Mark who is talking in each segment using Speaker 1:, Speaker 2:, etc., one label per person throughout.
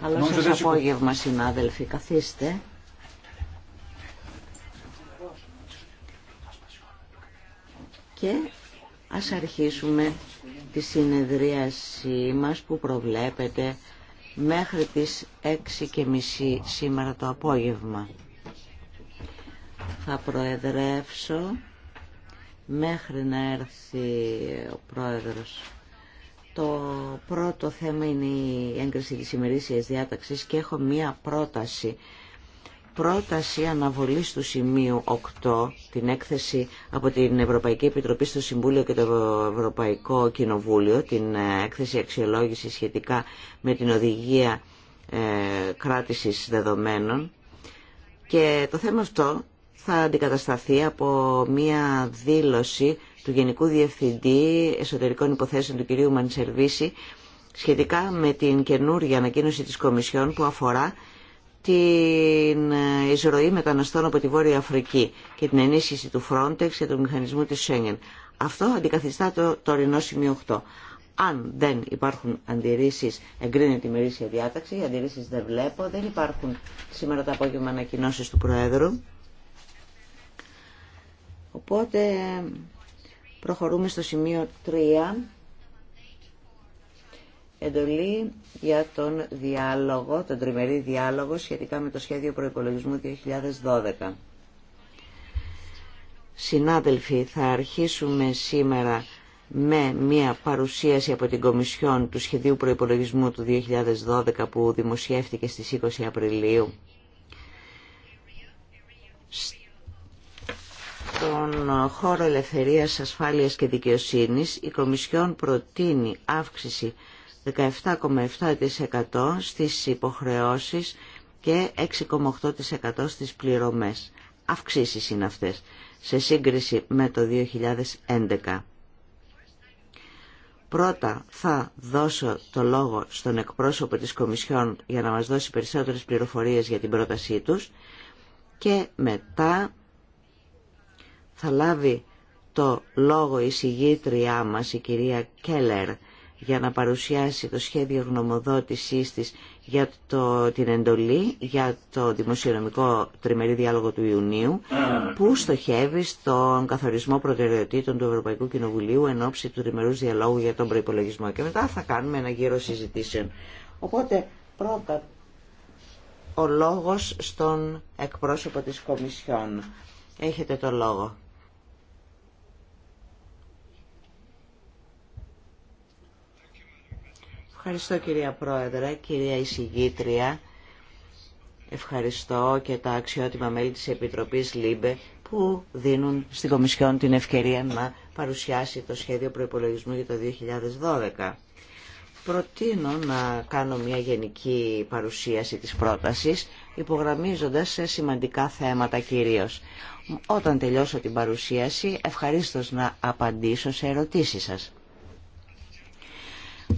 Speaker 1: Καλό σας απόγευμα, συνάδελφοι. Καθίστε. Και ας αρχίσουμε τη συνεδρίασή μας που προβλέπεται μέχρι τις 6.30 σήμερα το απόγευμα. Θα προεδρεύσω μέχρι να έρθει ο πρόεδρος. Το πρώτο θέμα είναι η έγκριση της ημερήσιας διάταξης και έχω μία πρόταση. Πρόταση αναβολής του σημείου 8, την έκθεση από την Ευρωπαϊκή Επιτροπή στο Συμβούλιο και το Ευρωπαϊκό Κοινοβούλιο, την ε, έκθεση αξιολόγηση σχετικά με την οδηγία ε, κράτησης δεδομένων. Και το θέμα αυτό θα αντικατασταθεί από μία δήλωση του Γενικού Διευθυντή Εσωτερικών Υποθέσεων του κυρίου Μανσερβίση σχετικά με την καινούργια ανακοίνωση της Κομισιόν που αφορά την εισρωή μεταναστών από τη Βόρεια Αφρική και την ενίσχυση του Frontex και του μηχανισμού της Schengen. Αυτό αντικαθιστά το τωρινό σημείο 8. Αν δεν υπάρχουν αντιρρήσεις, εγκρίνεται η μερίσια διάταξη, οι αντιρρήσεις δεν βλέπω, δεν υπάρχουν σήμερα το απόγευμα ανακοινώσει του Προέδρου. Οπότε προχωρούμε στο σημείο 3. Εντολή για τον διάλογο, τον τριμερή διάλογο σχετικά με το σχέδιο προϋπολογισμού 2012. Συνάδελφοι, θα αρχίσουμε σήμερα με μια παρουσίαση από την Κομισιόν του Σχεδίου Προϋπολογισμού του 2012 που δημοσιεύτηκε στις 20 Απριλίου στον χώρο ελευθερίας, ασφάλειας και δικαιοσύνης, η Κομισιόν προτείνει αύξηση 17,7% στις υποχρεώσεις και 6,8% στις πληρωμές. Αυξήσεις είναι αυτές σε σύγκριση με το 2011. Πρώτα θα δώσω το λόγο στον εκπρόσωπο της Κομισιόν για να μας δώσει περισσότερες πληροφορίες για την πρότασή τους και μετά θα λάβει το λόγο η συγγήτριά μας, η κυρία Κέλλερ, για να παρουσιάσει το σχέδιο γνωμοδότησής της για το, την εντολή για το δημοσιονομικό τριμερή διάλογο του Ιουνίου που στοχεύει στον καθορισμό προτεραιοτήτων του Ευρωπαϊκού Κοινοβουλίου εν ώψη του τριμερούς διαλόγου για τον προϋπολογισμό και μετά θα κάνουμε ένα γύρο συζητήσεων. Οπότε πρώτα ο λόγος στον εκπρόσωπο της Κομισιόν. Έχετε το λόγο. Ευχαριστώ κυρία Πρόεδρε, κυρία Εισηγήτρια. Ευχαριστώ και τα αξιότιμα μέλη της Επιτροπής ΛΥΜΠΕ που δίνουν στην Κομισιόν την ευκαιρία να παρουσιάσει το σχέδιο προϋπολογισμού για το 2012. Προτείνω να κάνω μια γενική παρουσίαση της πρότασης, υπογραμμίζοντας σε σημαντικά θέματα κυρίως. Όταν τελειώσω την παρουσίαση, ευχαρίστως να απαντήσω σε ερωτήσεις σας.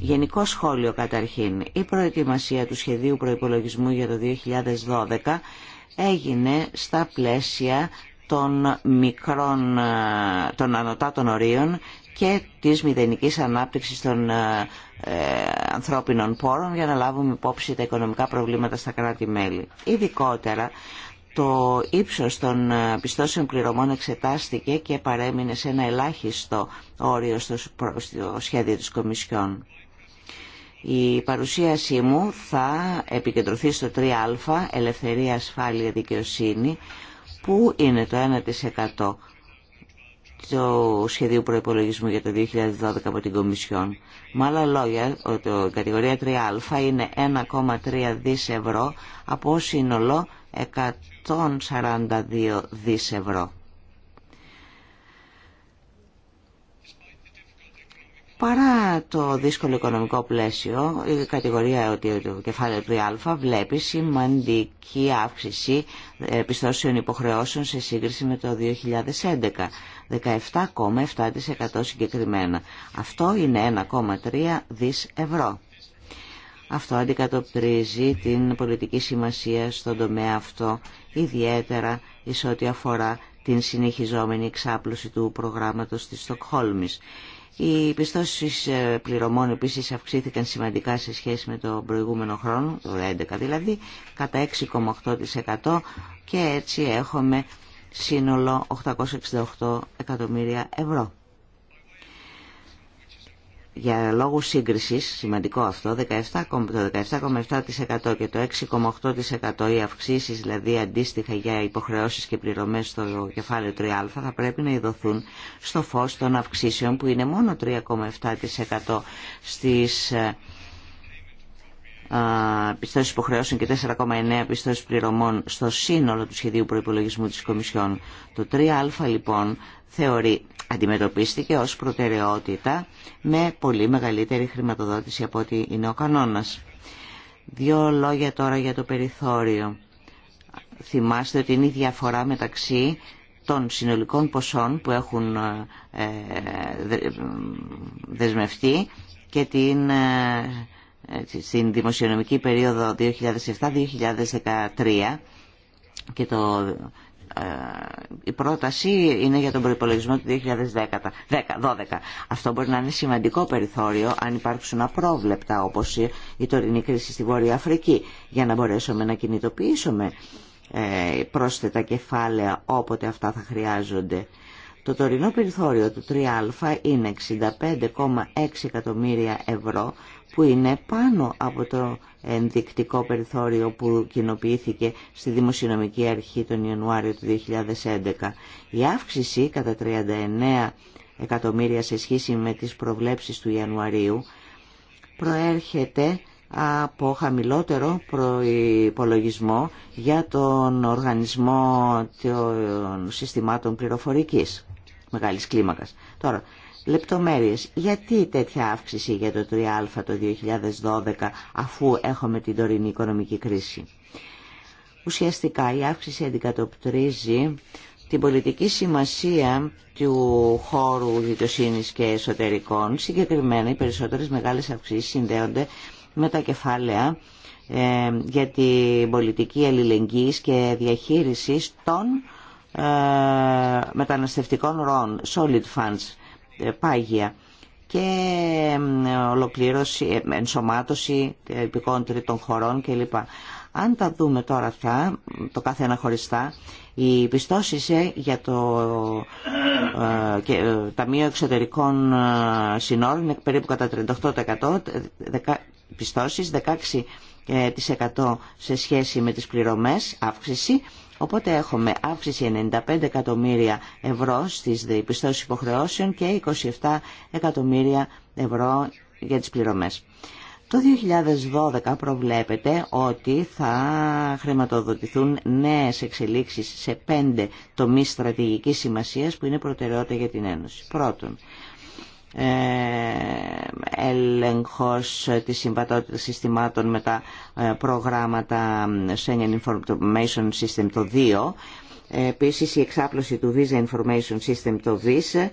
Speaker 1: Γενικό σχόλιο καταρχήν. Η προετοιμασία του σχεδίου προϋπολογισμού για το 2012 έγινε στα πλαίσια των μικρών, ε, των ανωτάτων ορίων και της μηδενικής ανάπτυξης των ε, ε, ανθρώπινων πόρων για να λάβουμε υπόψη τα οικονομικά προβλήματα στα κράτη-μέλη. Ειδικότερα, το ύψος των ε, πιστώσεων πληρωμών εξετάστηκε και παρέμεινε σε ένα ελάχιστο όριο στο σχέδιο της Κομισιόν. Η παρουσίασή μου θα επικεντρωθεί στο 3α, ελευθερία, ασφάλεια, δικαιοσύνη, που είναι το 1% του σχεδίου προϋπολογισμού για το 2012 από την Κομισιόν. Με άλλα λόγια, η κατηγορία 3α είναι 1,3 δις ευρώ από σύνολο 142 δις ευρώ. Παρά το δύσκολο οικονομικό πλαίσιο, η κατηγορία ότι το κεφάλαιο του Α βλέπει σημαντική αύξηση επιστώσεων υποχρεώσεων σε σύγκριση με το 2011, 17,7% συγκεκριμένα. Αυτό είναι 1,3 δις ευρώ. Αυτό αντικατοπτρίζει την πολιτική σημασία στον τομέα αυτό, ιδιαίτερα εις ό,τι αφορά την συνεχιζόμενη εξάπλωση του προγράμματος της Στοκχόλμης. Οι πιστώσεις ε, πληρωμών επίση αυξήθηκαν σημαντικά σε σχέση με το προηγούμενο χρόνο, το 2011 δηλαδή, κατά 6,8% και έτσι έχουμε σύνολο 868 εκατομμύρια ευρώ για λόγους σύγκρισης, σημαντικό αυτό, 17, το 17,7% και το 6,8% οι αυξήσεις δηλαδή αντίστοιχα για υποχρεώσεις και πληρωμές στο κεφάλαιο 3α θα πρέπει να ειδωθούν στο φως των αυξήσεων που είναι μόνο 3,7% στις ε, πιστώσεις υποχρεώσεων και 4,9 πιστώσεις πληρωμών στο σύνολο του σχεδίου προϋπολογισμού της Κομισιόν. Το 3α λοιπόν θεωρεί αντιμετωπίστηκε ως προτεραιότητα με πολύ μεγαλύτερη χρηματοδότηση από ό,τι είναι ο κανόνας. Δύο λόγια τώρα για το περιθώριο. Θυμάστε ότι είναι η διαφορά μεταξύ των συνολικών ποσών που έχουν ε, ε, ε, δεσμευτεί και την, στην δημοσιονομική περίοδο 2007-2013 και το ε, η πρόταση είναι για τον προπολογισμό του 2012. Αυτό μπορεί να είναι σημαντικό περιθώριο αν υπάρξουν απρόβλεπτα όπως η τωρινή κρίση στη Βόρεια Αφρική για να μπορέσουμε να κινητοποιήσουμε ε, πρόσθετα κεφάλαια όποτε αυτά θα χρειάζονται. Το τωρινό περιθώριο του 3α είναι 65,6 εκατομμύρια ευρώ που είναι πάνω από το ενδεικτικό περιθώριο που κοινοποιήθηκε στη Δημοσιονομική Αρχή τον Ιανουάριο του 2011. Η αύξηση κατά 39 εκατομμύρια σε σχέση με τις προβλέψεις του Ιανουαρίου προέρχεται από χαμηλότερο προϋπολογισμό για τον οργανισμό των συστημάτων πληροφορικής μεγάλης κλίμακας. Τώρα, λεπτομέρειες. Γιατί τέτοια αύξηση για το 3α το 2012 αφού έχουμε την τωρινή οικονομική κρίση. Ουσιαστικά η αύξηση αντικατοπτρίζει την πολιτική σημασία του χώρου δικαιοσύνη και εσωτερικών. Συγκεκριμένα οι περισσότερες μεγάλες αυξήσεις συνδέονται με τα κεφάλαια ε, για την πολιτική αλληλεγγύης και διαχείρισης των ε, μεταναστευτικών ροών, solid funds πάγια και ολοκλήρωση, ε, ενσωμάτωση ε, υπηκών τρίτων χωρών κλπ. Αν τα δούμε τώρα αυτά, το κάθε ένα χωριστά, οι πιστώσει ε, για το Ταμείο Εξωτερικών Συνόρων είναι περίπου κατά 38%, πιστώσεις 16% σε σχέση με τις πληρωμές, αύξηση Οπότε έχουμε αύξηση 95 εκατομμύρια ευρώ στις πιστώσει υποχρεώσεων και 27 εκατομμύρια ευρώ για τις πληρωμές. Το 2012 προβλέπεται ότι θα χρηματοδοτηθούν νέες εξελίξεις σε πέντε τομείς στρατηγικής σημασίας που είναι προτεραιότητα για την Ένωση. Πρώτον, ε, έλεγχος της συμβατότητας συστημάτων με τα ε, προγράμματα ε, Schengen Information System το 2 επίσης η εξάπλωση του Visa Information System το VIS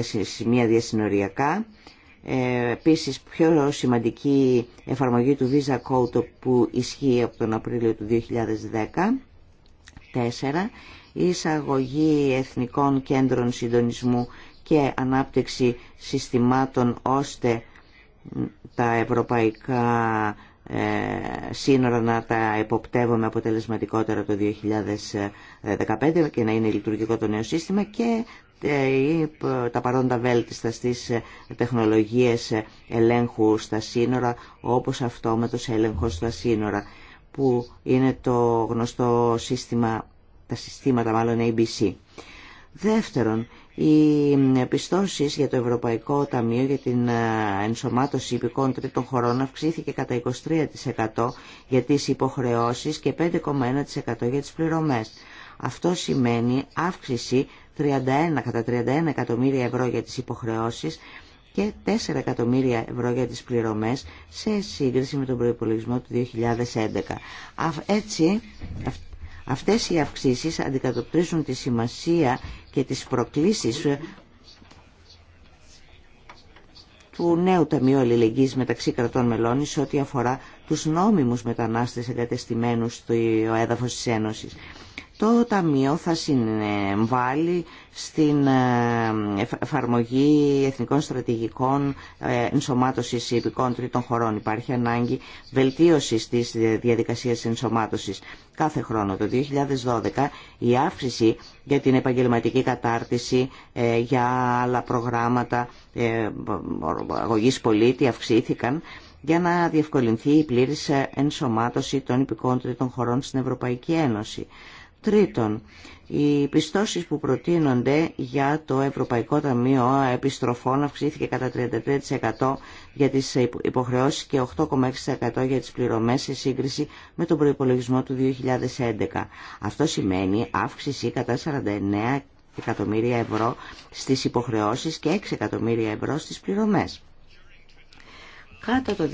Speaker 1: σε σημεία διασυνοριακά επίσης πιο σημαντική εφαρμογή του Visa Code που ισχύει από τον Απρίλιο του 2010 4. Η εισαγωγή εθνικών κέντρων συντονισμού και ανάπτυξη συστημάτων ώστε τα ευρωπαϊκά ε, σύνορα να τα εποπτεύουμε αποτελεσματικότερα το 2015 και να είναι λειτουργικό το νέο σύστημα και ε, τα παρόντα βέλτιστα στις ε, τεχνολογίες ελέγχου στα σύνορα όπως το έλεγχος στα σύνορα που είναι το γνωστό σύστημα, τα συστήματα μάλλον ABC. Δεύτερον, οι πιστώσεις για το Ευρωπαϊκό Ταμείο για την ε, ενσωμάτωση υπηκών τρίτων χωρών αυξήθηκε κατά 23% για τις υποχρεώσεις και 5,1% για τις πληρωμές. Αυτό σημαίνει αύξηση 31, κατά 31 εκατομμύρια ευρώ για τις υποχρεώσεις και 4 εκατομμύρια ευρώ για τις πληρωμές σε σύγκριση με τον προϋπολογισμό του 2011. Έτσι, Αυτές οι αυξήσεις αντικατοπτρίζουν τη σημασία και τις προκλήσεις του νέου Ταμείου Αλληλεγγύης μεταξύ κρατών μελών σε ό,τι αφορά τους νόμιμους μετανάστες εγκατεστημένους στο έδαφος της Ένωσης. Το Ταμείο θα συμβάλλει στην ε, εφαρμογή εθνικών στρατηγικών ε, ενσωμάτωσης υπηκόντρων τρίτων χωρών. Υπάρχει ανάγκη βελτίωσης της διαδικασίας ενσωμάτωσης κάθε χρόνο. Το 2012 η αύξηση για την επαγγελματική κατάρτιση ε, για άλλα προγράμματα αγωγής πολίτη αυξήθηκαν για να διευκολυνθεί η πλήρης ενσωμάτωση των υπηκόντρων χωρών στην Ευρωπαϊκή Ένωση. Τρίτον, οι πιστώσεις που προτείνονται για το Ευρωπαϊκό Ταμείο Επιστροφών αυξήθηκε κατά 33% για τις υποχρεώσεις και 8,6% για τις πληρωμές σε σύγκριση με τον προϋπολογισμό του 2011. Αυτό σημαίνει αύξηση κατά 49 εκατομμύρια ευρώ στις υποχρεώσεις και 6 εκατομμύρια ευρώ στις πληρωμές. Κάτω το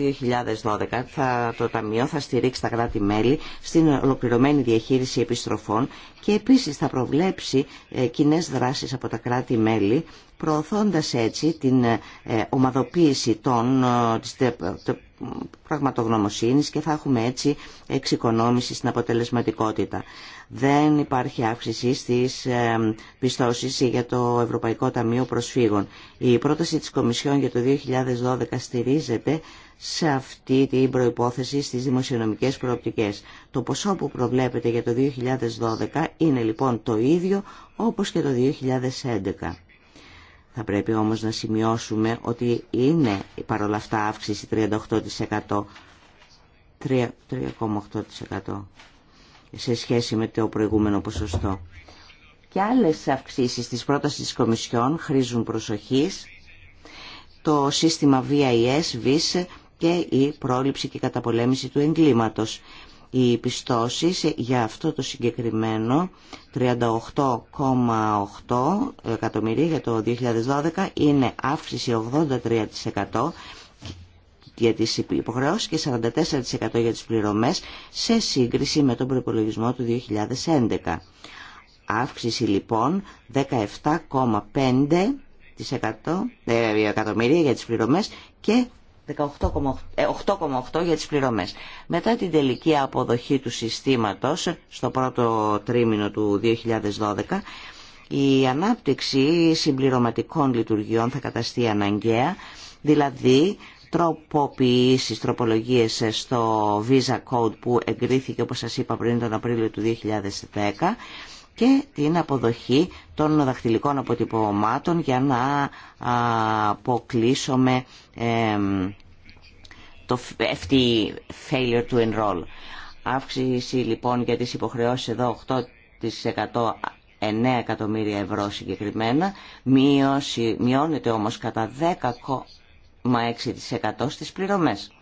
Speaker 1: 2012 θα, το Ταμείο θα στηρίξει τα κράτη-μέλη στην ολοκληρωμένη διαχείριση επιστροφών και επίσης θα προβλέψει ε, κοινέ δράσεις από τα κράτη-μέλη προωθώντας έτσι την ε, ομαδοποίηση των, ε, της πραγματογνωμοσύνης και θα έχουμε έτσι εξοικονόμηση στην αποτελεσματικότητα. Δεν υπάρχει αύξηση στις ε, πιστώσεις για το Ευρωπαϊκό Ταμείο Προσφύγων. Η πρόταση της Κομισιόν για το 2012 στηρίζεται σε αυτή την προϋπόθεση στις δημοσιονομικές προοπτικές. Το ποσό που προβλέπεται για το 2012 είναι λοιπόν το ίδιο όπως και το 2011. Θα πρέπει όμως να σημειώσουμε ότι είναι παρόλα αυτά αύξηση 38%. 3,8% σε σχέση με το προηγούμενο ποσοστό. Και άλλες αυξήσεις της πρότασης της Κομισιόν χρήζουν προσοχής το σύστημα VIS, VIS και η πρόληψη και καταπολέμηση του εγκλήματος οι πιστώσεις για αυτό το συγκεκριμένο 38,8 εκατομμυρία για το 2012 είναι αύξηση 83% για τις υποχρεώσεις και 44% για τις πληρωμές σε σύγκριση με τον προπολογισμό του 2011. Αύξηση λοιπόν 17,5% ε, εκατομμύρια για τις πληρωμές και 8,8 ε, για τις πληρωμές. Μετά την τελική αποδοχή του συστήματος στο πρώτο τρίμηνο του 2012, η ανάπτυξη συμπληρωματικών λειτουργιών θα καταστεί αναγκαία, δηλαδή τροποποιήσεις, τροπολογίες στο Visa Code που εγκρίθηκε όπως σας είπα πριν τον Απρίλιο του 2010 και την αποδοχή των δαχτυλικών αποτυπωμάτων για να αποκλείσουμε το FTE failure to enroll. Αύξηση λοιπόν για τις υποχρεώσεις εδώ 8% 9 εκατομμύρια ευρώ συγκεκριμένα, μειώνεται όμως κατά 10,6% στις πληρωμές.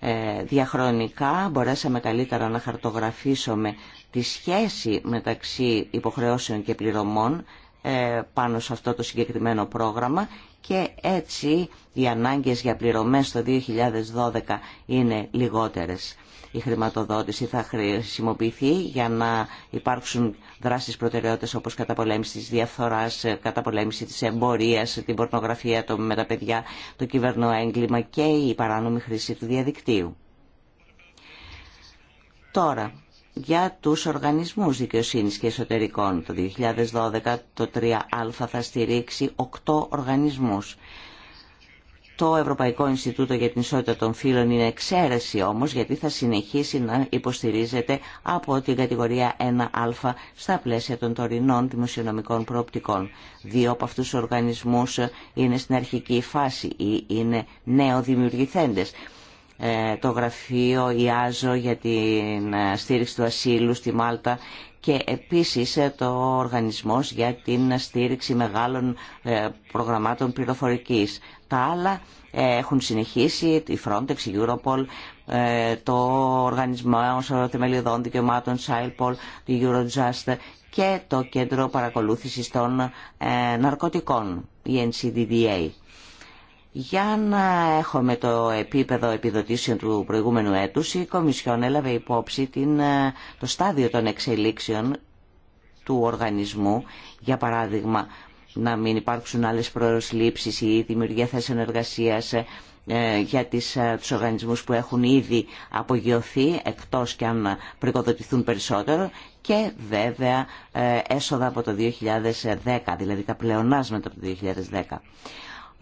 Speaker 1: Ε, διαχρονικά μπορέσαμε καλύτερα να χαρτογραφήσουμε τη σχέση μεταξύ υποχρεώσεων και πληρωμών ε, πάνω σε αυτό το συγκεκριμένο πρόγραμμα και έτσι οι ανάγκες για πληρωμές το 2012 είναι λιγότερες. Η χρηματοδότηση θα χρησιμοποιηθεί για να υπάρξουν δράσεις προτεραιότητες όπως καταπολέμηση της διαφθοράς, καταπολέμηση της εμπορίας, την πορνογραφία το, με τα παιδιά, το έγκλημα και η παράνομη χρήση του διαδικτύου. Τώρα, για τους οργανισμούς δικαιοσύνης και εσωτερικών. Το 2012 το 3α θα στηρίξει 8 οργανισμούς. Το Ευρωπαϊκό Ινστιτούτο για την Ισότητα των Φύλων είναι εξαίρεση όμως γιατί θα συνεχίσει να υποστηρίζεται από την κατηγορία 1α στα πλαίσια των τωρινών δημοσιονομικών προοπτικών. Δύο από αυτούς τους οργανισμούς είναι στην αρχική φάση ή είναι νεοδημιουργηθέντες. Ε, το γραφείο ΙΑΖΟ για την ε, στήριξη του ασύλου στη Μάλτα και επίσης ε, το Οργανισμός για την στήριξη μεγάλων προγραμμάτων πληροφορικής. Τα άλλα έχουν συνεχίσει, η Frontex, η Europol, το Οργανισμό Θεμελιωδών Δικαιωμάτων, Σάιλπολ, του Eurojust και το Κέντρο Παρακολούθησης των Ναρκωτικών, η NCDDA. Για να έχουμε το επίπεδο επιδοτήσεων του προηγούμενου έτους, η Κομισιόν έλαβε υπόψη την, ε, το στάδιο των εξελίξεων του οργανισμού, για παράδειγμα να μην υπάρξουν άλλες προσλήψεις ή δημιουργία θέσεων εργασίας ε, ε, για τις, τους οργανισμούς που έχουν ήδη απογειωθεί εκτός και αν πρικοδοτηθούν περισσότερο και βέβαια έσοδα από το 2010, δηλαδή τα πλεονάσματα από το 2010.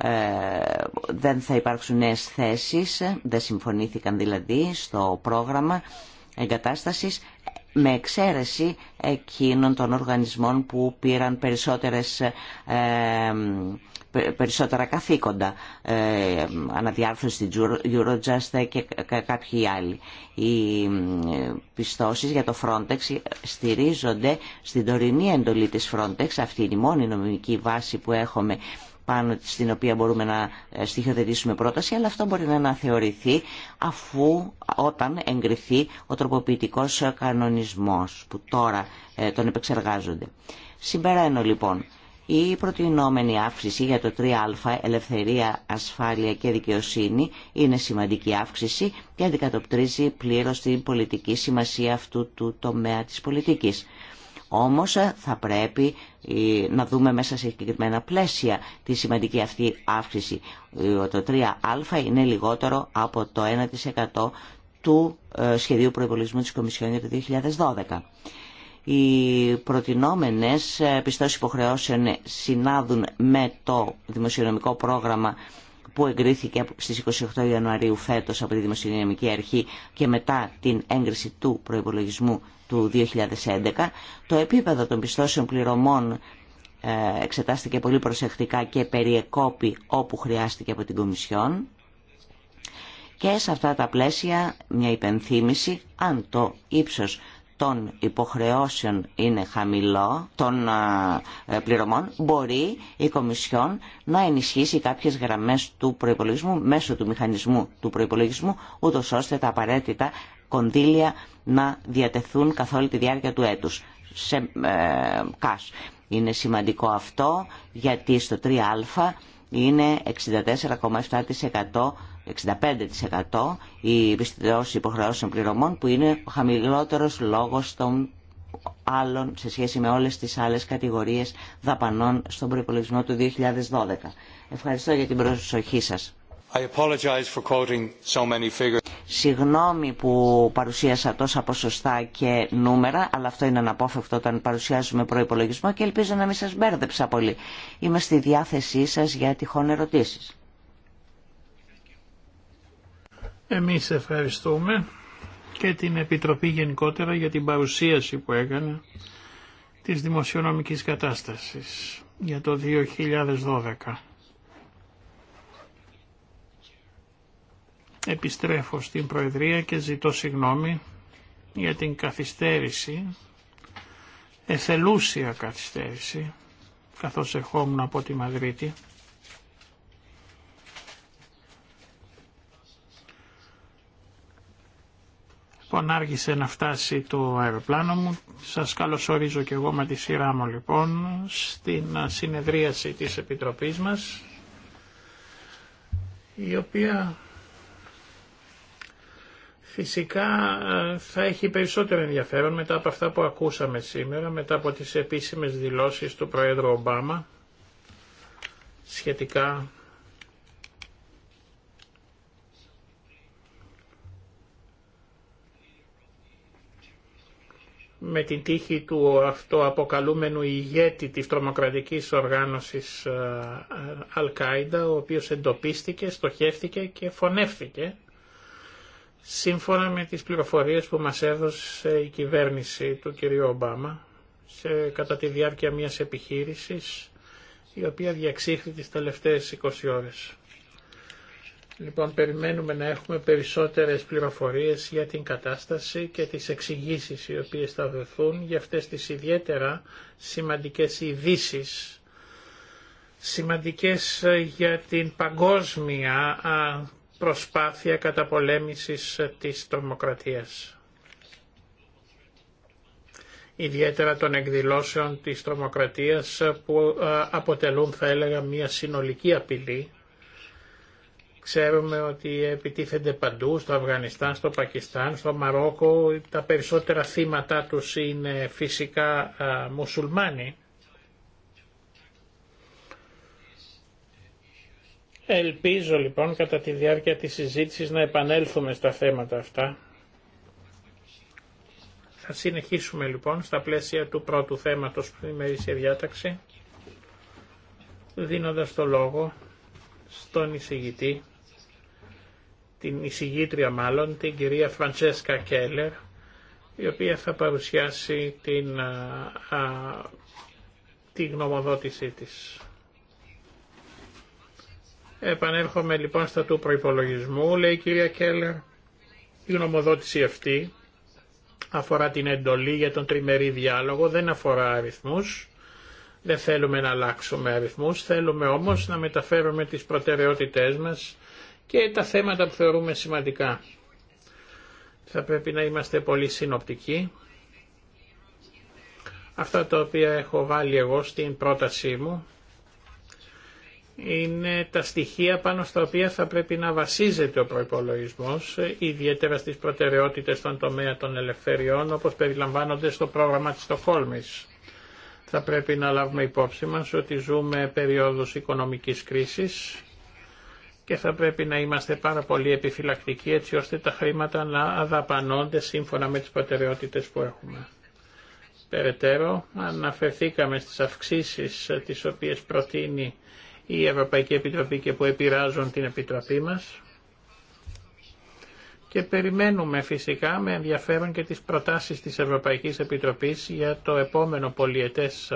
Speaker 1: Ε, δεν θα υπάρξουν νέες θέσεις, δεν συμφωνήθηκαν δηλαδή στο πρόγραμμα εγκατάστασης με εξαίρεση εκείνων των οργανισμών που πήραν περισσότερες, ε, περισσότερα καθήκοντα ε, αναδιάρθρωση στην Eurojust και κάποιοι άλλοι. Οι πιστώσεις για το Frontex στηρίζονται στην τωρινή εντολή της Frontex, αυτή είναι η μόνη νομική βάση που έχουμε πάνω στην οποία μπορούμε να ε, στοιχειοθετήσουμε πρόταση, αλλά αυτό μπορεί να αναθεωρηθεί αφού όταν εγκριθεί ο τροποποιητικός κανονισμός που τώρα ε, τον επεξεργάζονται. Συμπεραίνω λοιπόν, η προτινόμενη αύξηση για το 3α ελευθερία, ασφάλεια και δικαιοσύνη είναι σημαντική αύξηση και αντικατοπτρίζει πλήρως την πολιτική σημασία αυτού του τομέα της πολιτικής. Όμως ε, θα πρέπει ε, να δούμε μέσα σε συγκεκριμένα πλαίσια τη σημαντική αυτή αύξηση. Ε, το 3α είναι λιγότερο από το 1% του σχεδίου προϋπολογισμού της Κομισιόν για το 2012. Οι προτινόμενες πιστώσεις υποχρεώσεων συνάδουν με το δημοσιονομικό πρόγραμμα που εγκρίθηκε στις 28 Ιανουαρίου φέτος από τη Δημοσιονομική Αρχή και μετά την έγκριση του προϋπολογισμού του 2011. Το επίπεδο των πιστώσεων πληρωμών ε, εξετάστηκε πολύ προσεκτικά και περιεκόπη όπου χρειάστηκε από την Κομισιόν. Και σε αυτά τα πλαίσια μια υπενθύμηση, αν το ύψος των υποχρεώσεων είναι χαμηλό, των ε, πληρωμών, μπορεί η Κομισιόν να ενισχύσει κάποιες γραμμές του προϋπολογισμού μέσω του μηχανισμού του προϋπολογισμού, ούτως ώστε τα απαραίτητα κονδύλια να διατεθούν καθ' όλη τη διάρκεια του έτους. Σε, ε, Είναι σημαντικό αυτό γιατί στο 3α είναι 64,7% 65% η πιστητώση υποχρεώσεων πληρωμών που είναι ο χαμηλότερος λόγος των άλλων σε σχέση με όλες τις άλλες κατηγορίες δαπανών στον προϋπολογισμό του 2012. Ευχαριστώ για την προσοχή σας. Συγγνώμη που παρουσίασα τόσα ποσοστά και νούμερα, αλλά αυτό είναι αναπόφευκτο όταν παρουσιάζουμε προϋπολογισμό και ελπίζω να μην σας μπέρδεψα πολύ. Είμαι στη διάθεσή σας για τυχόν ερωτήσεις.
Speaker 2: Εμείς ευχαριστούμε και την Επιτροπή γενικότερα για την παρουσίαση που έκανε της δημοσιονομικής κατάστασης για το 2012. επιστρέφω στην Προεδρία και ζητώ συγγνώμη για την καθυστέρηση, εθελούσια καθυστέρηση, καθώς ερχόμουν από τη Μαδρίτη. Λοιπόν, άργησε να φτάσει το αεροπλάνο μου. Σας καλωσορίζω και εγώ με τη σειρά μου λοιπόν στην συνεδρίαση της Επιτροπής μας η οποία φυσικά ε, θα έχει περισσότερο ενδιαφέρον μετά από αυτά που ακούσαμε σήμερα, μετά από τις επίσημες δηλώσεις του Προέδρου Ομπάμα σχετικά με την τύχη του αυτοαποκαλούμενου ηγέτη της τρομοκρατικής οργάνωσης ε, ε, ο οποίος εντοπίστηκε, στοχεύτηκε και φωνεύτηκε Σύμφωνα με τις πληροφορίες που μας έδωσε η κυβέρνηση του κυρίου Ομπάμα σε, κατά τη διάρκεια μιας επιχείρησης η οποία διαξήχθη τις τελευταίες 20 ώρες. Λοιπόν, περιμένουμε να έχουμε περισσότερες πληροφορίες για την κατάσταση και τις εξηγήσει οι οποίες θα δοθούν για αυτές τις ιδιαίτερα σημαντικές ειδήσει σημαντικές ε, για την παγκόσμια προσπάθεια καταπολέμησης της τρομοκρατίας. Ιδιαίτερα των εκδηλώσεων της τρομοκρατίας που ε, αποτελούν θα έλεγα μια συνολική απειλή. Ξέρουμε ότι επιτίθενται παντού, στο Αφγανιστάν, στο Πακιστάν, στο Μαρόκο. Τα περισσότερα θύματα τους είναι φυσικά ε, μουσουλμάνοι Ελπίζω λοιπόν κατά τη διάρκεια της συζήτησης να επανέλθουμε στα θέματα αυτά. Θα συνεχίσουμε λοιπόν στα πλαίσια του πρώτου θέματος που είμαι διάταξη, δίνοντας το λόγο στον εισηγητή, την εισηγήτρια μάλλον, την κυρία Φραντσέσκα Κέλλερ, η οποία θα παρουσιάσει την, τη γνωμοδότησή της. Επανέρχομαι λοιπόν στα του προϋπολογισμού, λέει η κυρία Κέλλερ. Η γνωμοδότηση αυτή αφορά την εντολή για τον τριμερή διάλογο, δεν αφορά αριθμούς. Δεν θέλουμε να αλλάξουμε αριθμούς, θέλουμε όμως να μεταφέρουμε τις προτεραιότητές μας και τα θέματα που θεωρούμε σημαντικά. Θα πρέπει να είμαστε πολύ συνοπτικοί. Αυτά τα οποία έχω βάλει εγώ στην πρότασή μου είναι τα στοιχεία πάνω στα οποία θα πρέπει να βασίζεται ο προϋπολογισμός, ιδιαίτερα στις προτεραιότητες των τομέα των ελευθεριών, όπως περιλαμβάνονται στο πρόγραμμα της Στοχόλμης. Θα πρέπει να λάβουμε υπόψη μας ότι ζούμε περίοδους οικονομικής κρίσης και θα πρέπει να είμαστε πάρα πολύ επιφυλακτικοί έτσι ώστε τα χρήματα να αδαπανώνται σύμφωνα με τις προτεραιότητες που έχουμε. Περαιτέρω, αναφερθήκαμε στις αυξήσεις τις οποίες προτείνει η Ευρωπαϊκή Επιτροπή και που επηρεάζουν την Επιτροπή μας και περιμένουμε φυσικά με ενδιαφέρον και τις προτάσεις της Ευρωπαϊκής Επιτροπής για το επόμενο πολιετές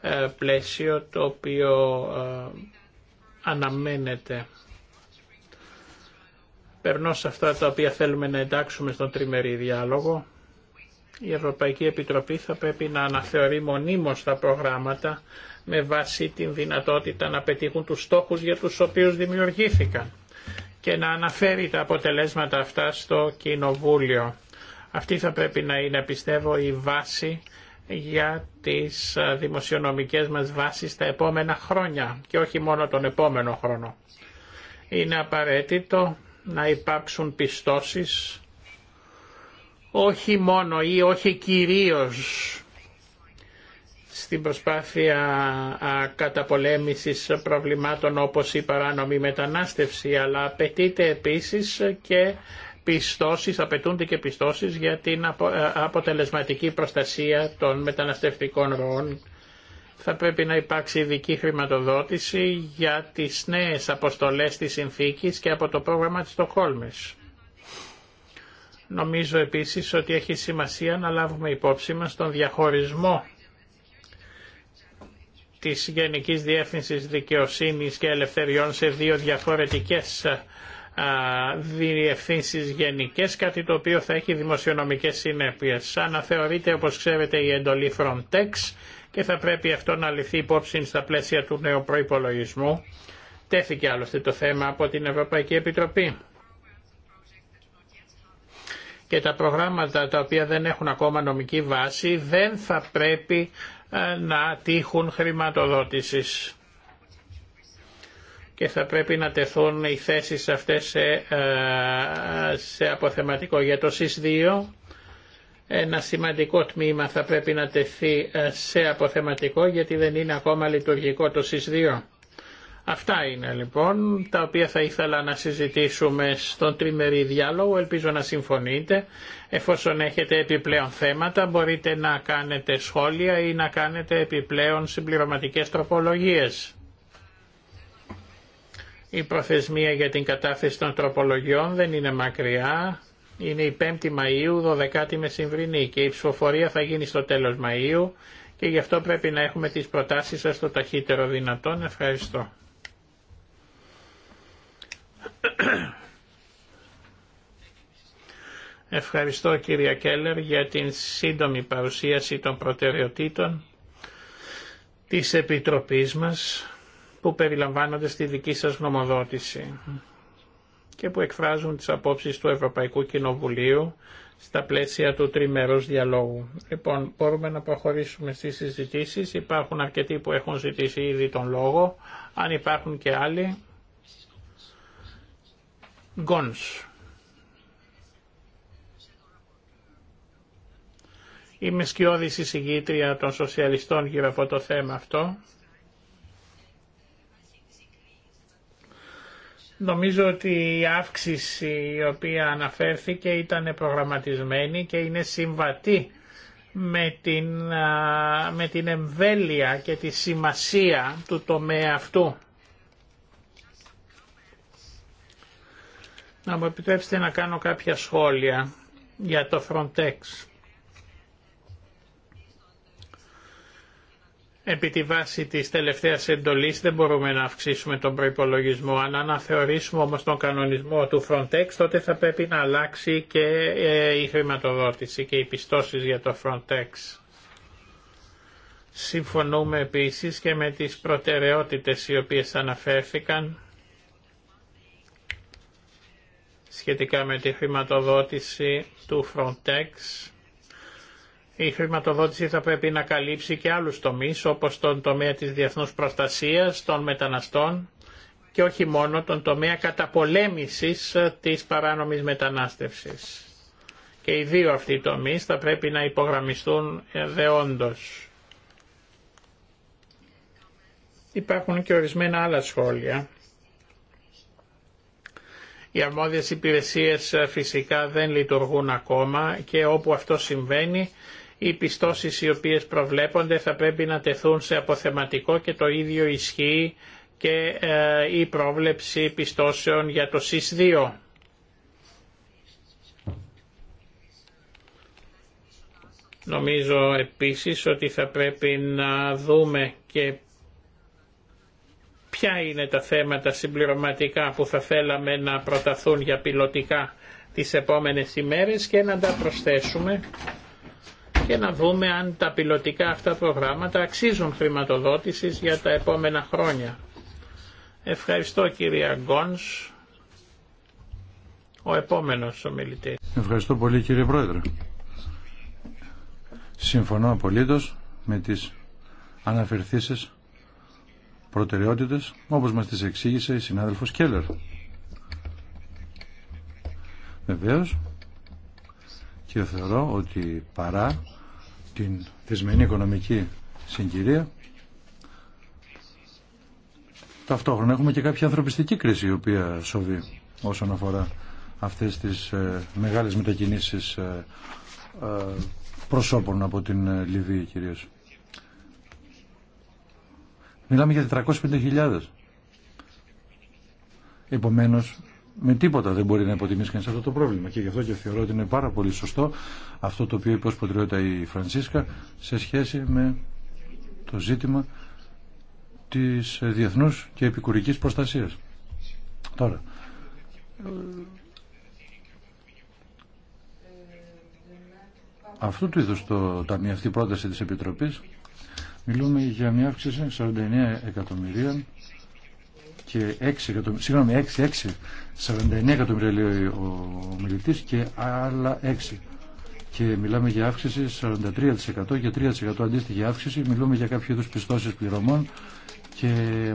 Speaker 2: ε, πλαίσιο το οποίο αναμένεται. Περνώ σε αυτά τα οποία θέλουμε να εντάξουμε στον τριμερή διάλογο η Ευρωπαϊκή Επιτροπή θα πρέπει να αναθεωρεί μονίμως τα προγράμματα με βάση την δυνατότητα να πετύχουν τους στόχους για τους οποίους δημιουργήθηκαν και να αναφέρει τα αποτελέσματα αυτά στο Κοινοβούλιο. Αυτή θα πρέπει να είναι, πιστεύω, η βάση για τις δημοσιονομικές μας βάσεις τα επόμενα χρόνια και όχι μόνο τον επόμενο χρόνο. Είναι απαραίτητο να υπάρξουν πιστώσεις όχι μόνο ή όχι κυρίως στην προσπάθεια καταπολέμησης προβλημάτων όπως η παράνομη μετανάστευση, αλλά απαιτείται επίσης και πιστώσεις, απαιτούνται και πιστώσεις για την αποτελεσματική προστασία των μεταναστευτικών ροών. Θα πρέπει να υπάρξει ειδική χρηματοδότηση για τις νέες αποστολές της συνθήκης και από το πρόγραμμα της Στοχόλμης. Νομίζω επίσης ότι έχει σημασία να λάβουμε υπόψη μας τον διαχωρισμό της Γενικής Διεύθυνσης Δικαιοσύνης και Ελευθεριών σε δύο διαφορετικές διευθύνσεις γενικές, κάτι το οποίο θα έχει δημοσιονομικές συνέπειες. Αναθεωρείται, όπως ξέρετε, η εντολή Frontex και θα πρέπει αυτό να ληφθεί υπόψη στα πλαίσια του νέου προϋπολογισμού. Τέθηκε άλλωστε το θέμα από την Ευρωπαϊκή Επιτροπή και τα προγράμματα τα οποία δεν έχουν ακόμα νομική βάση δεν θα πρέπει ε, να τύχουν χρηματοδότησης και θα πρέπει να τεθούν οι θέσεις αυτές σε, ε, αποθεματικό. Για το ΣΥΣ2 ένα σημαντικό τμήμα θα πρέπει να τεθεί ε, σε αποθεματικό γιατί δεν είναι ακόμα λειτουργικό το ΣΥΣ2. Αυτά είναι λοιπόν τα οποία θα ήθελα να συζητήσουμε στον τριμερή διάλογο. Ελπίζω να συμφωνείτε. Εφόσον έχετε επιπλέον θέματα μπορείτε να κάνετε σχόλια ή να κάνετε επιπλέον συμπληρωματικές τροπολογίες. Η προθεσμία για την κατάθεση των τροπολογιών δεν είναι μακριά. Είναι η 5η Μαΐου, 12η Μεσημβρινή και η ψηφοφορία θα γίνει στο τέλος Μαΐου και γι' αυτό πρέπει να έχουμε τις προτάσεις σας το ταχύτερο δυνατόν. Ευχαριστώ. Ευχαριστώ κυρία Κέλλερ για την σύντομη παρουσίαση των προτεραιοτήτων της Επιτροπής μας που περιλαμβάνονται στη δική σας γνωμοδότηση και που εκφράζουν τις απόψεις του Ευρωπαϊκού Κοινοβουλίου στα πλαίσια του τριμερούς διαλόγου. Λοιπόν, μπορούμε να προχωρήσουμε στις συζητήσεις. Υπάρχουν αρκετοί που έχουν ζητήσει ήδη τον λόγο. Αν υπάρχουν και άλλοι, Γκόνς. Είμαι σκιώδης εισηγήτρια των σοσιαλιστών γύρω από το θέμα αυτό. Νομίζω ότι η αύξηση η οποία αναφέρθηκε ήταν προγραμματισμένη και είναι συμβατή με την, με την εμβέλεια και τη σημασία του τομέα αυτού. να μου επιτρέψετε να κάνω κάποια σχόλια για το Frontex. Επί τη βάση της τελευταίας εντολής δεν μπορούμε να αυξήσουμε τον προϋπολογισμό. Αν αναθεωρήσουμε όμως τον κανονισμό του Frontex, τότε θα πρέπει να αλλάξει και ε, η χρηματοδότηση και οι πιστώσεις για το Frontex. Συμφωνούμε επίσης και με τις προτεραιότητες οι οποίες αναφέρθηκαν σχετικά με τη χρηματοδότηση του Frontex. Η χρηματοδότηση θα πρέπει να καλύψει και άλλους τομείς, όπως τον τομέα της διεθνούς προστασίας των μεταναστών και όχι μόνο τον τομέα καταπολέμησης της παράνομης μετανάστευσης. Και οι δύο αυτοί τομείς θα πρέπει να υπογραμμιστούν δεόντως. Υπάρχουν και ορισμένα άλλα σχόλια οι αρμόδιες υπηρεσίες ε, φυσικά δεν λειτουργούν ακόμα και όπου αυτό συμβαίνει οι πιστώσεις οι οποίες προβλέπονται θα πρέπει να τεθούν σε αποθεματικό και το ίδιο ισχύει και ε, η πρόβλεψη πιστώσεων για το ΣΥΣ2. Νομίζω επίσης ότι θα πρέπει να δούμε και ποια είναι τα θέματα συμπληρωματικά που θα θέλαμε να προταθούν για πιλωτικά τις επόμενες ημέρες και να τα προσθέσουμε και να δούμε αν τα πιλωτικά αυτά προγράμματα αξίζουν χρηματοδότησης για τα επόμενα χρόνια. Ευχαριστώ κύριε Γκόνς, ο επόμενος ομιλητής.
Speaker 3: Ευχαριστώ πολύ κύριε Πρόεδρε. Συμφωνώ απολύτως με τις αναφερθήσεις προτεραιότητες όπως μας τις εξήγησε η συνάδελφος Κέλλερ. Βεβαίως και θεωρώ ότι παρά την θεσμενή οικονομική συγκυρία ταυτόχρονα έχουμε και κάποια ανθρωπιστική κρίση η οποία σοβεί όσον αφορά αυτές τις ε, μεγάλες μετακινήσεις ε, ε, προσώπων από την Λιβύη κυρίως. Μιλάμε για 450.000. Επομένως, με τίποτα δεν μπορεί να υποτιμήσει κανεί αυτό το πρόβλημα. Και γι' αυτό και θεωρώ ότι είναι πάρα πολύ σωστό αυτό το οποίο είπε ω πατριώτα η Φρανσίσκα σε σχέση με το ζήτημα τη διεθνού και επικουρική προστασία. Τώρα. Αυτού του είδους το ταμείο, αυτή η πρόταση της Επιτροπής Μιλούμε για μια αύξηση 49 εκατομμυρίων και 6 εκατομμυρίων. συγγνώμη, 6, 6, 49 εκατομμύρια λέει ο μιλητής και άλλα 6. Και μιλάμε για αύξηση 43% και 3% αντίστοιχη αύξηση. Μιλούμε για κάποιο είδου πιστώσει πληρωμών και ε,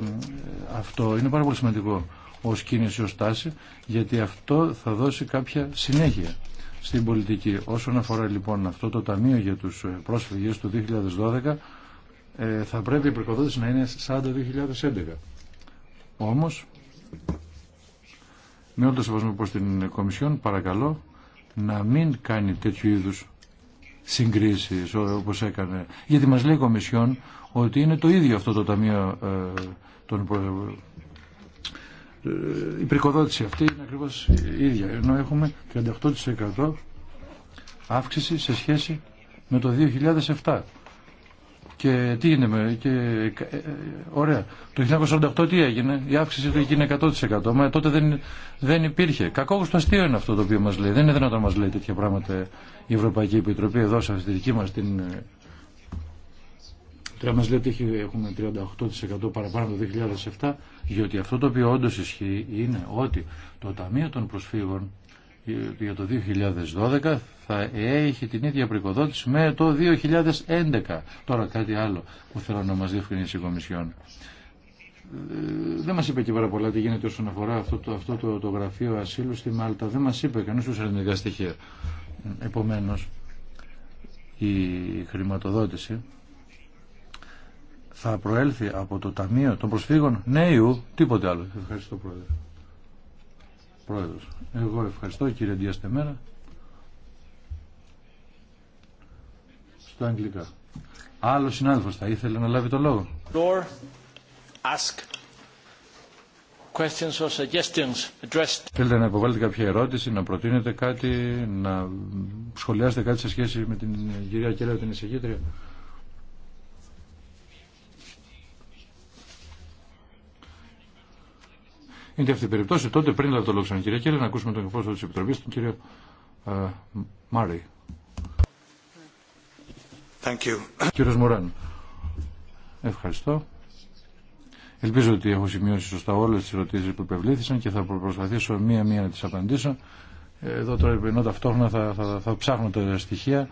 Speaker 3: αυτό είναι πάρα πολύ σημαντικό ω κίνηση, ω τάση, γιατί αυτό θα δώσει κάποια συνέχεια στην πολιτική. Όσον αφορά λοιπόν αυτό το Ταμείο για τους ε, πρόσφυγες του 2012, ε, θα πρέπει η προκοδότηση να είναι σαν το 2011. Όμως, με όλο το σεβασμό προς την Κομισιόν, παρακαλώ να μην κάνει τέτοιου είδους συγκρίσεις όπως έκανε. Γιατί μας λέει η Κομισιόν ότι είναι το ίδιο αυτό το Ταμείο ε, των ε, η πρικοδότηση αυτή είναι ακριβώς ίδια, ενώ έχουμε 38% αύξηση σε σχέση με το 2007. Και τι γίνεται, με, και, ε, ε, ωραία. Το 1948 τι έγινε, η αύξηση του έγινε 100%. Μα τότε δεν, δεν υπήρχε. Κακό το αστείο είναι αυτό το οποίο μας λέει. Δεν είναι δυνατόν να μας λέει τέτοια πράγματα η Ευρωπαϊκή Επιτροπή εδώ σε αυτή τη δική μας την... Ε, Τώρα μας λέει ότι έχουμε 38% παραπάνω το 2007, διότι αυτό το οποίο όντω ισχύει είναι ότι το Ταμείο των Προσφύγων για το 2012 θα έχει την ίδια πρικοδότηση με το 2011. Τώρα κάτι άλλο που θέλω να μας διευκρινίσει η Κομισιόν. Ε, δεν μας είπε και πάρα πολλά τι γίνεται όσον αφορά αυτό το, αυτό το, το γραφείο ασύλου στη Μάλτα. Δεν μας είπε κανείς τους ελληνικά στοιχεία. Επομένως, η χρηματοδότηση θα προέλθει από το Ταμείο των Προσφύγων Νέου τίποτε άλλο. Ευχαριστώ Πρόεδρε. Πρόεδρος. Εγώ ευχαριστώ κύριε Διαστεμέρα. Στο αγγλικά. Άλλος συνάδελφος θα ήθελε να λάβει το λόγο. Θέλετε να υποβάλλετε κάποια ερώτηση, να προτείνετε κάτι, να σχολιάσετε κάτι σε σχέση με την κυρία Κέλλα, την εισηγήτρια. είναι αυτή η περιπτώση. Τότε πριν λάβει το λόγο σαν κύριε Κέλλη, να ακούσουμε τον εκπρόσωπο τη Επιτροπή, τον κύριο ε, Μάρι. Κύριος Μωράν. Ευχαριστώ. Ελπίζω ότι έχω σημειώσει σωστά όλες τις ερωτήσει που υπευλήθησαν και θα προσπαθήσω μία-μία να τις απαντήσω. Εδώ τώρα ενώ ταυτόχρονα θα, θα, θα ψάχνω τα στοιχεία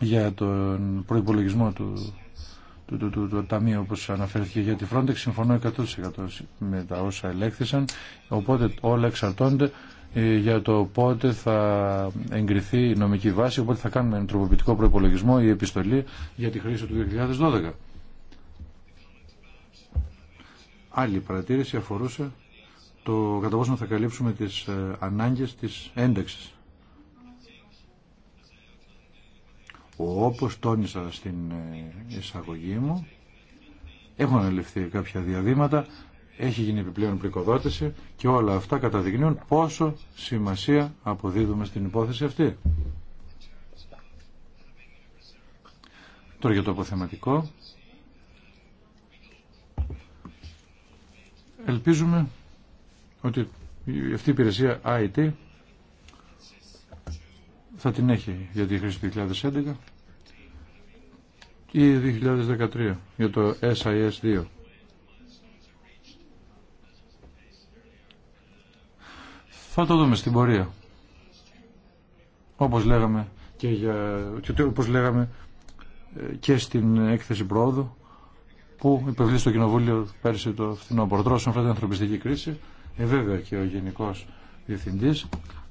Speaker 3: για τον προπολογισμό του του, του, του, του Ταμείου αναφέρθηκε για τη Frontex συμφωνώ 100% με τα όσα ελέγχθησαν οπότε όλα εξαρτώνται ε, για το πότε θα εγκριθεί η νομική βάση οπότε θα κάνουμε τροποποιητικό προπολογισμό ή επιστολή για τη χρήση του 2012 Άλλη παρατήρηση αφορούσε το κατά πόσο θα καλύψουμε τις ε, ανάγκες της ένταξης που όπως τόνισα στην ε, εισαγωγή μου έχουν αναλυφθεί κάποια διαδήματα, έχει γίνει επιπλέον πρικοδότηση και όλα αυτά καταδεικνύουν πόσο σημασία αποδίδουμε στην υπόθεση αυτή. Τώρα για το αποθεματικό. Ελπίζουμε ότι αυτή η υπηρεσία IT θα την έχει για τη χρήση του 2011 ή 2013 για το SIS2. Θα το δούμε στην πορεία. Όπως λέγαμε και, για, όπως λέγαμε ε, και στην έκθεση πρόοδου που υπευλήθη στο Κοινοβούλιο πέρσι το φθηνό πορτρό, αυτή την ανθρωπιστική κρίση. Ε, βέβαια και ο Γενικός Διευθυντής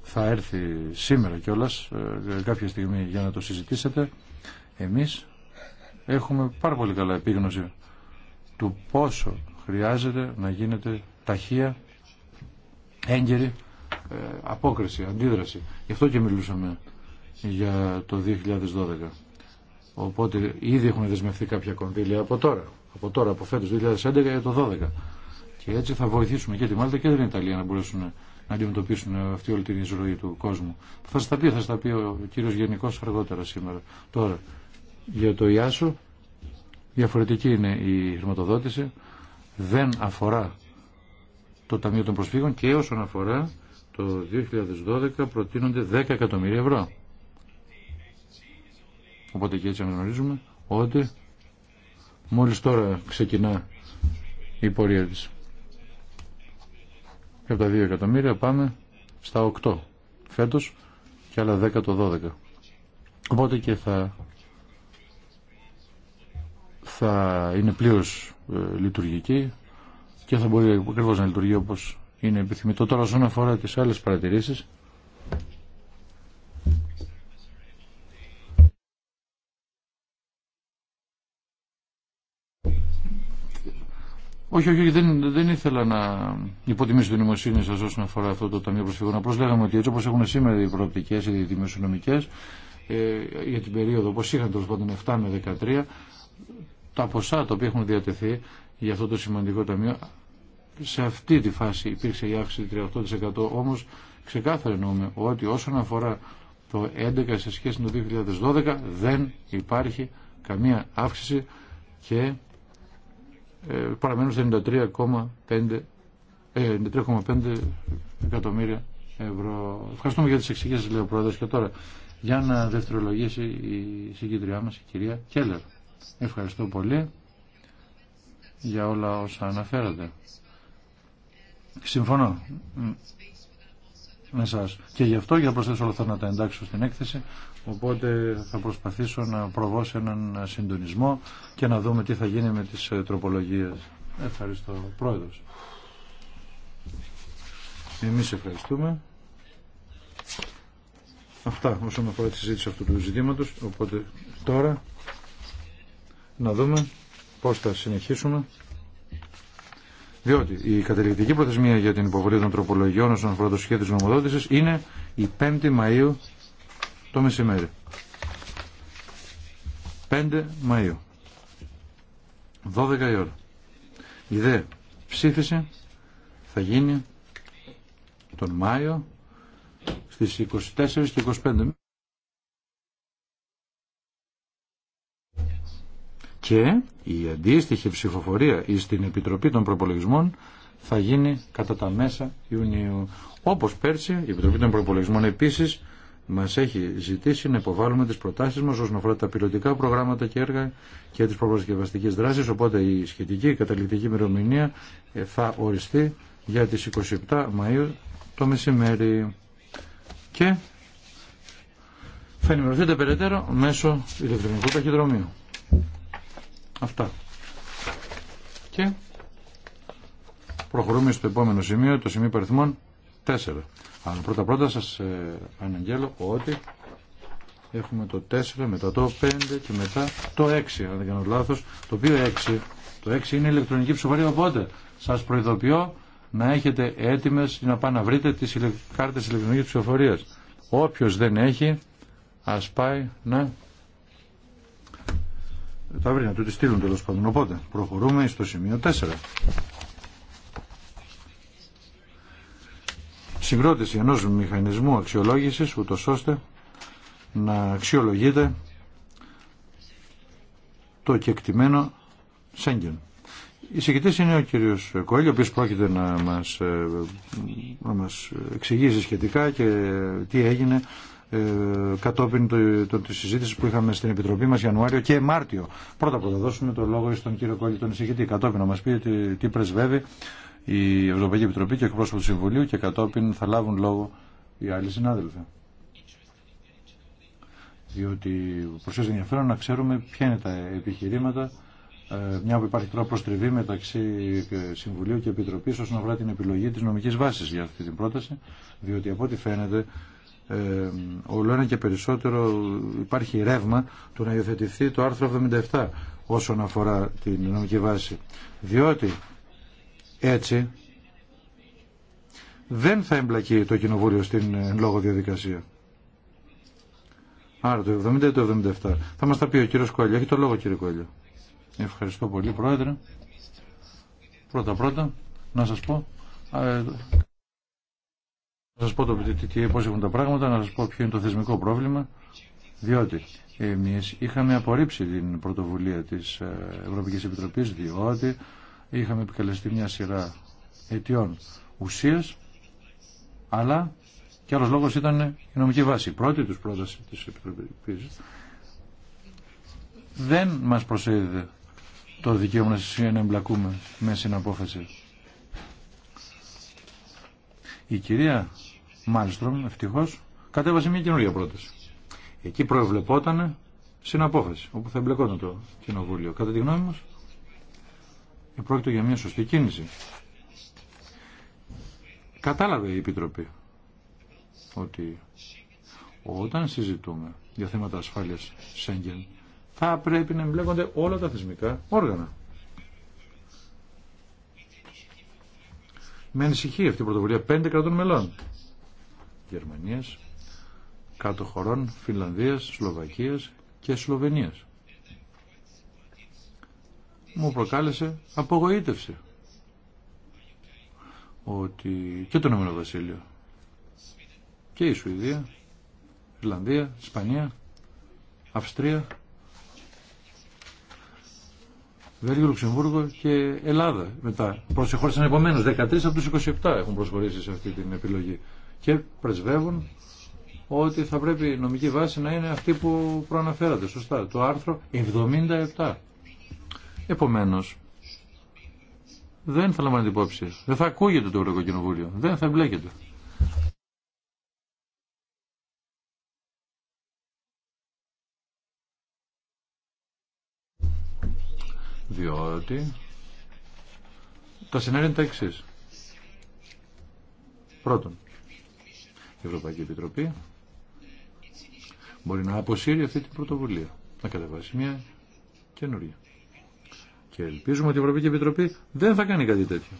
Speaker 3: θα έρθει σήμερα κιόλα. Ε, κάποια στιγμή για να το συζητήσετε εμείς έχουμε πάρα πολύ καλά επίγνωση του πόσο χρειάζεται να γίνεται ταχεία έγκαιρη ε, απόκριση, αντίδραση γι' αυτό και μιλούσαμε για το 2012 οπότε ήδη έχουν δεσμευτεί κάποια κονδύλια από τώρα από τώρα, από φέτος 2011 για το 2012 και έτσι θα βοηθήσουμε και τη Μάλτα και την Ιταλία να μπορέσουν να αντιμετωπίσουν αυτή όλη την ζωή του κόσμου. Θα σα τα πει, θα ο κύριος Γενικός αργότερα σήμερα. Τώρα, για το Ιάσο, διαφορετική είναι η χρηματοδότηση, δεν αφορά το Ταμείο των Προσφύγων και όσον αφορά το 2012 προτείνονται 10 εκατομμύρια ευρώ. Οπότε και έτσι αναγνωρίζουμε ότι μόλις τώρα ξεκινά η πορεία της. Και από τα 2 εκατομμύρια πάμε στα 8 φέτος και άλλα 10 το 12. Οπότε και θα, θα είναι πλήρω ε, λειτουργική και θα μπορεί ακριβώ να λειτουργεί όπως είναι επιθυμητό. Τώρα όσον αφορά τις άλλες παρατηρήσεις Όχι, όχι, δεν, δεν ήθελα να υποτιμήσω την νοημοσύνη σα όσον αφορά αυτό το Ταμείο Προσφυγών. Απλώ λέγαμε ότι έτσι όπω έχουν σήμερα οι προοπτικέ, οι δημοσιονομικέ, ε, για την περίοδο όπω είχαν τέλο πάντων 7 με 13, τα ποσά τα οποία έχουν διατεθεί για αυτό το σημαντικό ταμείο, σε αυτή τη φάση υπήρξε η αύξηση 38%. Όμω ξεκάθαρα εννοούμε ότι όσον αφορά το 11 σε σχέση με το 2012 δεν υπάρχει καμία αύξηση και παραμένουν σε 93,5 93,5 ε, εκατομμύρια ευρώ. Ευχαριστούμε για τις εξηγήσεις, λέει ο Πρόεδρος. Και τώρα, για να δευτερολογήσει η συγκεντριά μας, η κυρία Κέλλερ. Ευχαριστώ πολύ για όλα όσα αναφέρατε. Συμφωνώ με Και γι' αυτό για να προσθέσω όλα αυτά να τα εντάξω στην έκθεση. Οπότε θα προσπαθήσω να προβώ σε έναν συντονισμό και να δούμε τι θα γίνει με τις ε, τροπολογίες. Ευχαριστώ, Πρόεδρος. Εμεί ευχαριστούμε. Αυτά όσον αφορά τη συζήτηση αυτού του ζητήματο. Οπότε τώρα να δούμε πώς θα συνεχίσουμε. Διότι η καταληκτική προθεσμία για την υποβολή των τροπολογιών όσον αφορά το σχέδιο τη νομοδότηση είναι η 5η Μαου το μεσημέρι. 5 Μαου. 12 η ώρα. Η δε ψήφιση θα γίνει τον Μάιο στις 24 και 25. και η αντίστοιχη ψηφοφορία στην Επιτροπή των Προπολογισμών θα γίνει κατά τα μέσα Ιουνίου. Όπως πέρσι, η Επιτροπή των Προπολογισμών επίσης μας έχει ζητήσει να υποβάλουμε τις προτάσεις μας όσον αφορά τα πιλωτικά προγράμματα και έργα και τις προπροσκευαστικέ δράσεις, οπότε η σχετική καταληκτική ημερομηνία ε, θα οριστεί για τις 27 Μαΐου το μεσημέρι. Και θα ενημερωθείτε περαιτέρω μέσω ηλεκτρονικού ταχυδρομείου. Αυτά. Και προχωρούμε στο επόμενο σημείο, το σημείο παριθμών 4. Αλλά πρώτα πρώτα σας ε, αναγγέλω ότι έχουμε το 4, μετά το 5 και μετά το 6, αν δεν κάνω λάθος, το οποίο 6, το 6 είναι ηλεκτρονική ψηφοφορία, οπότε σας προειδοποιώ να έχετε έτοιμες να πάνε να βρείτε τις κάρτες ηλεκτρονικής ψηφοφορίας. Όποιος δεν έχει, ας πάει να τα βρει να του τη στείλουν τέλο πάντων. Οπότε προχωρούμε στο σημείο 4. Συγκρότηση ενό μηχανισμού αξιολόγησης ούτω ώστε να αξιολογείται το κεκτημένο Σέγγεν. Η συγκητή είναι ο κύριο Κόλλη, ο οποίο πρόκειται να μα ε, να μας εξηγήσει σχετικά και τι έγινε ε, κατόπιν τη συζήτηση που είχαμε στην Επιτροπή μα Ιανουάριο και Μάρτιο. Πρώτα πρώτα δώσουμε το λόγο στον κύριο Κόλλη τον εισηγητή κατόπιν να μα πει τι, τι πρεσβεύει η Ευρωπαϊκή Επιτροπή και ο εκπρόσωπο του Συμβουλίου και κατόπιν θα λάβουν λόγο οι άλλοι συνάδελφοι. Διότι προσέχει ενδιαφέρον να ξέρουμε ποια είναι τα επιχειρήματα ε, μια που υπάρχει τώρα προστριβή μεταξύ Συμβουλίου και Επιτροπή όσον αφορά την επιλογή τη νομική βάση για αυτή την πρόταση, διότι από ό,τι φαίνεται ε, όλο και περισσότερο υπάρχει ρεύμα του να υιοθετηθεί το άρθρο 77 όσον αφορά την νομική βάση. Διότι έτσι δεν θα εμπλακεί το Κοινοβούλιο στην ε, λόγω διαδικασία. Άρα το 70 ή το 77. Θα μας τα πει ο κύριος Κόλλιο. Έχει το λόγο κύριε Κόλλιο. Ευχαριστώ πολύ πρόεδρε. Πρώτα πρώτα να σας πω ε, να σας πω το, πώς έχουν τα πράγματα, να σας πω ποιο είναι το θεσμικό πρόβλημα, διότι εμείς είχαμε απορρίψει την πρωτοβουλία της ε, Ευρωπαϊκής Επιτροπής, διότι είχαμε επικαλεστεί μια σειρά αιτιών ουσίας, αλλά και άλλος λόγος ήταν η νομική βάση. Η πρώτη τους πρόταση της Επιτροπής δεν μας προσέδιδε το δικαίωμα να εμπλακούμε στην απόφαση. Η κυρία Μάλστρομ, ευτυχώ, κατέβασε μια καινούργια πρόταση. Εκεί προεβλεπόταν συναπόφαση, όπου θα εμπλεκόταν το κοινοβούλιο. Κατά τη γνώμη μας, πρόκειται για μια σωστή κίνηση. Κατάλαβε η Επιτροπή ότι όταν συζητούμε για θέματα ασφάλειας Σέγγεν, θα πρέπει να εμπλέκονται όλα τα θεσμικά όργανα. Με ανησυχεί αυτή η πρωτοβουλία πέντε κρατών μελών. Γερμανίας, κάτω χωρών Φιλανδίας, Σλοβακίας και Σλοβενίας. Μου προκάλεσε απογοήτευση ότι και το Νομινό Βασίλειο και η Σουηδία, Ιρλανδία, Ισπανία, Αυστρία, Βέλγιο, Λουξεμβούργο και Ελλάδα. Μετά προσεχώρησαν επομένω. 13 από του 27 έχουν προσχωρήσει σε αυτή την επιλογή και πρεσβεύουν ότι θα πρέπει η νομική βάση να είναι αυτή που προαναφέρατε σωστά, το άρθρο 77. Επομένως, δεν θα λαμβάνεται υπόψη, δεν θα ακούγεται το Ευρωπαϊκό Κοινοβούλιο, δεν θα εμπλέκεται. Διότι τα σενάρια είναι τα εξή. Πρώτον, Ευρωπαϊκή Επιτροπή μπορεί να αποσύρει αυτή την πρωτοβουλία, να κατεβάσει μια καινούρια. Και ελπίζουμε ότι η Ευρωπαϊκή Επιτροπή δεν θα κάνει κάτι τέτοιο.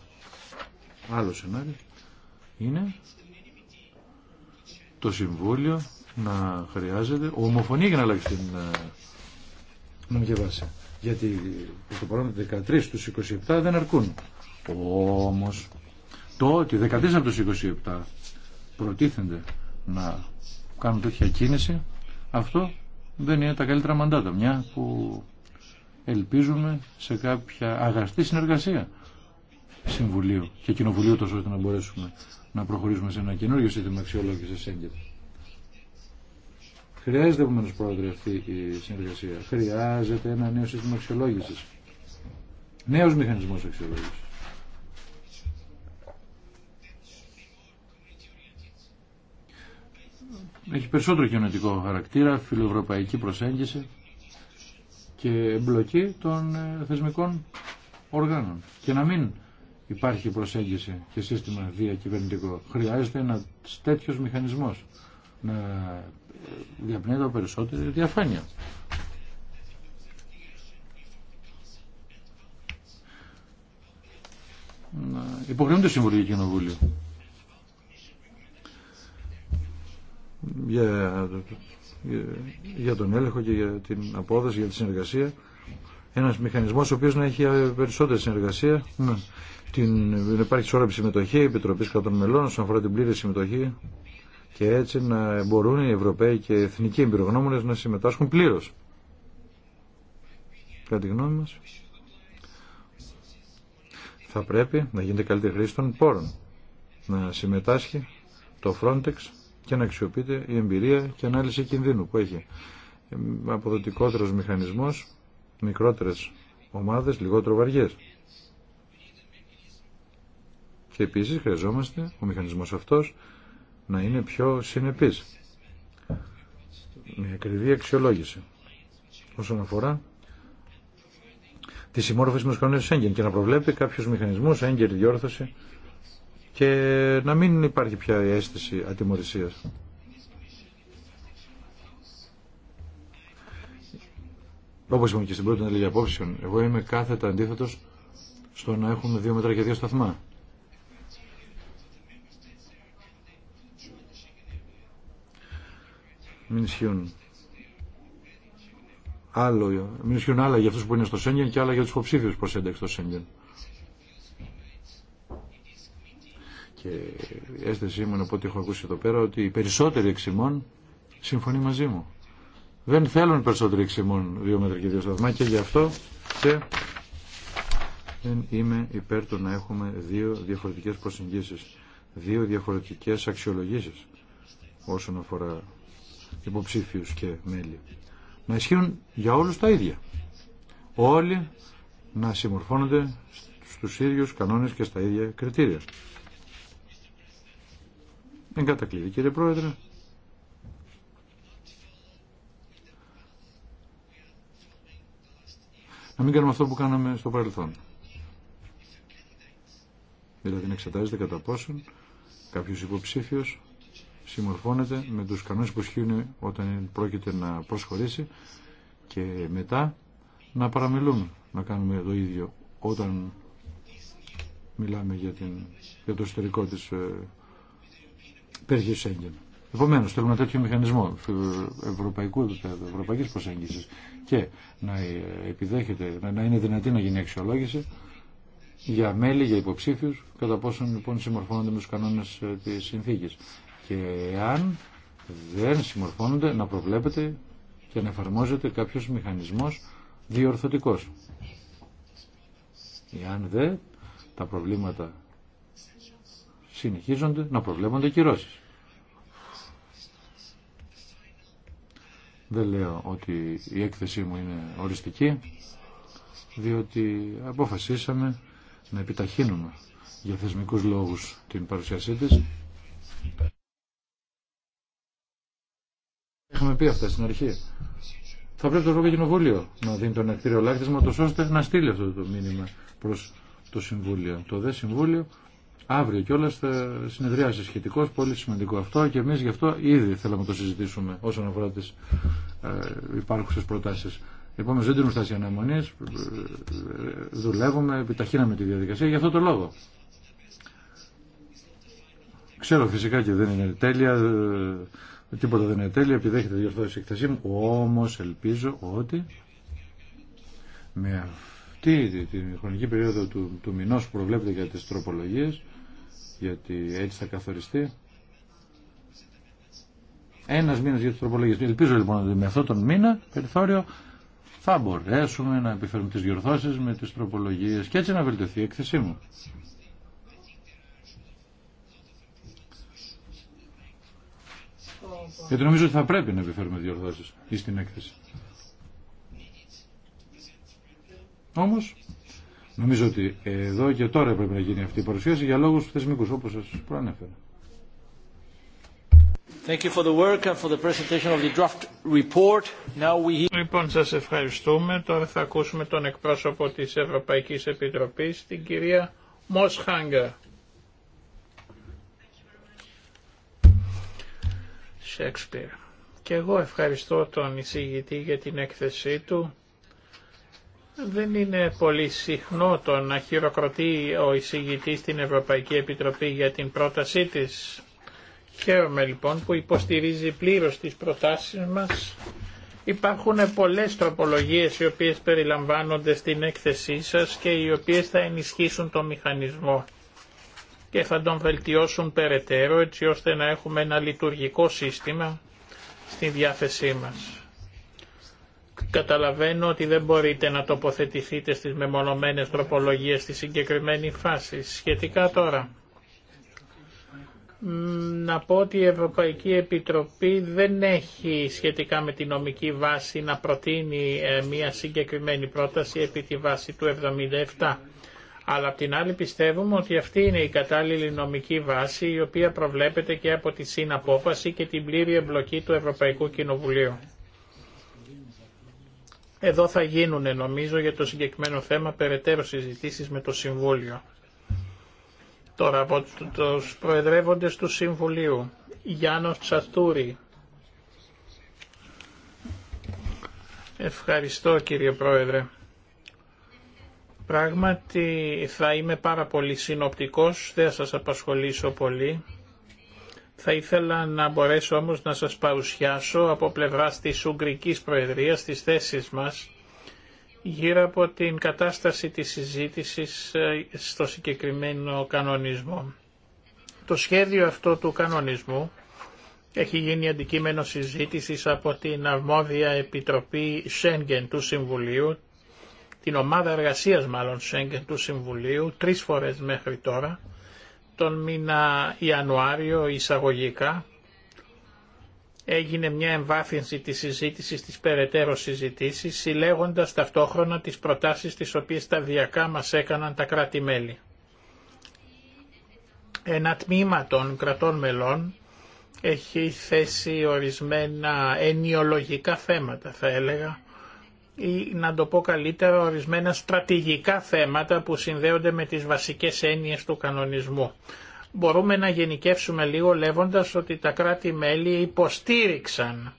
Speaker 3: Άλλο σενάριο είναι το Συμβούλιο να χρειάζεται ομοφωνία για να αλλάξει την ε, νομική βάση. Γιατί το παρόν 13 στους 27 δεν αρκούν. Όμως το ότι 13 από τους 27 προτίθενται να κάνουν τέτοια κίνηση, αυτό δεν είναι τα καλύτερα μαντάτα. Μια που ελπίζουμε σε κάποια αγαστή συνεργασία Συμβουλίου και Κοινοβουλίου τόσο ώστε να μπορέσουμε να προχωρήσουμε σε ένα καινούργιο σύστημα αξιολόγηση έγκαιρα. Χρειάζεται επομένω πρόεδρε αυτή η συνεργασία. Χρειάζεται ένα νέο σύστημα αξιολόγηση. Νέο μηχανισμό αξιολόγηση. έχει περισσότερο κοινωνικό χαρακτήρα, φιλοευρωπαϊκή προσέγγιση και εμπλοκή των ε, θεσμικών οργάνων. Και να μην υπάρχει προσέγγιση και σύστημα διακυβερνητικό. Χρειάζεται ένα τέτοιο μηχανισμό να ε, τα περισσότερη διαφάνεια. Να Συμβουλή το Κοινοβούλιο για, για τον έλεγχο και για την απόδοση, για τη συνεργασία. Ένας μηχανισμός ο οποίος να έχει περισσότερη συνεργασία. Ναι. Την, υπάρχει σώρα συμμετοχή, επιτροπή κρατών μελών, όσον αφορά την πλήρη συμμετοχή και έτσι να μπορούν οι Ευρωπαίοι και οι εθνικοί εμπειρογνώμονες να συμμετάσχουν πλήρως. Κατά τη γνώμη μας, θα πρέπει να γίνεται καλύτερη χρήση των πόρων. Να συμμετάσχει το Frontex και να αξιοποιείται η εμπειρία και ανάλυση κινδύνου που έχει. Αποδοτικότερος μηχανισμός, μικρότερες ομάδες, λιγότερο βαριές. Και επίσης χρειαζόμαστε ο μηχανισμός αυτός να είναι πιο συνεπής. Με ακριβή αξιολόγηση όσον αφορά τη συμμόρφωση με τους κανόνες και να προβλέπει κάποιους μηχανισμούς έγκαιρη διόρθωση και να μην υπάρχει πια η αίσθηση ατιμωρησίας. Όπως είπαμε και στην πρώτη λίγη απόψεων, εγώ είμαι κάθετα αντίθετος στο να έχουμε δύο μέτρα και δύο σταθμά. Μην ισχύουν άλλο, μην ισχύουν άλλα για αυτούς που είναι στο Σέγγεν και άλλα για τους υποψήφιους προς ένταξη στο Σέγγεν. Και η αίσθησή μου από ό,τι έχω ακούσει εδώ πέρα ότι οι περισσότεροι εξημών συμφωνεί μαζί μου. Δεν θέλουν περισσότεροι εξημών δύο μέτρα και δύο σταθμά και γι' αυτό και δεν είμαι υπέρ του να έχουμε δύο διαφορετικές προσεγγίσεις, δύο διαφορετικές αξιολογήσεις όσον αφορά υποψήφιους και μέλη. Να ισχύουν για όλους τα ίδια. Όλοι να συμμορφώνονται στους ίδιους κανόνες και στα ίδια κριτήρια. Εγκατακλείδη κύριε Πρόεδρε. Να μην κάνουμε αυτό που κάναμε στο παρελθόν. Δηλαδή να εξετάζεται κατά πόσον κάποιος υποψήφιος συμμορφώνεται με τους κανόνες που ισχύουν όταν πρόκειται να προσχωρήσει και μετά να παραμελούν να κάνουμε το ίδιο όταν μιλάμε για, την, το εσωτερικό της ε, Σέγγεν. Επομένω, θέλουμε ένα τέτοιο μηχανισμό ευρωπαϊκού ευρωπαϊκή προσέγγιση και να επιδέχεται, να είναι δυνατή να γίνει αξιολόγηση για μέλη, για υποψήφιου, κατά πόσον λοιπόν συμμορφώνονται με του κανόνε ε, τη συνθήκη. Και αν δεν συμμορφώνονται, να προβλέπεται και να εφαρμόζεται κάποιο μηχανισμό διορθωτικό. Εάν δεν, τα προβλήματα συνεχίζονται να προβλέπονται κυρώσεις. Δεν λέω ότι η έκθεσή μου είναι οριστική, διότι αποφασίσαμε να επιταχύνουμε για θεσμικούς λόγους την παρουσίασή της. Έχουμε πει αυτά στην αρχή. Θα πρέπει το Ευρωπαϊκό Κοινοβούλιο να δίνει τον εκτήριο λάκτισμα, τόσο ώστε να στείλει αυτό το μήνυμα προς το Συμβούλιο. Το ΔΕ Συμβούλιο Αύριο κιόλα θα συνεδριάσει σχετικώ, πολύ σημαντικό αυτό και εμεί γι' αυτό ήδη θέλαμε να το συζητήσουμε όσον αφορά τι ε, υπάρχουσε προτάσει. Επομένω δεν τείνουμε στάση αναμονή, ε, δουλεύουμε, επιταχύναμε τη διαδικασία για αυτό το λόγο. Ξέρω φυσικά και δεν είναι τέλεια, ε, τίποτα δεν είναι τέλεια, επιδέχεται διορθώσει η εκθεσή μου, όμω ελπίζω ότι με αυτή τη χρονική περίοδο του, του μηνό που προβλέπεται για τι τροπολογίε γιατί έτσι θα καθοριστεί ένας μήνας για του τροπολογίες. Ελπίζω λοιπόν ότι με αυτόν τον μήνα περιθώριο θα μπορέσουμε να επιφέρουμε τις διορθώσει με τις τροπολογίε και έτσι να βελτιωθεί η έκθεσή μου. Γιατί νομίζω ότι θα πρέπει να επιφέρουμε διορθώσεις ή στην έκθεση. Όμως Νομίζω ότι εδώ και τώρα πρέπει να γίνει αυτή η παρουσίαση για λόγους θεσμικούς όπως σας προανέφερα.
Speaker 4: Thank you for the work and for the presentation of the draft
Speaker 2: report. Now we... Λοιπόν, σας ευχαριστούμε. Τώρα θα ακούσουμε τον εκπρόσωπο της Ευρωπαϊκής Επιτροπής, την κυρία Μοσχάγκα. Shakespeare. Και εγώ ευχαριστώ τον εισηγητή για την έκθεσή του. Δεν είναι πολύ συχνό το να χειροκροτεί ο εισηγητής στην Ευρωπαϊκή Επιτροπή για την πρότασή της. Χαίρομαι λοιπόν που υποστηρίζει πλήρως τις προτάσεις μας. Υπάρχουν πολλές τροπολογίες οι οποίες περιλαμβάνονται στην έκθεσή σας και οι οποίες θα ενισχύσουν το μηχανισμό και θα τον βελτιώσουν περαιτέρω έτσι ώστε να έχουμε ένα λειτουργικό σύστημα στη διάθεσή μας. Καταλαβαίνω ότι δεν μπορείτε να τοποθετηθείτε στις μεμονωμένες τροπολογίες στη συγκεκριμένη φάση. Σχετικά τώρα, να πω ότι η Ευρωπαϊκή Επιτροπή δεν έχει σχετικά με τη νομική βάση να προτείνει ε, μια συγκεκριμένη πρόταση επί τη βάση του 77. Αλλά απ' την άλλη πιστεύουμε ότι αυτή είναι η κατάλληλη νομική βάση η οποία προβλέπεται και από τη συναπόφαση και την πλήρη εμπλοκή του Ευρωπαϊκού Κοινοβουλίου. Εδώ θα γίνουν νομίζω για το συγκεκριμένο θέμα περαιτέρω συζητήσει με το Συμβούλιο. Τώρα από τους προεδρεύοντες του Συμβουλίου, Γιάννος Τσατούρη. Ευχαριστώ κύριε Πρόεδρε. Πράγματι θα είμαι πάρα πολύ συνοπτικός, δεν θα σας απασχολήσω πολύ. Θα ήθελα να μπορέσω όμως να σας παρουσιάσω από πλευράς της Ουγγρικής Προεδρίας τις θέσεις μας γύρω από την κατάσταση της συζήτησης ε, στο συγκεκριμένο κανονισμό. Το σχέδιο αυτό του κανονισμού έχει γίνει αντικείμενο συζήτησης από την αρμόδια Επιτροπή Σέγγεν του Συμβουλίου, την ομάδα εργασίας μάλλον Σέγγεν του Συμβουλίου, τρεις φορές μέχρι τώρα, τον μήνα Ιανουάριο εισαγωγικά έγινε μια εμβάθυνση της συζήτησης της περαιτέρω συζητήσει, συλλέγοντας ταυτόχρονα τις προτάσεις τις οποίες σταδιακά μας έκαναν τα κράτη-μέλη. Ένα τμήμα των κρατών μελών έχει θέσει ορισμένα ενιολογικά θέματα θα έλεγα ή να το πω καλύτερα ορισμένα στρατηγικά θέματα που συνδέονται με τις βασικές έννοιες του κανονισμού. Μπορούμε να γενικεύσουμε λίγο λέγοντας ότι τα κράτη-μέλη υποστήριξαν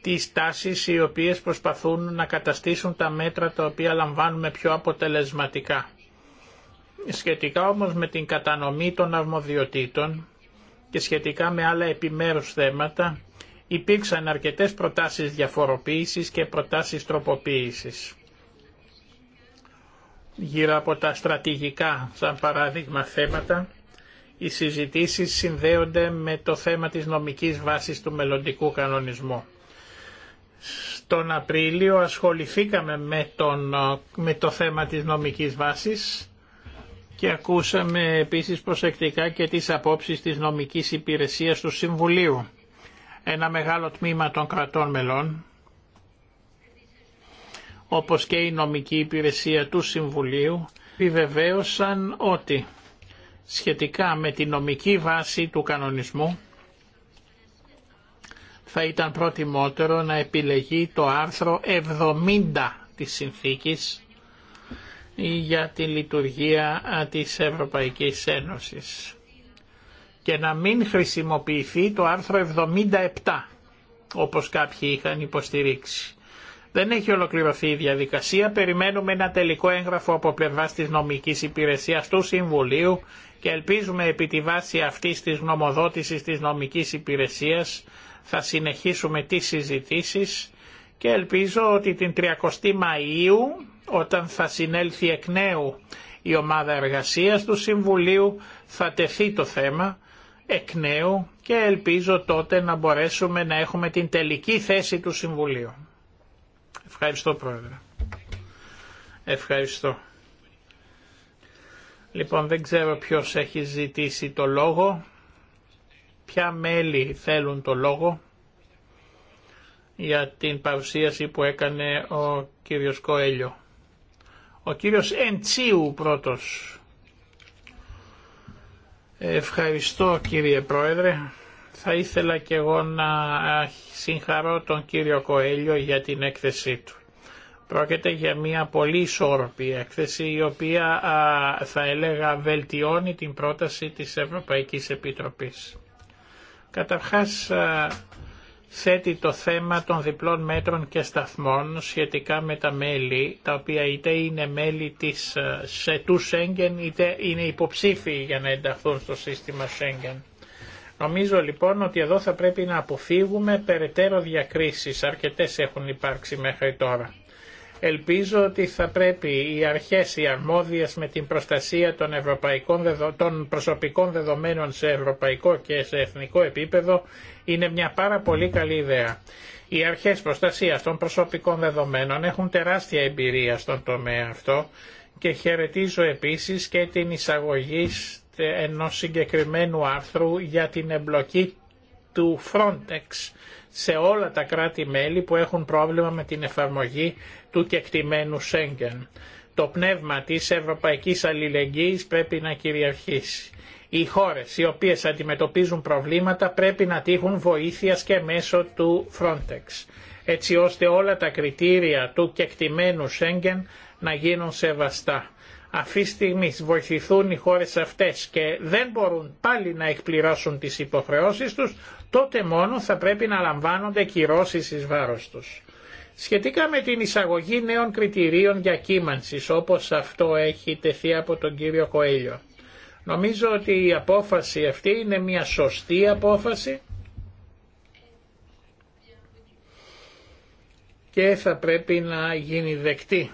Speaker 2: τις τάσεις οι οποίες προσπαθούν να καταστήσουν τα μέτρα τα οποία λαμβάνουμε πιο αποτελεσματικά. Σχετικά όμως με την κατανομή των αρμοδιοτήτων και σχετικά με άλλα επιμέρους θέματα, υπήρξαν αρκετές προτάσεις διαφοροποίησης και προτάσεις τροποποίησης. Γύρω από τα στρατηγικά, σαν παράδειγμα, θέματα, οι συζητήσεις συνδέονται με το θέμα της νομικής βάσης του μελλοντικού κανονισμού. Στον Απρίλιο ασχοληθήκαμε με, τον, με το θέμα της νομικής βάσης και ακούσαμε επίσης προσεκτικά και τις απόψεις της νομικής υπηρεσίας του Συμβουλίου ένα μεγάλο τμήμα των κρατών μελών, όπως και η νομική υπηρεσία του Συμβουλίου, επιβεβαίωσαν ότι σχετικά με τη νομική βάση του κανονισμού θα ήταν προτιμότερο να επιλεγεί το άρθρο 70 της συνθήκης για τη λειτουργία της Ευρωπαϊκής Ένωσης και να μην χρησιμοποιηθεί το άρθρο 77 όπως κάποιοι είχαν υποστηρίξει. Δεν έχει ολοκληρωθεί η διαδικασία, περιμένουμε ένα τελικό έγγραφο από πλευρά της νομικής υπηρεσίας του Συμβουλίου και ελπίζουμε επί τη βάση αυτής της γνωμοδότησης της νομικής υπηρεσίας θα συνεχίσουμε τις συζητήσεις και ελπίζω ότι την 30 Μαΐου όταν θα συνέλθει εκ νέου η ομάδα εργασίας του Συμβουλίου θα τεθεί το θέμα εκ νέου και ελπίζω τότε να μπορέσουμε να έχουμε την τελική θέση του Συμβουλίου. Ευχαριστώ Πρόεδρε. Ευχαριστώ. Λοιπόν δεν ξέρω ποιος έχει ζητήσει το λόγο, ποια μέλη θέλουν το λόγο για την παρουσίαση που έκανε ο κύριος Κοέλιο. Ο κύριος Εντσίου πρώτος. Ευχαριστώ κύριε Πρόεδρε. Θα ήθελα και εγώ να συγχαρώ τον κύριο Κοέλιο για την έκθεσή του. Πρόκειται για μια πολύ ισόρροπη έκθεση η οποία θα έλεγα βελτιώνει την πρόταση της Ευρωπαϊκής Επιτροπής. Καταρχάς θέτει το θέμα των διπλών μέτρων και σταθμών σχετικά με τα μέλη, τα οποία είτε είναι μέλη της, ε, σε, του Σέγγεν είτε είναι υποψήφιοι για να ενταχθούν στο σύστημα Σέγγεν. Νομίζω λοιπόν ότι εδώ θα πρέπει να αποφύγουμε περαιτέρω διακρίσεις, αρκετές έχουν υπάρξει μέχρι τώρα. Ελπίζω ότι θα πρέπει οι αρχές οι με την προστασία των, ευρωπαϊκών, των προσωπικών δεδομένων σε ευρωπαϊκό και σε εθνικό επίπεδο είναι μια πάρα πολύ καλή ιδέα. Οι αρχές προστασίας των προσωπικών δεδομένων έχουν τεράστια εμπειρία στον τομέα αυτό και χαιρετίζω επίσης και την εισαγωγή ενός συγκεκριμένου άρθρου για την εμπλοκή του Frontex σε όλα τα κράτη-μέλη που έχουν πρόβλημα με την εφαρμογή του κεκτημένου Σέγγεν. Το πνεύμα της ευρωπαϊκής αλληλεγγύης πρέπει να κυριαρχήσει. Οι χώρες οι οποίες αντιμετωπίζουν προβλήματα πρέπει να τύχουν βοήθεια και μέσω του Frontex, έτσι ώστε όλα τα κριτήρια του κεκτημένου Σέγγεν να γίνουν σεβαστά αυτή τη στιγμή βοηθηθούν οι χώρες αυτές και δεν μπορούν πάλι να εκπληρώσουν τις υποχρεώσεις τους, τότε μόνο θα πρέπει να λαμβάνονται κυρώσεις εις βάρος τους. Σχετικά με την εισαγωγή νέων κριτηρίων για κύμανσης, όπως αυτό έχει τεθεί από τον κύριο Κοέλιο. Νομίζω ότι η απόφαση αυτή είναι μια σωστή απόφαση και θα πρέπει να γίνει δεκτή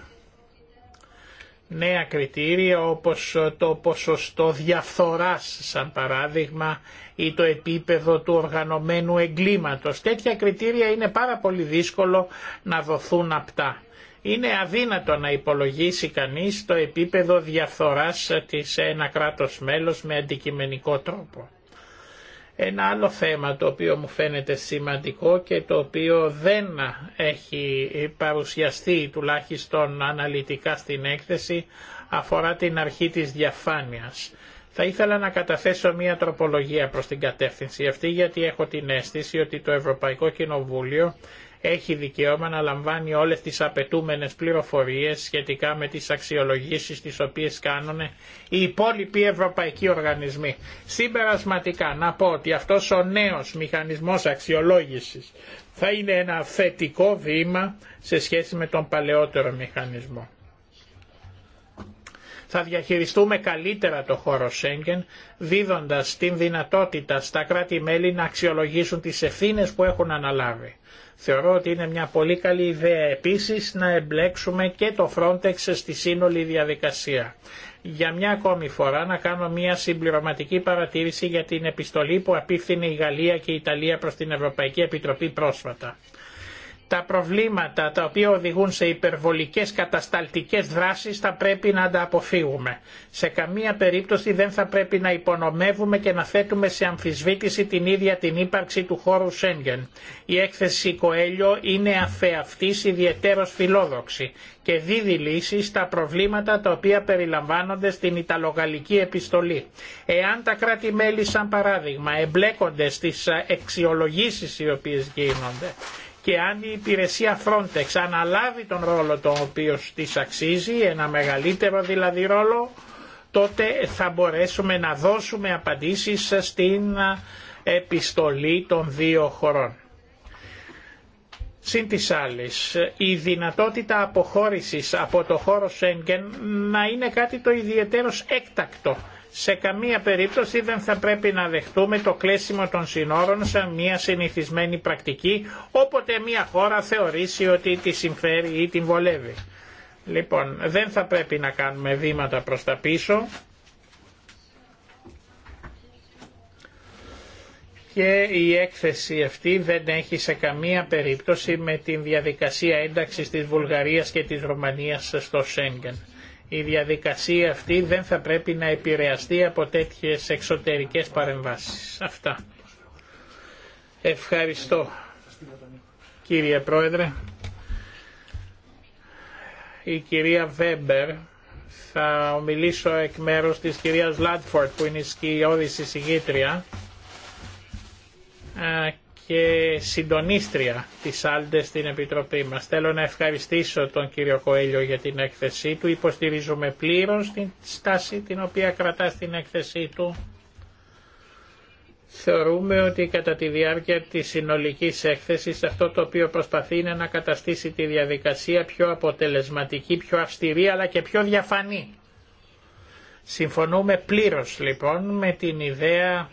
Speaker 2: νέα κριτήρια όπως το ποσοστό διαφθοράς σαν παράδειγμα ή το επίπεδο του οργανωμένου εγκλήματος. Τέτοια κριτήρια είναι πάρα πολύ δύσκολο να δοθούν απτά. Είναι αδύνατο να υπολογίσει κανείς το επίπεδο διαφθοράς της ένα κράτος μέλος με αντικειμενικό τρόπο. Ένα άλλο θέμα το οποίο μου φαίνεται σημαντικό και το οποίο δεν έχει παρουσιαστεί τουλάχιστον αναλυτικά στην έκθεση αφορά την αρχή της διαφάνειας. Θα ήθελα να καταθέσω μία τροπολογία προς την κατεύθυνση αυτή γιατί έχω την αίσθηση ότι το Ευρωπαϊκό Κοινοβούλιο έχει δικαίωμα να λαμβάνει όλες τις απαιτούμενες πληροφορίες σχετικά με τις αξιολογήσεις τις οποίες κάνουν οι υπόλοιποι ευρωπαϊκοί οργανισμοί. Συμπερασματικά να πω ότι αυτός ο νέος μηχανισμός αξιολόγησης θα είναι ένα θετικό βήμα σε σχέση με τον παλαιότερο μηχανισμό. Θα διαχειριστούμε καλύτερα το χώρο Σέγγεν, δίδοντας την δυνατότητα στα κράτη-μέλη να αξιολογήσουν τις ευθύνες που έχουν αναλάβει. Θεωρώ ότι είναι μια πολύ καλή ιδέα επίσης να εμπλέξουμε και το Frontex στη σύνολη διαδικασία. Για μια ακόμη φορά να κάνω μια συμπληρωματική παρατήρηση για την επιστολή που απίφθινε η Γαλλία και η Ιταλία προς την Ευρωπαϊκή Επιτροπή πρόσφατα τα προβλήματα τα οποία οδηγούν σε υπερβολικές κατασταλτικές δράσεις θα πρέπει να τα αποφύγουμε. Σε καμία περίπτωση δεν θα πρέπει να υπονομεύουμε και να θέτουμε σε αμφισβήτηση την ίδια την ύπαρξη του χώρου Σέγγεν. Η έκθεση Κοέλιο είναι αφεαυτής ιδιαιτέρως φιλόδοξη και δίδει λύσεις στα προβλήματα τα οποία περιλαμβάνονται στην Ιταλογαλλική επιστολή. Εάν τα κράτη-μέλη σαν παράδειγμα εμπλέκονται στις αξιολογήσεις οι οποίες γίνονται και αν η υπηρεσία Frontex αναλάβει τον ρόλο τον οποίο της αξίζει, ένα μεγαλύτερο δηλαδή ρόλο, τότε θα μπορέσουμε να δώσουμε απαντήσεις στην επιστολή των δύο χωρών. Συν της η δυνατότητα αποχώρησης από το χώρο Σέγγεν να είναι κάτι το ιδιαίτερος έκτακτο σε καμία περίπτωση δεν θα πρέπει να δεχτούμε το κλέσιμο των συνόρων σαν μια συνηθισμένη πρακτική όποτε μια χώρα θεωρήσει ότι τη συμφέρει ή την βολεύει. Λοιπόν, δεν θα πρέπει να κάνουμε βήματα προς τα πίσω και η έκθεση αυτή δεν έχει σε καμία περίπτωση με την διαδικασία ένταξης της Βουλγαρίας και της Ρωμανίας στο Σέγγεν η διαδικασία αυτή δεν θα πρέπει να επηρεαστεί από τέτοιες εξωτερικές παρεμβάσεις. Αυτά. Ευχαριστώ κύριε Πρόεδρε. Η κυρία Βέμπερ θα ομιλήσω εκ μέρους της κυρίας Λάντφορτ που είναι η σκιώδης εισηγήτρια και συντονίστρια της Άλντε στην Επιτροπή μας. Θέλω να ευχαριστήσω τον κύριο Κοέλιο για την έκθεσή του. Υποστηρίζουμε πλήρως την στάση την οποία κρατά στην έκθεσή του. Θεωρούμε ότι κατά τη διάρκεια της συνολικής έκθεσης αυτό το οποίο προσπαθεί είναι να καταστήσει τη διαδικασία πιο αποτελεσματική, πιο αυστηρή αλλά και πιο διαφανή. Συμφωνούμε πλήρως λοιπόν με την ιδέα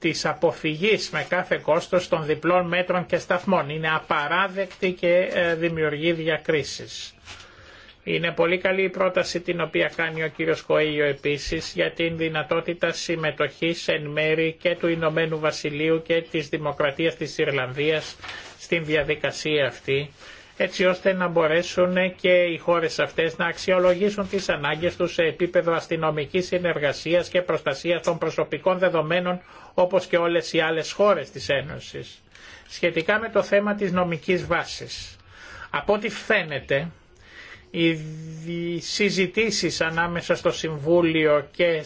Speaker 2: Τη αποφυγής με κάθε κόστος των διπλών μέτρων και σταθμών. Είναι απαράδεκτη και ε, δημιουργεί διακρίσεις. Είναι πολύ καλή η πρόταση την οποία κάνει ο κύριος Κοέλιο επίσης για την δυνατότητα συμμετοχής εν μέρη και του Ηνωμένου Βασιλείου και της Δημοκρατίας της Ιρλανδίας στην διαδικασία αυτή έτσι ώστε να μπορέσουν και οι χώρες αυτές να αξιολογήσουν τις ανάγκες τους σε επίπεδο αστυνομικής συνεργασίας και προστασία των προσωπικών δεδομένων όπως και όλες οι άλλες χώρες της Ένωσης. Σχετικά με το θέμα της νομικής βάσης. Από ό,τι φαίνεται, οι συζητήσεις ανάμεσα στο Συμβούλιο και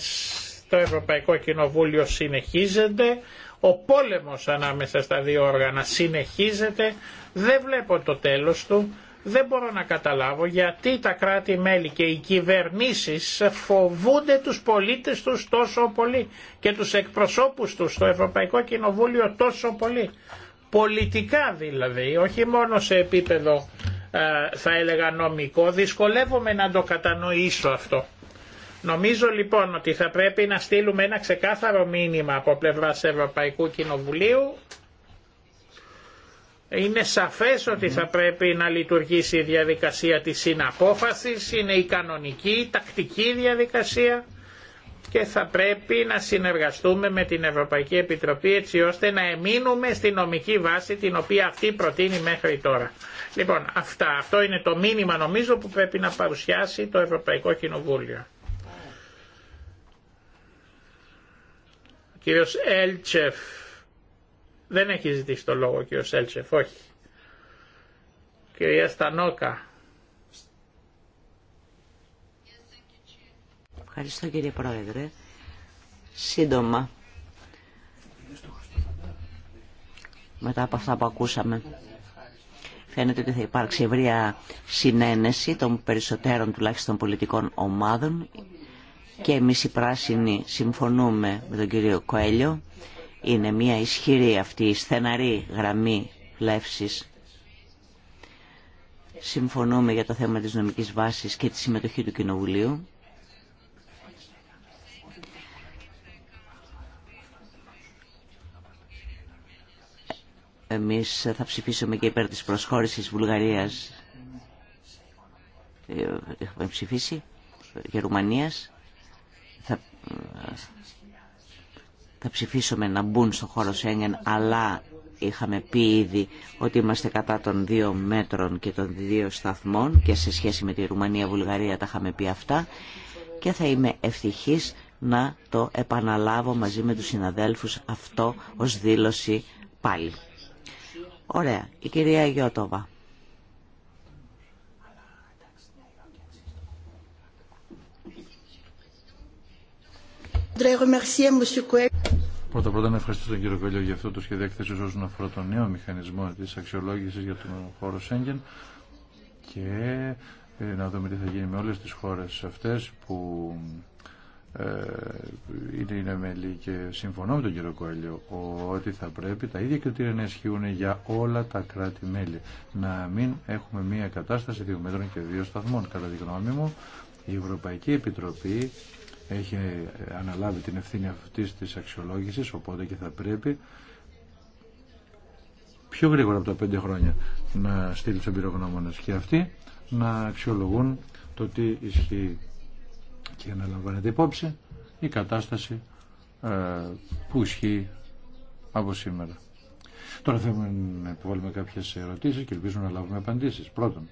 Speaker 2: στο Ευρωπαϊκό Κοινοβούλιο συνεχίζονται, ο πόλεμος ανάμεσα στα δύο όργανα συνεχίζεται, δεν βλέπω το τέλος του, δεν μπορώ να καταλάβω γιατί τα κράτη-μέλη και οι κυβερνήσεις φοβούνται τους πολίτες τους τόσο πολύ και τους εκπροσώπους τους στο Ευρωπαϊκό Κοινοβούλιο τόσο πολύ. Πολιτικά δηλαδή, όχι μόνο σε επίπεδο ε, θα έλεγα νομικό, δυσκολεύομαι να το κατανοήσω αυτό. Νομίζω λοιπόν ότι θα πρέπει να στείλουμε ένα ξεκάθαρο μήνυμα από πλευράς Ευρωπαϊκού Κοινοβουλίου είναι σαφές ότι θα πρέπει να λειτουργήσει η διαδικασία της συναπόφασης, είναι η κανονική, τακτική διαδικασία και θα πρέπει να συνεργαστούμε με την Ευρωπαϊκή Επιτροπή έτσι ώστε να εμείνουμε στη νομική βάση την οποία αυτή προτείνει μέχρι τώρα. Λοιπόν, αυτά, αυτό είναι το μήνυμα νομίζω που πρέπει να παρουσιάσει το Ευρωπαϊκό Κοινοβούλιο. κύριος Έλτσεφ. Δεν έχει ζητήσει το λόγο ο κ. Σέλτσεφ, όχι. Κυρία Στανόκα.
Speaker 1: Ευχαριστώ κύριε Πρόεδρε. Σύντομα. Μετά από αυτά που ακούσαμε. Φαίνεται ότι θα υπάρξει ευρεία συνένεση των περισσότερων τουλάχιστον πολιτικών ομάδων και εμείς οι πράσινοι συμφωνούμε με τον κύριο Κοέλιο είναι μια ισχυρή αυτή η στεναρή γραμμή λεύσης. Συμφωνούμε για το θέμα της νομικής βάσης και τη συμμετοχή του Κοινοβουλίου. Εμείς θα ψηφίσουμε και υπέρ της προσχώρησης Βουλγαρίας. Ε, έχουμε ψηφίσει. Ε, Γερμανίας. Θα θα ψηφίσουμε να μπουν στο χώρο Σέγγεν, αλλά είχαμε πει ήδη ότι είμαστε κατά των δύο μέτρων και των δύο σταθμών και σε σχέση με τη Ρουμανία-Βουλγαρία τα είχαμε πει αυτά και θα είμαι ευτυχής να το επαναλάβω μαζί με τους συναδέλφους αυτό ως δήλωση πάλι. Ωραία. Η κυρία Γιώτοβα.
Speaker 3: Πρώτα πρώτα να ευχαριστήσω τον κύριο Κολλιό για αυτό το σχέδιο έκθεσης όσον αφορά τον νέο μηχανισμό της αξιολόγηση για τον χώρο Σέγγεν και ε, να δούμε τι θα γίνει με όλες τις χώρες αυτές που ε, είναι, είναι μέλη και συμφωνώ με τον κύριο Κοέλιο ότι θα πρέπει τα ίδια κριτήρια να ισχύουν για όλα τα κράτη-μέλη. Να μην έχουμε μια κατάσταση δύο μέτρων και δύο σταθμών. Κατά τη γνώμη μου, η Ευρωπαϊκή Επιτροπή έχει αναλάβει την ευθύνη αυτής της αξιολόγησης, οπότε και θα πρέπει πιο γρήγορα από τα πέντε χρόνια να στείλει τους εμπειρογνώμονες και αυτοί να αξιολογούν το τι ισχύει και να λαμβάνεται υπόψη η κατάσταση ε, που ισχύει από σήμερα. Τώρα θέλουμε να υποβάλουμε κάποιες ερωτήσεις και ελπίζουμε να λάβουμε απαντήσεις. Πρώτον,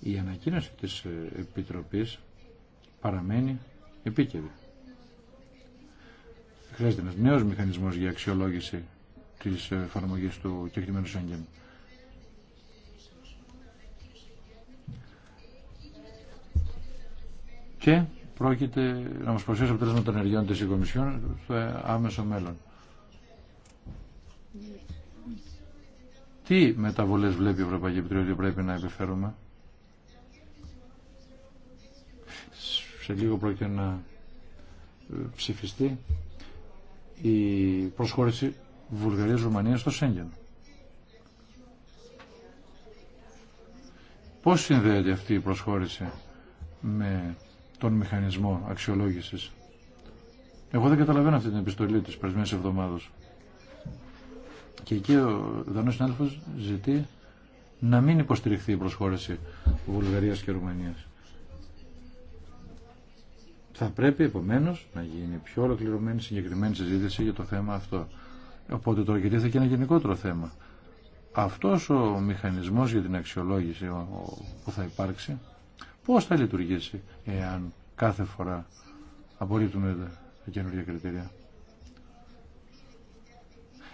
Speaker 3: η ανακοίνωση της Επιτροπής παραμένει επίκαιρη. Χρειάζεται ένα νέος μηχανισμός για αξιολόγηση της εφαρμογή του κεκτημένου Σέγγεν. Και πρόκειται να μας προσθέσει αποτέλεσμα των ενεργειών τη Οικομισιόν στο άμεσο μέλλον. Τι μεταβολές βλέπει η Ευρωπαϊκή Επιτροπή ότι πρέπει να επιφέρουμε σε λίγο πρόκειται να ε, ψηφιστεί η προσχώρηση Βουλγαρίας-Ρουμανίας στο Σέγγεν. Πώς συνδέεται αυτή η προσχώρηση με τον μηχανισμό αξιολόγησης. Εγώ δεν καταλαβαίνω αυτή την επιστολή της περισμένης εβδομάδος. Και εκεί ο Δανός συνάδελφος ζητεί να μην υποστηριχθεί η προσχώρηση Βουλγαρίας και Ρουμανίας. Θα πρέπει επομένως να γίνει πιο ολοκληρωμένη συγκεκριμένη συζήτηση για το θέμα αυτό. Οπότε τώρα γιατί και ένα γενικότερο θέμα. Αυτός ο μηχανισμός για την αξιολόγηση που θα υπάρξει, πώς θα λειτουργήσει εάν κάθε φορά απορρίπτουμε τα καινούργια κριτήρια.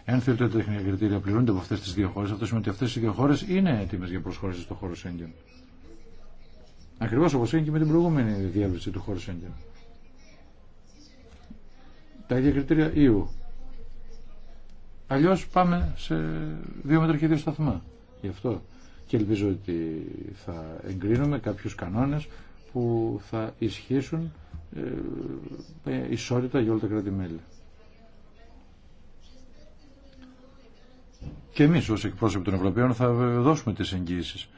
Speaker 3: Εάν θεωρείτε ότι τα τεχνικά κριτήρια πληρούνται από αυτέ τι δύο χώρε, αυτό σημαίνει ότι αυτέ οι δύο χώρε είναι έτοιμε για προσχώρηση στο χώρο Σέγγεν. Ακριβώς όπως έγινε και με την προηγούμενη διεύρυνση του χώρου Σέγγεν. Τα ίδια κριτήρια ίου. Αλλιώς πάμε σε δύο μέτρα και δύο σταθμά. Γι' αυτό και ελπίζω ότι θα εγκρίνουμε κάποιους κανόνες που θα ισχύσουν ε, ισότητα για όλα τα κράτη-μέλη. Και εμείς ως εκπρόσωποι των Ευρωπαίων θα δώσουμε τις εγγύησεις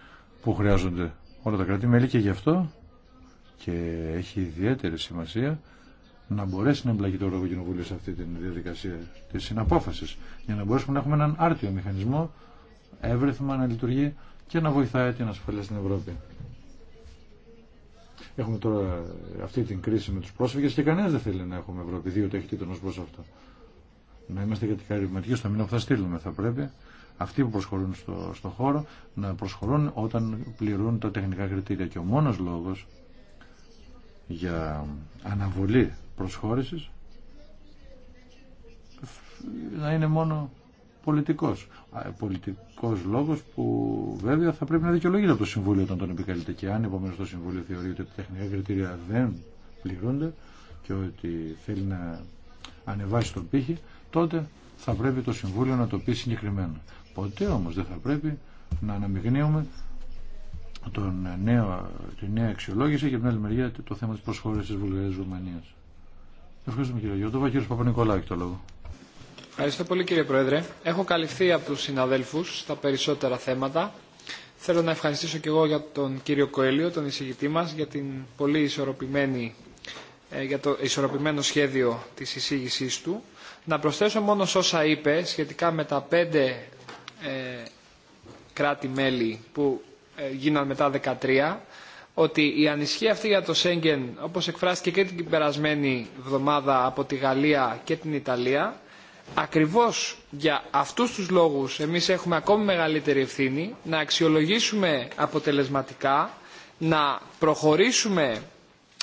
Speaker 3: που χρειάζονται όλα τα κρατή-μέλη και γι' αυτό και έχει ιδιαίτερη σημασία να μπορέσει να εμπλακεί το Ευρωπαϊκό Κοινοβούλιο σε αυτή τη διαδικασία τη συναπόφαση για να μπορέσουμε να έχουμε έναν άρτιο μηχανισμό εύρεθμα να λειτουργεί και να βοηθάει την ασφαλεία στην Ευρώπη. Έχουμε τώρα αυτή την κρίση με του πρόσφυγε και κανένα δεν θέλει να έχουμε Ευρώπη διότι τίτλο ω προ αυτό. Να είμαστε κατηγορηματικοί στο μήνα που θα στείλουμε. Θα πρέπει αυτοί που προσχωρούν στο, στο χώρο να προσχωρούν όταν πληρούν τα τεχνικά κριτήρια. Και ο μόνος λόγος για αναβολή προσχώρησης να είναι μόνο πολιτικός. Πολιτικός λόγος που βέβαια θα πρέπει να δικαιολογείται από το Συμβούλιο όταν τον επικαλείται και αν επομένως το Συμβούλιο θεωρεί ότι τα τεχνικά κριτήρια δεν πληρούνται και ότι θέλει να ανεβάσει τον πύχη, τότε θα πρέπει το Συμβούλιο να το πει συγκεκριμένα. Ποτέ όμως δεν θα πρέπει να αναμειγνύουμε τον νέο, τη νέα αξιολόγηση και την άλλη μεριά το θέμα της προσχώρησης της Βουλγαρίας Ρουμανίας. Ευχαριστούμε κύριε Γιώτοβα. Κύριος το λόγο.
Speaker 4: Ευχαριστώ πολύ κύριε Πρόεδρε. Έχω καλυφθεί από τους συναδέλφους στα περισσότερα θέματα. Θέλω να ευχαριστήσω και εγώ για τον κύριο Κοέλιο, τον εισηγητή μας, για την πολύ ισορροπημένη ε, για το ισορροπημένο σχέδιο της εισήγησής του. Να προσθέσω μόνο όσα είπε σχετικά με τα πέντε ε, κράτη-μέλη που ε, γίναν μετά 13, ότι η ανησυχία αυτή για το Σέγγεν, όπως εκφράστηκε και την περασμένη εβδομάδα από τη Γαλλία και την Ιταλία, ακριβώς για αυτούς τους λόγους εμείς έχουμε ακόμη μεγαλύτερη ευθύνη να αξιολογήσουμε αποτελεσματικά, να προχωρήσουμε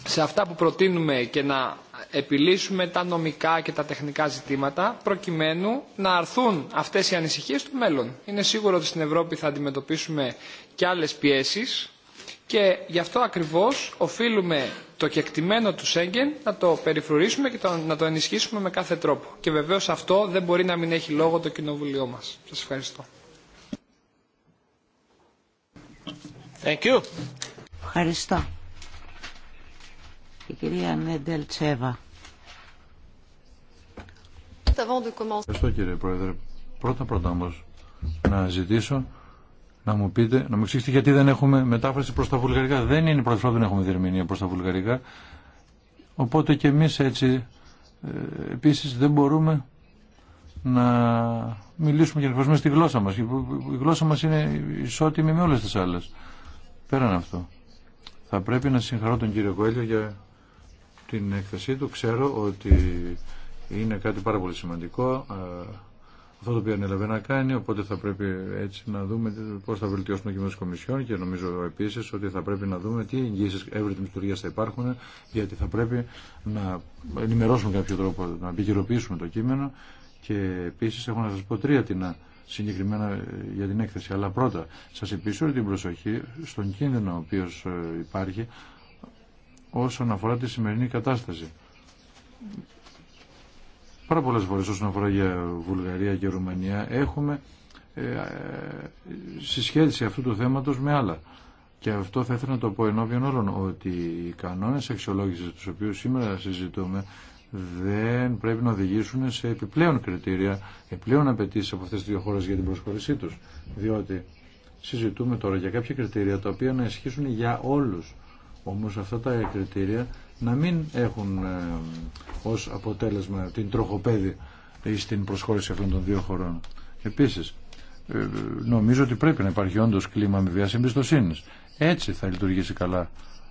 Speaker 4: σε αυτά που προτείνουμε και να επιλύσουμε τα νομικά και τα τεχνικά ζητήματα προκειμένου να αρθούν αυτές οι ανησυχίες του μέλλον. Είναι σίγουρο ότι στην Ευρώπη θα αντιμετωπίσουμε και άλλες πιέσεις και γι' αυτό ακριβώς οφείλουμε το κεκτημένο του Σέγγεν να το περιφρουρήσουμε και να το ενισχύσουμε με κάθε τρόπο. Και βεβαίως αυτό δεν μπορεί να μην έχει λόγο το κοινοβουλίο μας. Σας ευχαριστώ. Thank you. Ευχαριστώ. Η κυρία
Speaker 1: Νέντελ Τσέβα.
Speaker 4: Ευχαριστώ
Speaker 3: κύριε Πρόεδρε. Πρώτα πρώτα όμως να ζητήσω να μου πείτε, να μου εξηγήσετε γιατί δεν έχουμε μετάφραση προς τα βουλγαρικά. Δεν είναι η πρώτη φορά που δεν έχουμε διερμηνία προς τα βουλγαρικά. Οπότε και εμείς έτσι ε, επίσης δεν μπορούμε να μιλήσουμε και να εφαρμόσουμε στη γλώσσα μας. Η γλώσσα μας είναι ισότιμη με όλες τις άλλες. Πέραν αυτό. Θα πρέπει να συγχαρώ τον κύριο Κοέλιο για την έκθεσή του. Ξέρω ότι είναι κάτι πάρα πολύ σημαντικό ε, αυτό το οποίο ανέλαβε να κάνει, οπότε θα πρέπει έτσι να δούμε πώ θα βελτιώσουμε και με τι Κομισιόν και νομίζω επίση ότι θα πρέπει να δούμε τι εγγύσει εύρυθμη λειτουργία θα υπάρχουν, γιατί θα πρέπει να ενημερώσουμε κάποιο τρόπο, να επικαιροποιήσουμε το κείμενο και επίση έχω να σα πω τρία τεινά συγκεκριμένα ε, για την έκθεση. Αλλά πρώτα, σα επισύρω την προσοχή στον κίνδυνο ο οποίο ε, υπάρχει όσον αφορά τη σημερινή κατάσταση. Πάρα πολλές φορές όσον αφορά για Βουλγαρία και Ρουμανία έχουμε ε, ε, συσχέτιση αυτού του θέματος με άλλα. Και αυτό θα ήθελα να το πω ενώπιον όλων, ότι οι κανόνες αξιολόγησης τους οποίους σήμερα συζητούμε δεν πρέπει να οδηγήσουν σε επιπλέον κριτήρια, επιπλέον απαιτήσει από αυτές τις δύο χώρες για την προσχώρησή τους. Διότι συζητούμε τώρα για κάποια κριτήρια τα οποία να ισχύσουν για όλους όμως αυτά τα κριτήρια να μην έχουν ε, ως αποτέλεσμα την τροχοπέδη στην προσχώρηση αυτών των δύο χωρών. Επίσης, ε, νομίζω ότι πρέπει να υπάρχει όντως κλίμα αμοιβίας εμπιστοσύνη. Έτσι θα λειτουργήσει καλά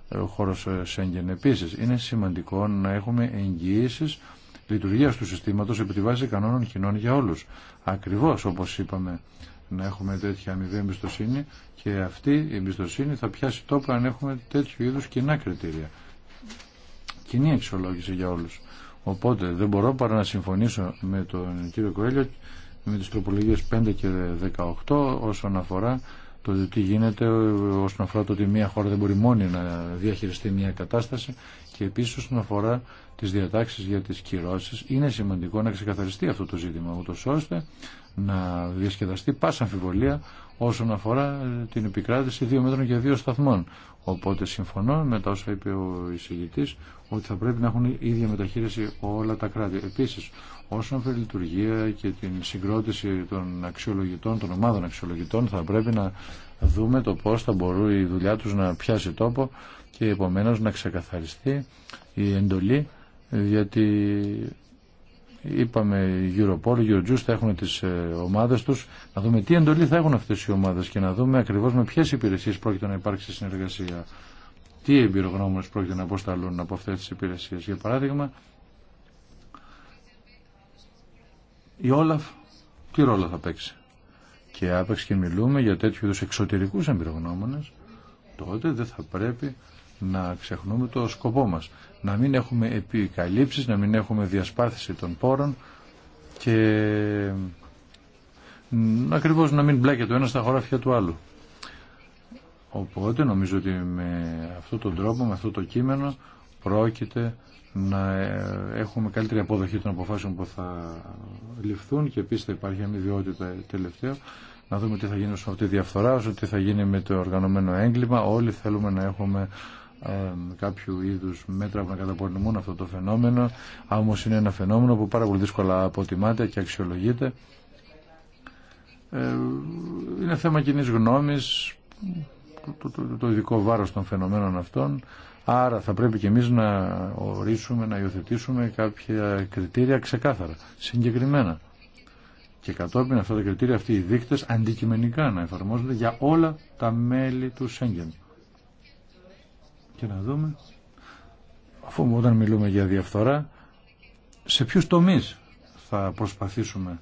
Speaker 3: ε, ο χώρος Σέγγεν. Επίσης, είναι σημαντικό να έχουμε εγγυήσεις λειτουργίας του συστήματος επί τη βάση κανόνων κοινών για όλους. Ακριβώς όπως είπαμε να έχουμε τέτοια αμοιβή εμπιστοσύνη και αυτή η εμπιστοσύνη θα πιάσει τόπο αν έχουμε τέτοιου είδους κοινά κριτήρια. Κοινή αξιολόγηση για όλους. Οπότε δεν μπορώ παρά να συμφωνήσω με τον κύριο Κοέλιο με τις τροπολογίες 5 και 18 όσον αφορά το τι γίνεται όσον αφορά το ότι μια χώρα δεν μπορεί μόνη να διαχειριστεί μια κατάσταση και επίσης όσον αφορά τις διατάξεις για τις κυρώσεις είναι σημαντικό να ξεκαθαριστεί αυτό το ζήτημα ούτως ώστε να διασκεδαστεί πάσα αμφιβολία όσον αφορά ε, την επικράτηση δύο μέτρων και δύο σταθμών. Οπότε συμφωνώ με τα όσα είπε ο εισηγητή ότι θα πρέπει να έχουν ίδια μεταχείριση όλα τα κράτη. Επίση, όσον αφορά τη λειτουργία και την συγκρότηση των αξιολογητών, των ομάδων αξιολογητών, θα πρέπει να δούμε το πώ θα μπορούν η δουλειά του να πιάσει τόπο και επομένω να ξεκαθαριστεί η εντολή γιατί Είπαμε Europol, Eurojust θα έχουν τις ε, ομάδες τους. Να δούμε τι εντολή θα έχουν αυτές οι ομάδες και να δούμε ακριβώς με ποιες υπηρεσίες πρόκειται να υπάρξει συνεργασία. Τι εμπειρογνώμονες πρόκειται να αποσταλούν από αυτές τις υπηρεσίες. Για παράδειγμα, η Όλαφ τι ρόλο θα παίξει. Και άπαξ και μιλούμε για τέτοιου είδους εξωτερικούς εμπειρογνώμονες, τότε δεν θα πρέπει να ξεχνούμε το σκοπό μας. Να μην έχουμε επικαλύψεις, να μην έχουμε διασπάθηση των πόρων και ακριβώς να μην μπλέκεται το ένα στα χωράφια του άλλου. Οπότε νομίζω ότι με αυτόν τον τρόπο, με αυτό το κείμενο πρόκειται να ε, έχουμε καλύτερη αποδοχή των αποφάσεων που θα ληφθούν και επίσης θα υπάρχει αμοιβιότητα τελευταία να δούμε τι θα γίνει με αυτή τη διαφθορά, τι θα γίνει με το οργανωμένο έγκλημα. Όλοι θέλουμε να έχουμε ε, κάποιου είδους μέτρα που να καταπονημούν αυτό το φαινόμενο όμως είναι ένα φαινόμενο που πάρα πολύ δύσκολα αποτιμάται και αξιολογείται ε, είναι θέμα κοινή γνώμης το, το, ειδικό βάρος των φαινομένων αυτών άρα θα πρέπει και εμείς να ορίσουμε, να υιοθετήσουμε κάποια κριτήρια ξεκάθαρα, συγκεκριμένα και κατόπιν αυτά τα κριτήρια, αυτοί οι δείκτες αντικειμενικά να εφαρμόζονται για όλα τα μέλη του Σέγγεν και να δούμε αφού όταν μιλούμε για διαφθορά σε ποιους τομείς θα προσπαθήσουμε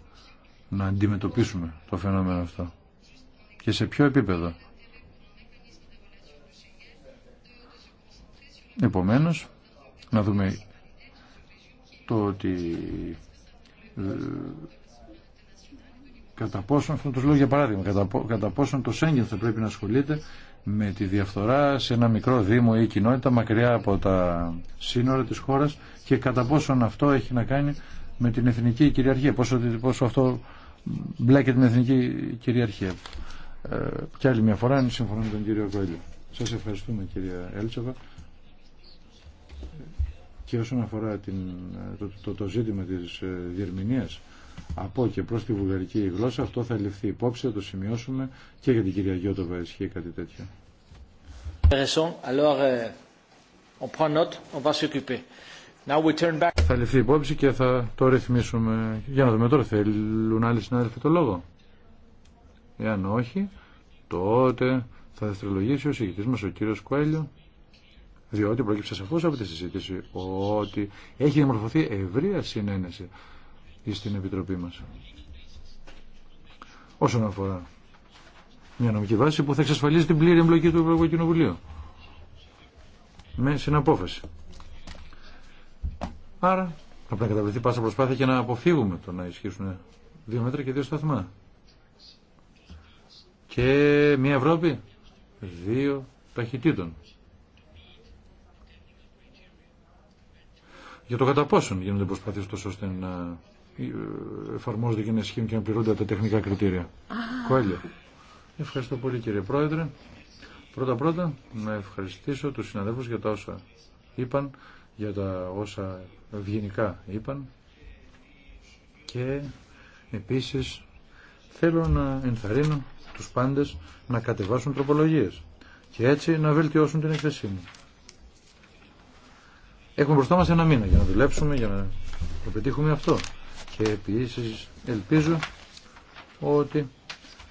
Speaker 3: να αντιμετωπίσουμε το φαινόμενο αυτό και σε ποιο επίπεδο. Επομένως, να δούμε το ότι ε, κατά πόσον, αυτό το λέω για παράδειγμα, κατά, κατά πόσον το Σέγγεν θα πρέπει να ασχολείται με τη διαφθορά σε ένα μικρό δήμο ή κοινότητα μακριά από τα σύνορα της χώρας και κατά πόσο αυτό έχει να κάνει με την εθνική κυριαρχία, πόσο, πόσο αυτό μπλέκεται την εθνική κυριαρχία. Ε, και άλλη μια φορά, συμφωνώ με τον κύριο Κοέλιο Σας ευχαριστούμε κυρία Έλτσοβα Και όσον αφορά την, το, το, το ζήτημα της ε, διερμηνίας, από και προς τη βουλγαρική γλώσσα. Αυτό θα ληφθεί υπόψη, θα το σημειώσουμε και για την κυρία Γιώτοβα ισχύει κάτι τέτοιο.
Speaker 4: Euh,
Speaker 3: θα ληφθεί υπόψη και θα το ρυθμίσουμε. Για να δούμε τώρα, θέλουν άλλοι συνάδελφοι το λόγο. Εάν όχι, τότε θα δευτερολογήσει ο συγκεκριτής μας ο κύριος Κουέλιο διότι πρόκειται σαφώς από τη συζήτηση ότι έχει δημορφωθεί ευρεία συνένεση ή στην Επιτροπή μας. Όσον αφορά μια νομική βάση που θα εξασφαλίσει την πλήρη εμπλοκή του Ευρωπαϊκού Κοινοβουλίου. Με συναπόφαση. Άρα πρέπει να καταβληθεί πάσα προσπάθεια και να αποφύγουμε το να ισχύσουν δύο μέτρα και δύο σταθμά. Και μια Ευρώπη δύο ταχυτήτων. Για το κατά πόσον γίνονται προσπάθειες τόσο ώστε να εφαρμόζονται και να σχήμα και να πληρούνται τα τεχνικά κριτήρια. Ευχαριστώ πολύ κύριε Πρόεδρε. Πρώτα πρώτα να ευχαριστήσω τους συναδέλφους για τα όσα είπαν, για τα όσα ευγενικά είπαν και επίσης θέλω να ενθαρρύνω τους πάντες να κατεβάσουν τροπολογίες και έτσι να βελτιώσουν την εκθεσή μου. Έχουμε μπροστά μας ένα μήνα για να δουλέψουμε, για να το αυτό και επίσης ελπίζω ότι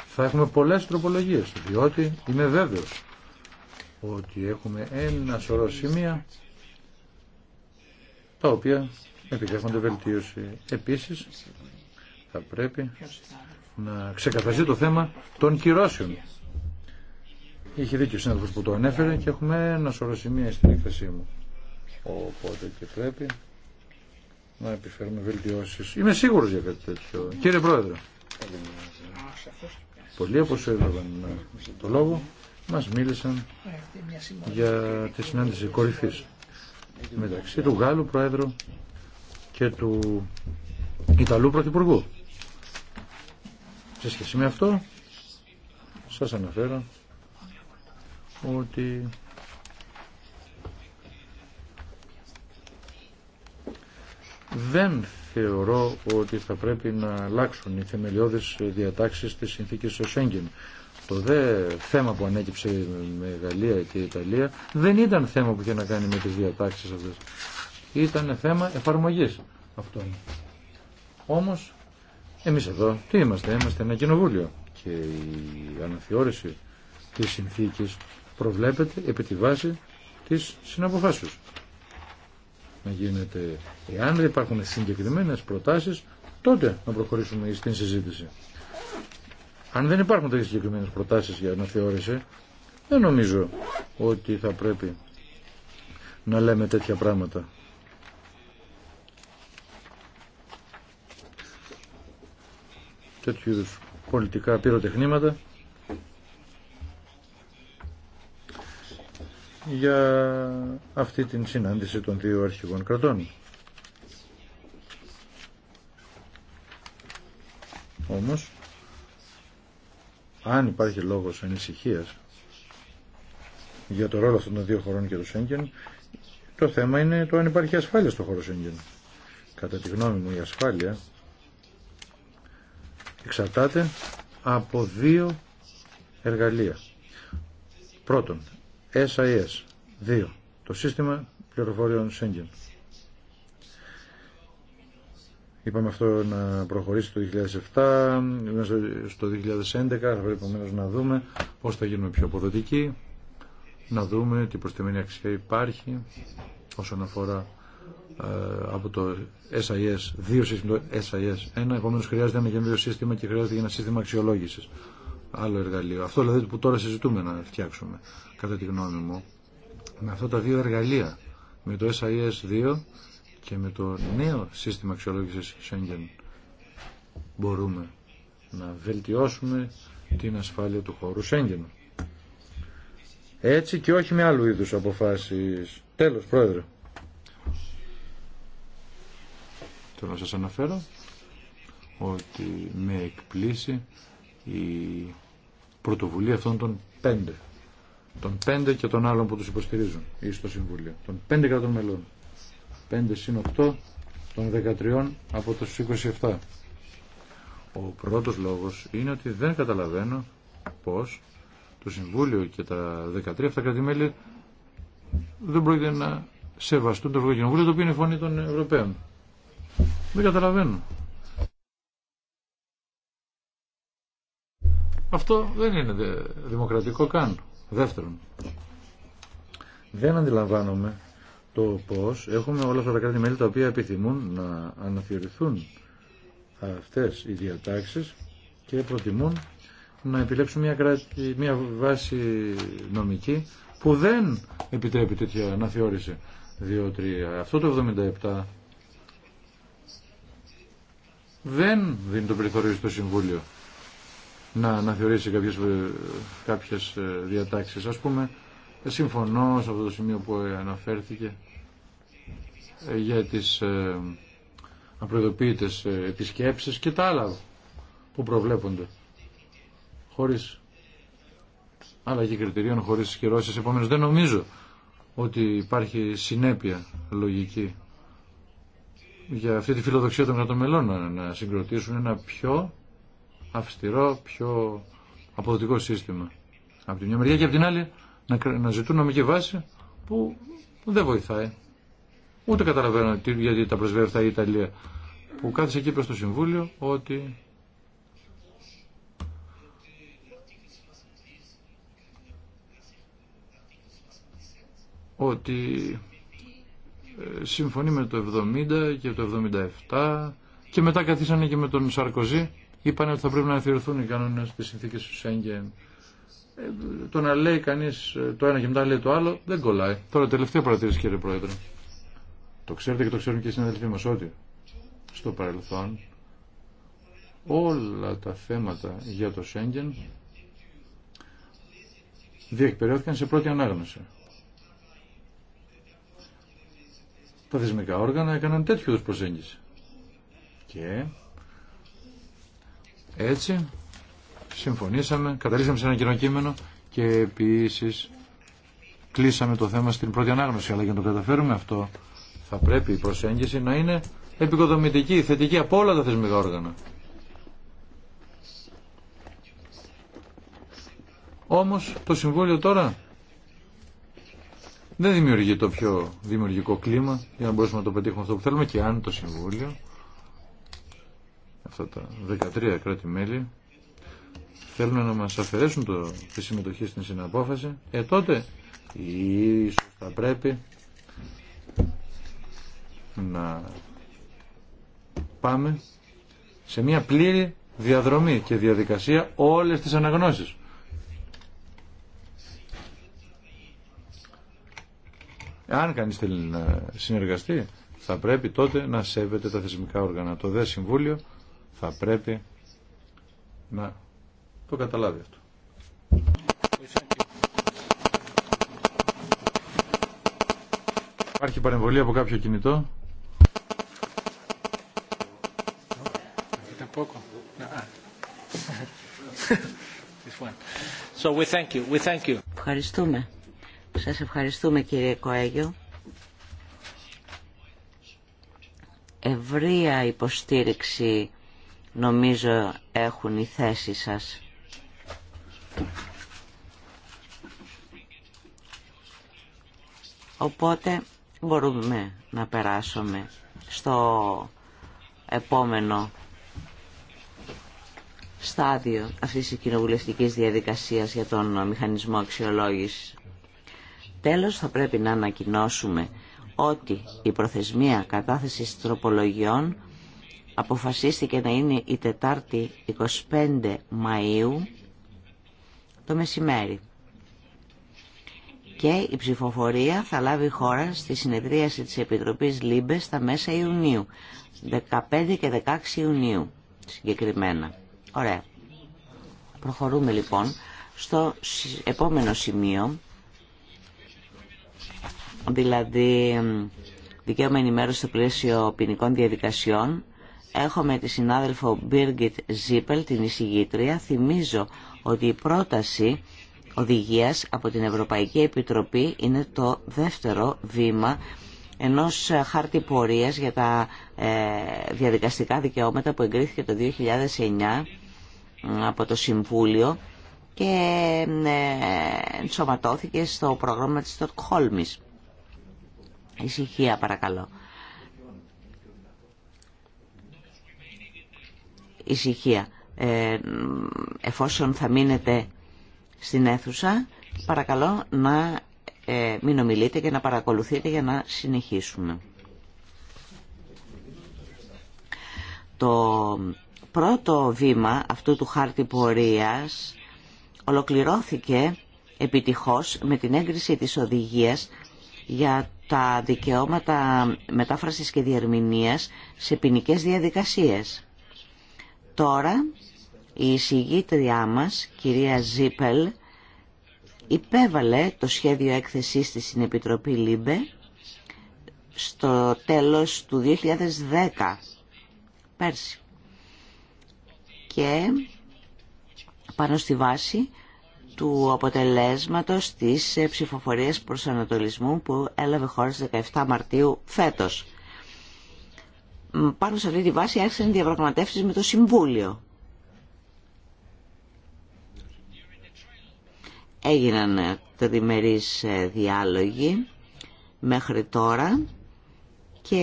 Speaker 3: θα έχουμε πολλές τροπολογίες διότι είμαι βέβαιος ότι έχουμε ένα σωρό σημεία τα οποία επιδέχονται βελτίωση. Επίσης θα πρέπει να ξεκαθαριστεί το θέμα των κυρώσεων. Είχε δίκιο ο συνάδελφος που το ανέφερε και έχουμε ένα σωρό σημεία στην έκθεσή μου. Οπότε και πρέπει να επιφέρουμε βελτιώσεις. Είμαι σίγουρος για κάτι τέτοιο. Κύριε Πρόεδρε, πολλοί από όσο έλαβαν ε, το λόγο μας μίλησαν για τη συνάντηση κορυφής μεταξύ του Γάλλου Πρόεδρου και του Ιταλού Πρωθυπουργού. Σε σχέση με αυτό σας αναφέρω ότι δεν θεωρώ ότι θα πρέπει να αλλάξουν οι θεμελιώδεις διατάξεις της συνθήκης του Σέγγεν. Το δε θέμα που ανέκυψε με Γαλλία και Ιταλία δεν ήταν θέμα που είχε να κάνει με τις διατάξεις αυτές. Ήταν θέμα εφαρμογής αυτό Όμως εμείς εδώ τι είμαστε, είμαστε ένα κοινοβούλιο και η αναθεώρηση της συνθήκης προβλέπεται επί τη βάση της συναποφάσεως να γίνεται. Εάν δεν υπάρχουν συγκεκριμένες προτάσεις, τότε να προχωρήσουμε στην συζήτηση. Αν δεν υπάρχουν τέτοιες συγκεκριμένες προτάσεις για να αναθεώρηση, δεν νομίζω ότι θα πρέπει να λέμε τέτοια πράγματα. Τέτοιου πολιτικά πυροτεχνήματα για αυτή την συνάντηση των δύο αρχηγών κρατών. Όμως, αν υπάρχει λόγος ανησυχίας για το ρόλο αυτών των δύο χωρών και του Σέγγεν, το θέμα είναι το αν υπάρχει ασφάλεια στο χώρο Σέγγεν. Κατά τη γνώμη μου η ασφάλεια εξαρτάται από δύο εργαλεία. Πρώτον, SIS 2 το σύστημα πληροφοριών Schengen είπαμε αυτό να προχωρήσει το 2007 στο 2011 θα πρέπει να δούμε πως θα γίνουμε πιο αποδοτικοί να δούμε τι προστιμένη αξία υπάρχει όσον αφορά ε, από το SIS 2 σύστημα, το SIS 1. Επομένω, χρειάζεται ένα καινούριο σύστημα και χρειάζεται ένα σύστημα αξιολόγηση άλλο εργαλείο. Αυτό δηλαδή που τώρα συζητούμε να φτιάξουμε, κατά τη γνώμη μου, με αυτά τα δύο εργαλεία, με το SIS 2 και με το νέο σύστημα αξιολόγησης Schengen, μπορούμε να βελτιώσουμε την ασφάλεια του χώρου Schengen. Έτσι και όχι με άλλου είδους αποφάσεις. Τέλος, Πρόεδρε. Θέλω να σας αναφέρω ότι με εκπλήσει η πρωτοβουλία αυτών των πέντε. Των πέντε και των άλλων που τους υποστηρίζουν ή στο Συμβούλιο. Των πέντε κρατών μελών. Πέντε συν οκτώ των δεκατριών από τους 27. Ο πρώτος λόγος είναι ότι δεν καταλαβαίνω πώς το Συμβούλιο και τα δεκατρια αυτά κρατημέλη δεν πρόκειται να σεβαστούν το Ευρωκοινοβούλιο το οποίο είναι η φωνή των Ευρωπαίων. Δεν καταλαβαίνω. Αυτό δεν είναι δημοκρατικό καν. Δεύτερον, δεν αντιλαμβάνομαι το πώς έχουμε όλα αυτά τα κράτη-μέλη τα οποία επιθυμούν να αναθεωρηθούν αυτές οι διατάξεις και προτιμούν να επιλέξουν μια, μια βάση νομική που δεν επιτρέπει τέτοια αναθεώρηση. τρία. αυτό το 77 δεν δίνει το περιθώριο στο Συμβούλιο να θεωρήσει κάποιες, ε, κάποιες ε, διατάξεις. Ας πούμε, ε, συμφωνώ σε αυτό το σημείο που αναφέρθηκε για τις απροειδοποίητες επισκέψεις και τα άλλα που προβλέπονται χωρίς αλλαγή κριτηρίων, χωρίς κυρώσεις. Επομένως δεν νομίζω ότι υπάρχει συνέπεια λογική για αυτή τη φιλοδοξία των κρατών μελών να συγκροτήσουν ένα πιο αυστηρό, πιο αποδοτικό σύστημα. Από τη μια μεριά και από την άλλη να, να ζητούν νομική βάση που δεν βοηθάει. Ούτε καταλαβαίνω γιατί τα πρεσβεύει αυτά η Ιταλία που κάθισε εκεί προς το Συμβούλιο ότι ότι ε, συμφωνεί με το 70 και το 77 και μετά καθίσανε και με τον Σαρκοζή είπαν ότι θα πρέπει να αφιερωθούν οι κανόνε της συνθήκης του Σέγγεν. Ε, το να λέει κανείς ε, το ένα και μετά λέει το άλλο δεν κολλάει. Τώρα τελευταία παρατήρηση κύριε Πρόεδρε. Το ξέρετε και το ξέρουν και οι συναδελφοί μα ότι στο παρελθόν όλα τα θέματα για το Σέγγεν διεκπαιρεώθηκαν σε πρώτη ανάγνωση. Τα θεσμικά όργανα έκαναν τέτοιου είδους προσέγγιση. Και έτσι, συμφωνήσαμε, καταλήξαμε σε ένα κοινό κείμενο και επίσης κλείσαμε το θέμα στην πρώτη ανάγνωση. Αλλά για να το καταφέρουμε αυτό θα πρέπει η προσέγγιση να είναι επικοδομητική, θετική από όλα τα θεσμικά όργανα. Όμως το Συμβούλιο τώρα δεν δημιουργεί το πιο δημιουργικό κλίμα για να μπορέσουμε να το πετύχουμε αυτό που θέλουμε και αν το Συμβούλιο αυτά τα 13 κράτη-μέλη θέλουν να μας αφαιρέσουν το, τη συμμετοχή στην συναπόφαση, ε τότε ίσως θα πρέπει να πάμε σε μια πλήρη διαδρομή και διαδικασία όλες τις αναγνώσεις. Αν κανείς θέλει να συνεργαστεί, θα πρέπει τότε να σέβεται τα θεσμικά όργανα. Το ΔΕ Συμβούλιο θα πρέπει να το καταλάβει αυτό. Υπάρχει παρεμβολή από κάποιο κινητό.
Speaker 1: Ευχαριστούμε. Σας ευχαριστούμε κύριε Κοέγιο. Ευρεία υποστήριξη νομίζω έχουν οι θέση σας. Οπότε μπορούμε να περάσουμε στο επόμενο στάδιο αυτής της κοινοβουλευτικής διαδικασίας για τον μηχανισμό αξιολόγησης. Τέλος θα πρέπει να ανακοινώσουμε ότι η προθεσμία κατάθεσης τροπολογιών αποφασίστηκε να είναι η Τετάρτη 25 Μαΐου το μεσημέρι. Και η ψηφοφορία θα λάβει χώρα στη συνεδρίαση της Επιτροπής Λίμπε στα μέσα Ιουνίου, 15 και 16 Ιουνίου συγκεκριμένα. Ωραία. Προχωρούμε λοιπόν στο επόμενο σημείο, δηλαδή δικαίωμα ενημέρωση στο πλαίσιο ποινικών διαδικασιών, Έχουμε τη συνάδελφο Birgit Ζίπελ, την εισηγήτρια. Θυμίζω ότι η πρόταση οδηγίας από την Ευρωπαϊκή Επιτροπή είναι το δεύτερο βήμα ενός ε, χάρτη πορείας για τα ε, διαδικαστικά δικαιώματα που εγκρίθηκε το 2009 από το Συμβούλιο και ε, ενσωματώθηκε στο πρόγραμμα της Στοκχόλμης. Ησυχία παρακαλώ. ησυχία. Ε, εφόσον θα μείνετε στην αίθουσα, παρακαλώ να ε, μην ομιλείτε και να παρακολουθείτε για να συνεχίσουμε. Το πρώτο βήμα αυτού του χάρτη πορείας ολοκληρώθηκε επιτυχώς με την έγκριση της οδηγίας για τα δικαιώματα μετάφρασης και διερμηνίας σε ποινικέ διαδικασίες. Τώρα η εισηγήτριά μας, κυρία Ζίπελ, υπέβαλε το σχέδιο έκθεσής της στην Επιτροπή ΛΥΜΠΕ στο τέλος του 2010, πέρσι. Και πάνω στη βάση του αποτελέσματος της ψηφοφορίας προσανατολισμού που έλαβε χώρα στις 17 Μαρτίου φέτος πάνω σε αυτή τη βάση άρχισαν διαπραγματεύσει με το Συμβούλιο. Έγιναν ε, τριμερείς ε, διάλογοι μέχρι τώρα και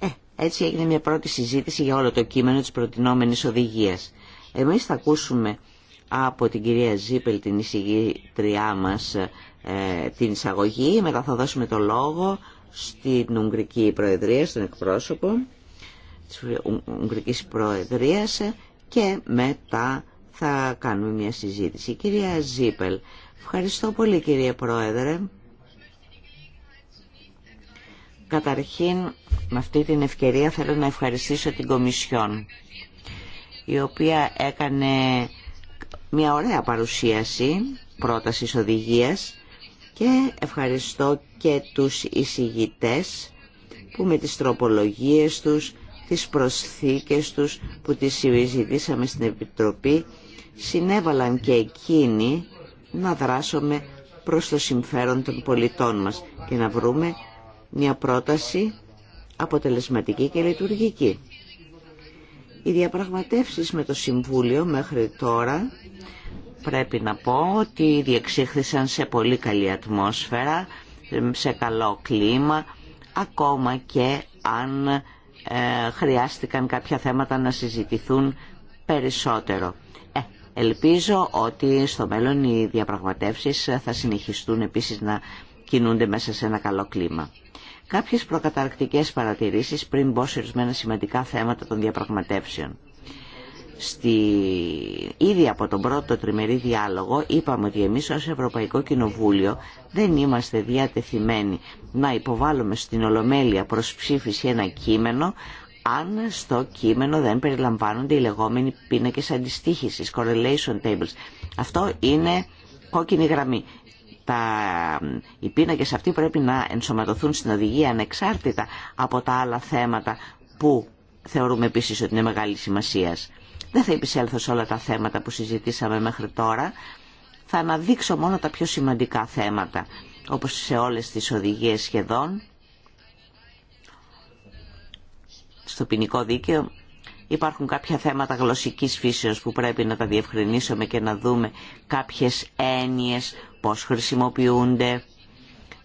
Speaker 1: ε, έτσι έγινε μια πρώτη συζήτηση για όλο το κείμενο της προτινόμενης οδηγίας. Εμείς θα ακούσουμε από την κυρία Ζίπελ, την εισηγήτριά μας, την εισαγωγή, μετά θα δώσουμε το λόγο στην Ουγγρική Προεδρία, στον εκπρόσωπο της Ουγγρικής Προεδρίας και μετά θα κάνουμε μια συζήτηση. Κυρία Ζίπελ, ευχαριστώ πολύ κύριε Πρόεδρε. Καταρχήν, με αυτή την ευκαιρία θέλω να ευχαριστήσω την Κομισιόν, η οποία έκανε μια ωραία παρουσίαση πρότασης οδηγίας και ευχαριστώ και τους εισηγητές που με τις τροπολογίες τους, τις προσθήκες τους που τις συζητήσαμε στην Επιτροπή συνέβαλαν και εκείνοι να δράσουμε προς το συμφέρον των πολιτών μας και να βρούμε μια πρόταση αποτελεσματική και λειτουργική. Οι διαπραγματεύσεις με το Συμβούλιο μέχρι τώρα πρέπει να πω ότι διεξήχθησαν σε πολύ καλή ατμόσφαιρα, σε καλό κλίμα, ακόμα και αν ε, χρειάστηκαν κάποια θέματα να συζητηθούν περισσότερο. Ε, ελπίζω ότι στο μέλλον οι διαπραγματεύσεις θα συνεχιστούν επίσης να κινούνται μέσα σε ένα καλό κλίμα. Κάποιες προκαταρκτικές παρατηρήσεις πριν μπω σε ορισμένα σημαντικά θέματα των διαπραγματεύσεων. Στη... Ήδη από τον πρώτο τριμερή διάλογο είπαμε ότι εμείς ως Ευρωπαϊκό Κοινοβούλιο δεν είμαστε διατεθειμένοι να υποβάλουμε στην Ολομέλεια προς ψήφιση ένα κείμενο αν στο κείμενο δεν περιλαμβάνονται οι λεγόμενοι πίνακες αντιστοίχησης, correlation tables. Αυτό είναι κόκκινη γραμμή. Τα, οι πίνακες αυτοί πρέπει να ενσωματωθούν στην οδηγία ανεξάρτητα από τα άλλα θέματα που θεωρούμε επίσης ότι είναι μεγάλη σημασίας. Δεν θα επισέλθω σε όλα τα θέματα που συζητήσαμε μέχρι τώρα. Θα αναδείξω μόνο τα πιο σημαντικά θέματα, όπως σε όλες τις οδηγίες σχεδόν. Στο ποινικό δίκαιο υπάρχουν κάποια θέματα γλωσσικής φύσεως που πρέπει να τα διευκρινίσουμε και να δούμε κάποιες έννοιες, πώς χρησιμοποιούνται.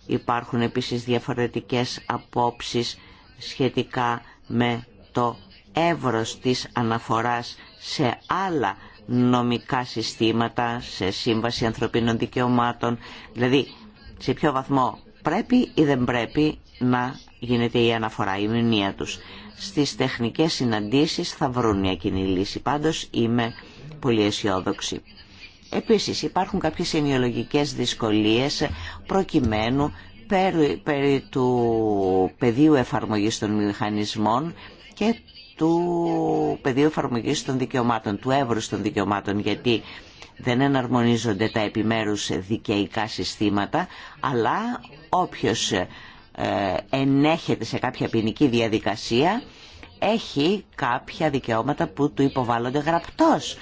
Speaker 1: Υπάρχουν επίσης διαφορετικές απόψεις σχετικά με το εύρος της αναφοράς σε άλλα νομικά συστήματα, σε σύμβαση ανθρωπίνων δικαιωμάτων, δηλαδή σε ποιο βαθμό πρέπει ή δεν πρέπει να γίνεται η αναφορά, η αναφορα η μηνυα τους. Στις τεχνικές συναντήσεις θα βρουν μια κοινή λύση, πάντως είμαι πολύ αισιόδοξη. Επίσης υπάρχουν κάποιες ενοιολογικές δυσκολίες προκειμένου περί, περί του πεδίου εφαρμογής των μηχανισμών και του πεδίου εφαρμογή των δικαιωμάτων, του εύρου των δικαιωμάτων, γιατί δεν εναρμονίζονται τα επιμέρους δικαιϊκά συστήματα, αλλά όποιος ε, ενέχεται σε κάποια ποινική διαδικασία έχει κάποια δικαιώματα που του υποβάλλονται γραπτός.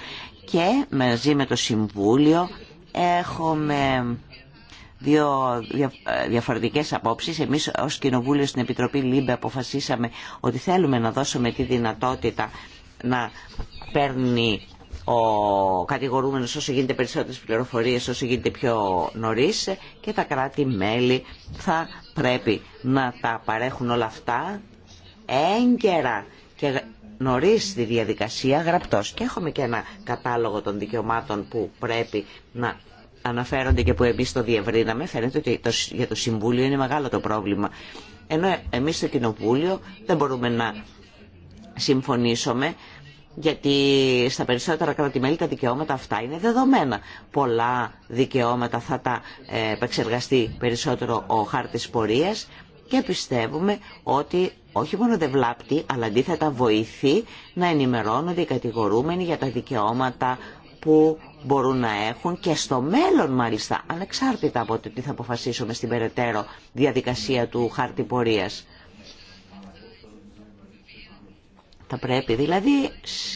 Speaker 1: Και μαζί με το Συμβούλιο έχουμε δύο ε, διαφορετικές απόψεις. Εμείς ως Κοινοβούλιο στην Επιτροπή ΛΥΜΠΕ αποφασίσαμε ότι θέλουμε να δώσουμε τη δυνατότητα να παίρνει ο κατηγορούμενος όσο γίνεται περισσότερες πληροφορίες, όσο γίνεται πιο νωρίς και τα κράτη-μέλη θα πρέπει να τα παρέχουν όλα αυτά έγκαιρα και νωρίς τη διαδικασία γραπτός. Και έχουμε και ένα κατάλογο των δικαιωμάτων που πρέπει να αναφέρονται και που εμεί το διευρύναμε, φαίνεται ότι για το Συμβούλιο είναι μεγάλο το πρόβλημα. Ενώ ε, εμεί στο Κοινοβούλιο δεν μπορούμε να συμφωνήσουμε γιατί στα περισσότερα κράτη-μέλη τα δικαιώματα αυτά είναι δεδομένα. Πολλά δικαιώματα θα τα ε, επεξεργαστεί περισσότερο ο χάρτης πορεία. και πιστεύουμε ότι όχι μόνο δεν βλάπτει, αλλά αντίθετα βοηθεί να ενημερώνονται οι κατηγορούμενοι για τα δικαιώματα που μπορούν να έχουν και στο μέλλον μάλιστα, ανεξάρτητα από το τι θα αποφασίσουμε στην περαιτέρω διαδικασία του χάρτη πορείας. Θα πρέπει δηλαδή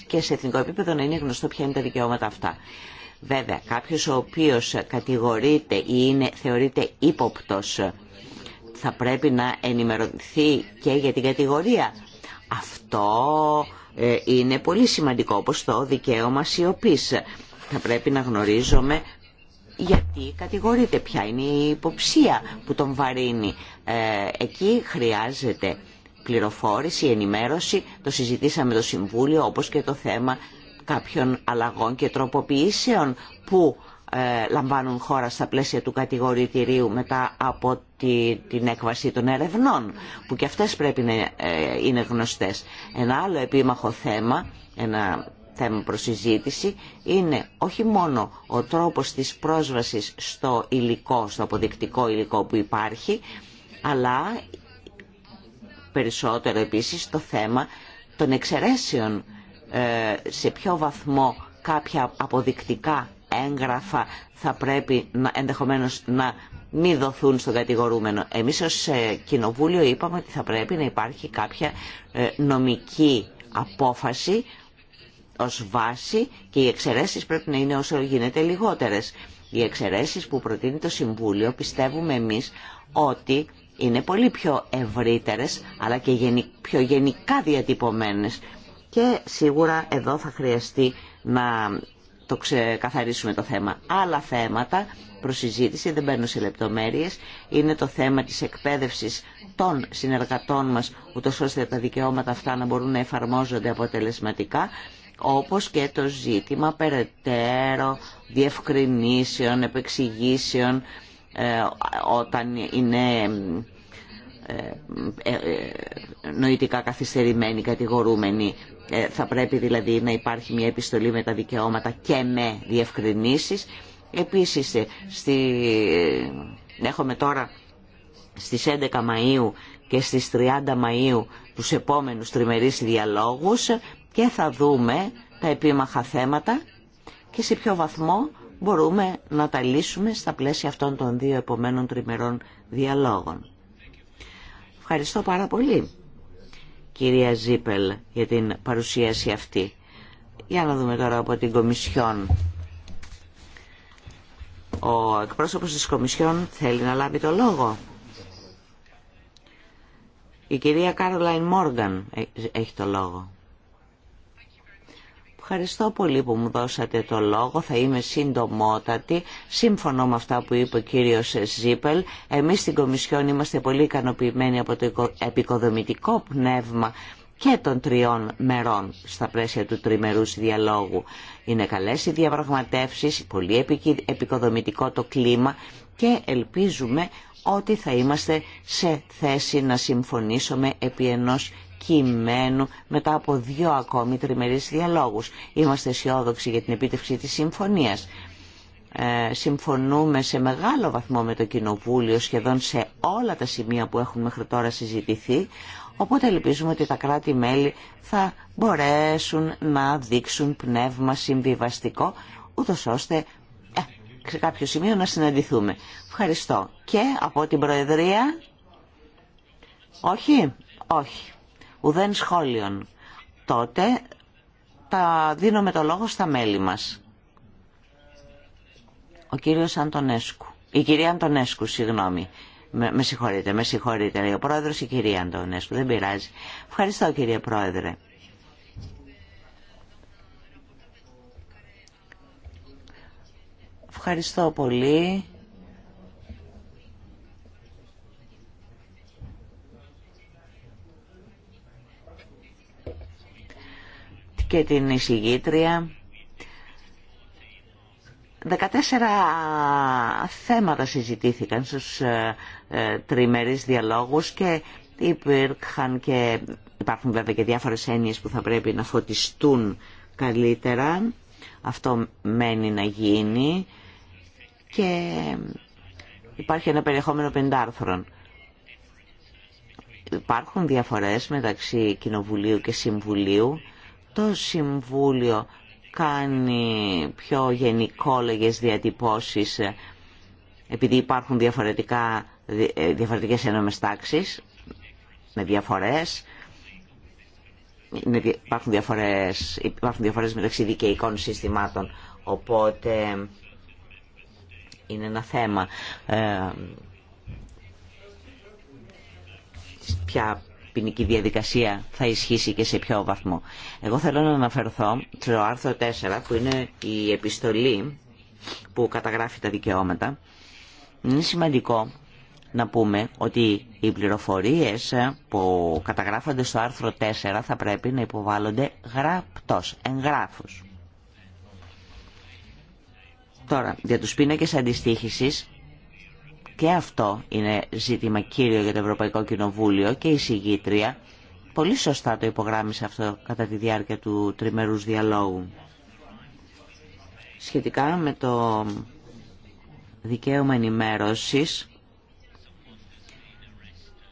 Speaker 1: και σε εθνικό επίπεδο να είναι γνωστό ποια είναι τα δικαιώματα αυτά. Βέβαια, κάποιος ο οποίος κατηγορείται ή είναι, θεωρείται ύποπτος θα πρέπει να ενημερωθεί και για την κατηγορία. Αυτό ε, είναι πολύ σημαντικό, όπως το δικαίωμα σιωπής. Θα πρέπει να γνωρίζουμε γιατί κατηγορείται, ποια είναι η υποψία που τον βαρύνει. Ε, εκεί χρειάζεται πληροφόρηση, ενημέρωση. Το συζητήσαμε το Συμβούλιο, όπως και το θέμα κάποιων αλλαγών και τροποποιήσεων που ε, λαμβάνουν χώρα στα πλαίσια του κατηγορητηρίου μετά από την έκβαση των ερευνών, που και αυτές πρέπει να ε, είναι γνωστές. Ένα άλλο επίμαχο θέμα, ένα θέμα προσυζήτηση είναι όχι μόνο ο τρόπος της πρόσβασης στο υλικό, στο αποδεικτικό υλικό που υπάρχει, αλλά περισσότερο επίσης το θέμα των εξαιρέσεων ε, σε ποιο βαθμό κάποια αποδεικτικά έγγραφα θα πρέπει να, ενδεχομένως να μην δοθούν στον κατηγορούμενο. Εμείς ως ε, Κοινοβούλιο είπαμε ότι θα πρέπει να υπάρχει κάποια ε, νομική απόφαση ως βάση και οι εξαιρέσει πρέπει να είναι όσο γίνεται λιγότερες. Οι εξαιρέσει που προτείνει το Συμβούλιο πιστεύουμε εμείς ότι είναι πολύ πιο ευρύτερες αλλά και πιο γενικά διατυπωμένες και σίγουρα εδώ θα χρειαστεί να το ξεκαθαρίσουμε το θέμα. Άλλα θέματα προς συζήτηση, δεν μπαίνουν σε λεπτομέρειες, είναι το θέμα της εκπαίδευσης των συνεργατών μας, ούτω ώστε τα δικαιώματα αυτά να μπορούν να εφαρμόζονται αποτελεσματικά όπως και το ζήτημα περαιτέρω διευκρινήσεων, επεξηγήσεων ε, όταν είναι ε, ε, νοητικά καθυστερημένοι κατηγορούμενοι. Θα πρέπει δηλαδή να υπάρχει μια επιστολή με τα δικαιώματα και με διευκρινήσεις. Επίσης, στη... έχουμε τώρα στις 11 Μαΐου και στις 30 Μαΐου τους επόμενους τριμερείς διαλόγους και θα δούμε τα επίμαχα θέματα και σε ποιο βαθμό μπορούμε να τα λύσουμε στα πλαίσια αυτών των δύο επομένων τριμερών διαλόγων. Ευχαριστώ πάρα πολύ, κυρία Ζίπελ, για την παρουσίαση αυτή. Για να δούμε τώρα από την Κομισιόν. Ο εκπρόσωπος της Κομισιόν θέλει να λάβει το λόγο. Η κυρία Κάρολαϊν Μόργαν έχει το λόγο. Ευχαριστώ πολύ που μου δώσατε το λόγο. Θα είμαι συντομότατη. Σύμφωνο με αυτά που είπε ο κύριος Ζίπελ, εμείς στην Κομισιόν είμαστε πολύ ικανοποιημένοι από το επικοδομητικό πνεύμα και των τριών μερών στα πλαίσια του τριμερούς διαλόγου. Είναι καλές οι διαπραγματεύσεις, πολύ επικοδομητικό το κλίμα και ελπίζουμε ότι θα είμαστε σε θέση να συμφωνήσουμε επί ενός κειμένου μετά από δύο ακόμη τριμερείς διαλόγους. Είμαστε αισιόδοξοι για την επίτευξη της συμφωνίας. Ε, συμφωνούμε σε μεγάλο βαθμό με το Κοινοβούλιο, σχεδόν σε όλα τα σημεία που έχουν μέχρι τώρα συζητηθεί, οπότε ελπίζουμε ότι τα κράτη-μέλη θα μπορέσουν να δείξουν πνεύμα συμβιβαστικό, ούτως ώστε ε, σε κάποιο σημείο να συναντηθούμε. Ευχαριστώ. Και από την Προεδρία... Όχι, όχι ουδέν σχόλιον. Τότε τα δίνουμε το λόγο στα μέλη μας. Ο κύριος Αντωνέσκου. Η κυρία Αντωνέσκου, συγγνώμη. Με, με συγχωρείτε, με συγχωρείτε. ο πρόεδρος η κυρία Αντωνέσκου. Δεν πειράζει. Ευχαριστώ κύριε πρόεδρε. Ευχαριστώ πολύ και την εισηγήτρια. 14 θέματα συζητήθηκαν στους ε, ε, τριμερείς διαλόγους και υπήρχαν και υπάρχουν βέβαια και διάφορες έννοιες που θα πρέπει να φωτιστούν καλύτερα. Αυτό μένει να γίνει και υπάρχει ένα περιεχόμενο πεντάρθρων. Υπάρχουν διαφορές μεταξύ Κοινοβουλίου και Συμβουλίου το Συμβούλιο κάνει πιο γενικόλεγες διατυπώσεις ε, επειδή υπάρχουν διαφορετικά, ε, διαφορετικές ενόμεστάξεις τάξεις με διαφορές υπάρχουν διαφορές, υπάρχουν διαφορές μεταξύ δικαιικών συστημάτων οπότε είναι ένα θέμα ε, ποια ποινική διαδικασία θα ισχύσει και σε ποιο βαθμό. Εγώ θέλω να αναφερθώ στο άρθρο 4 που είναι η επιστολή που καταγράφει τα δικαιώματα. Είναι σημαντικό να πούμε ότι οι πληροφορίες που καταγράφονται στο άρθρο 4 θα πρέπει να υποβάλλονται γραπτός, εγγράφους. Τώρα, για τους πίνακες αντιστοίχησης και αυτό είναι ζήτημα κύριο για το Ευρωπαϊκό Κοινοβούλιο και η συγγήτρια πολύ σωστά το υπογράμμισε αυτό κατά τη διάρκεια του τριμερούς διαλόγου. Σχετικά με το δικαίωμα ενημέρωσης,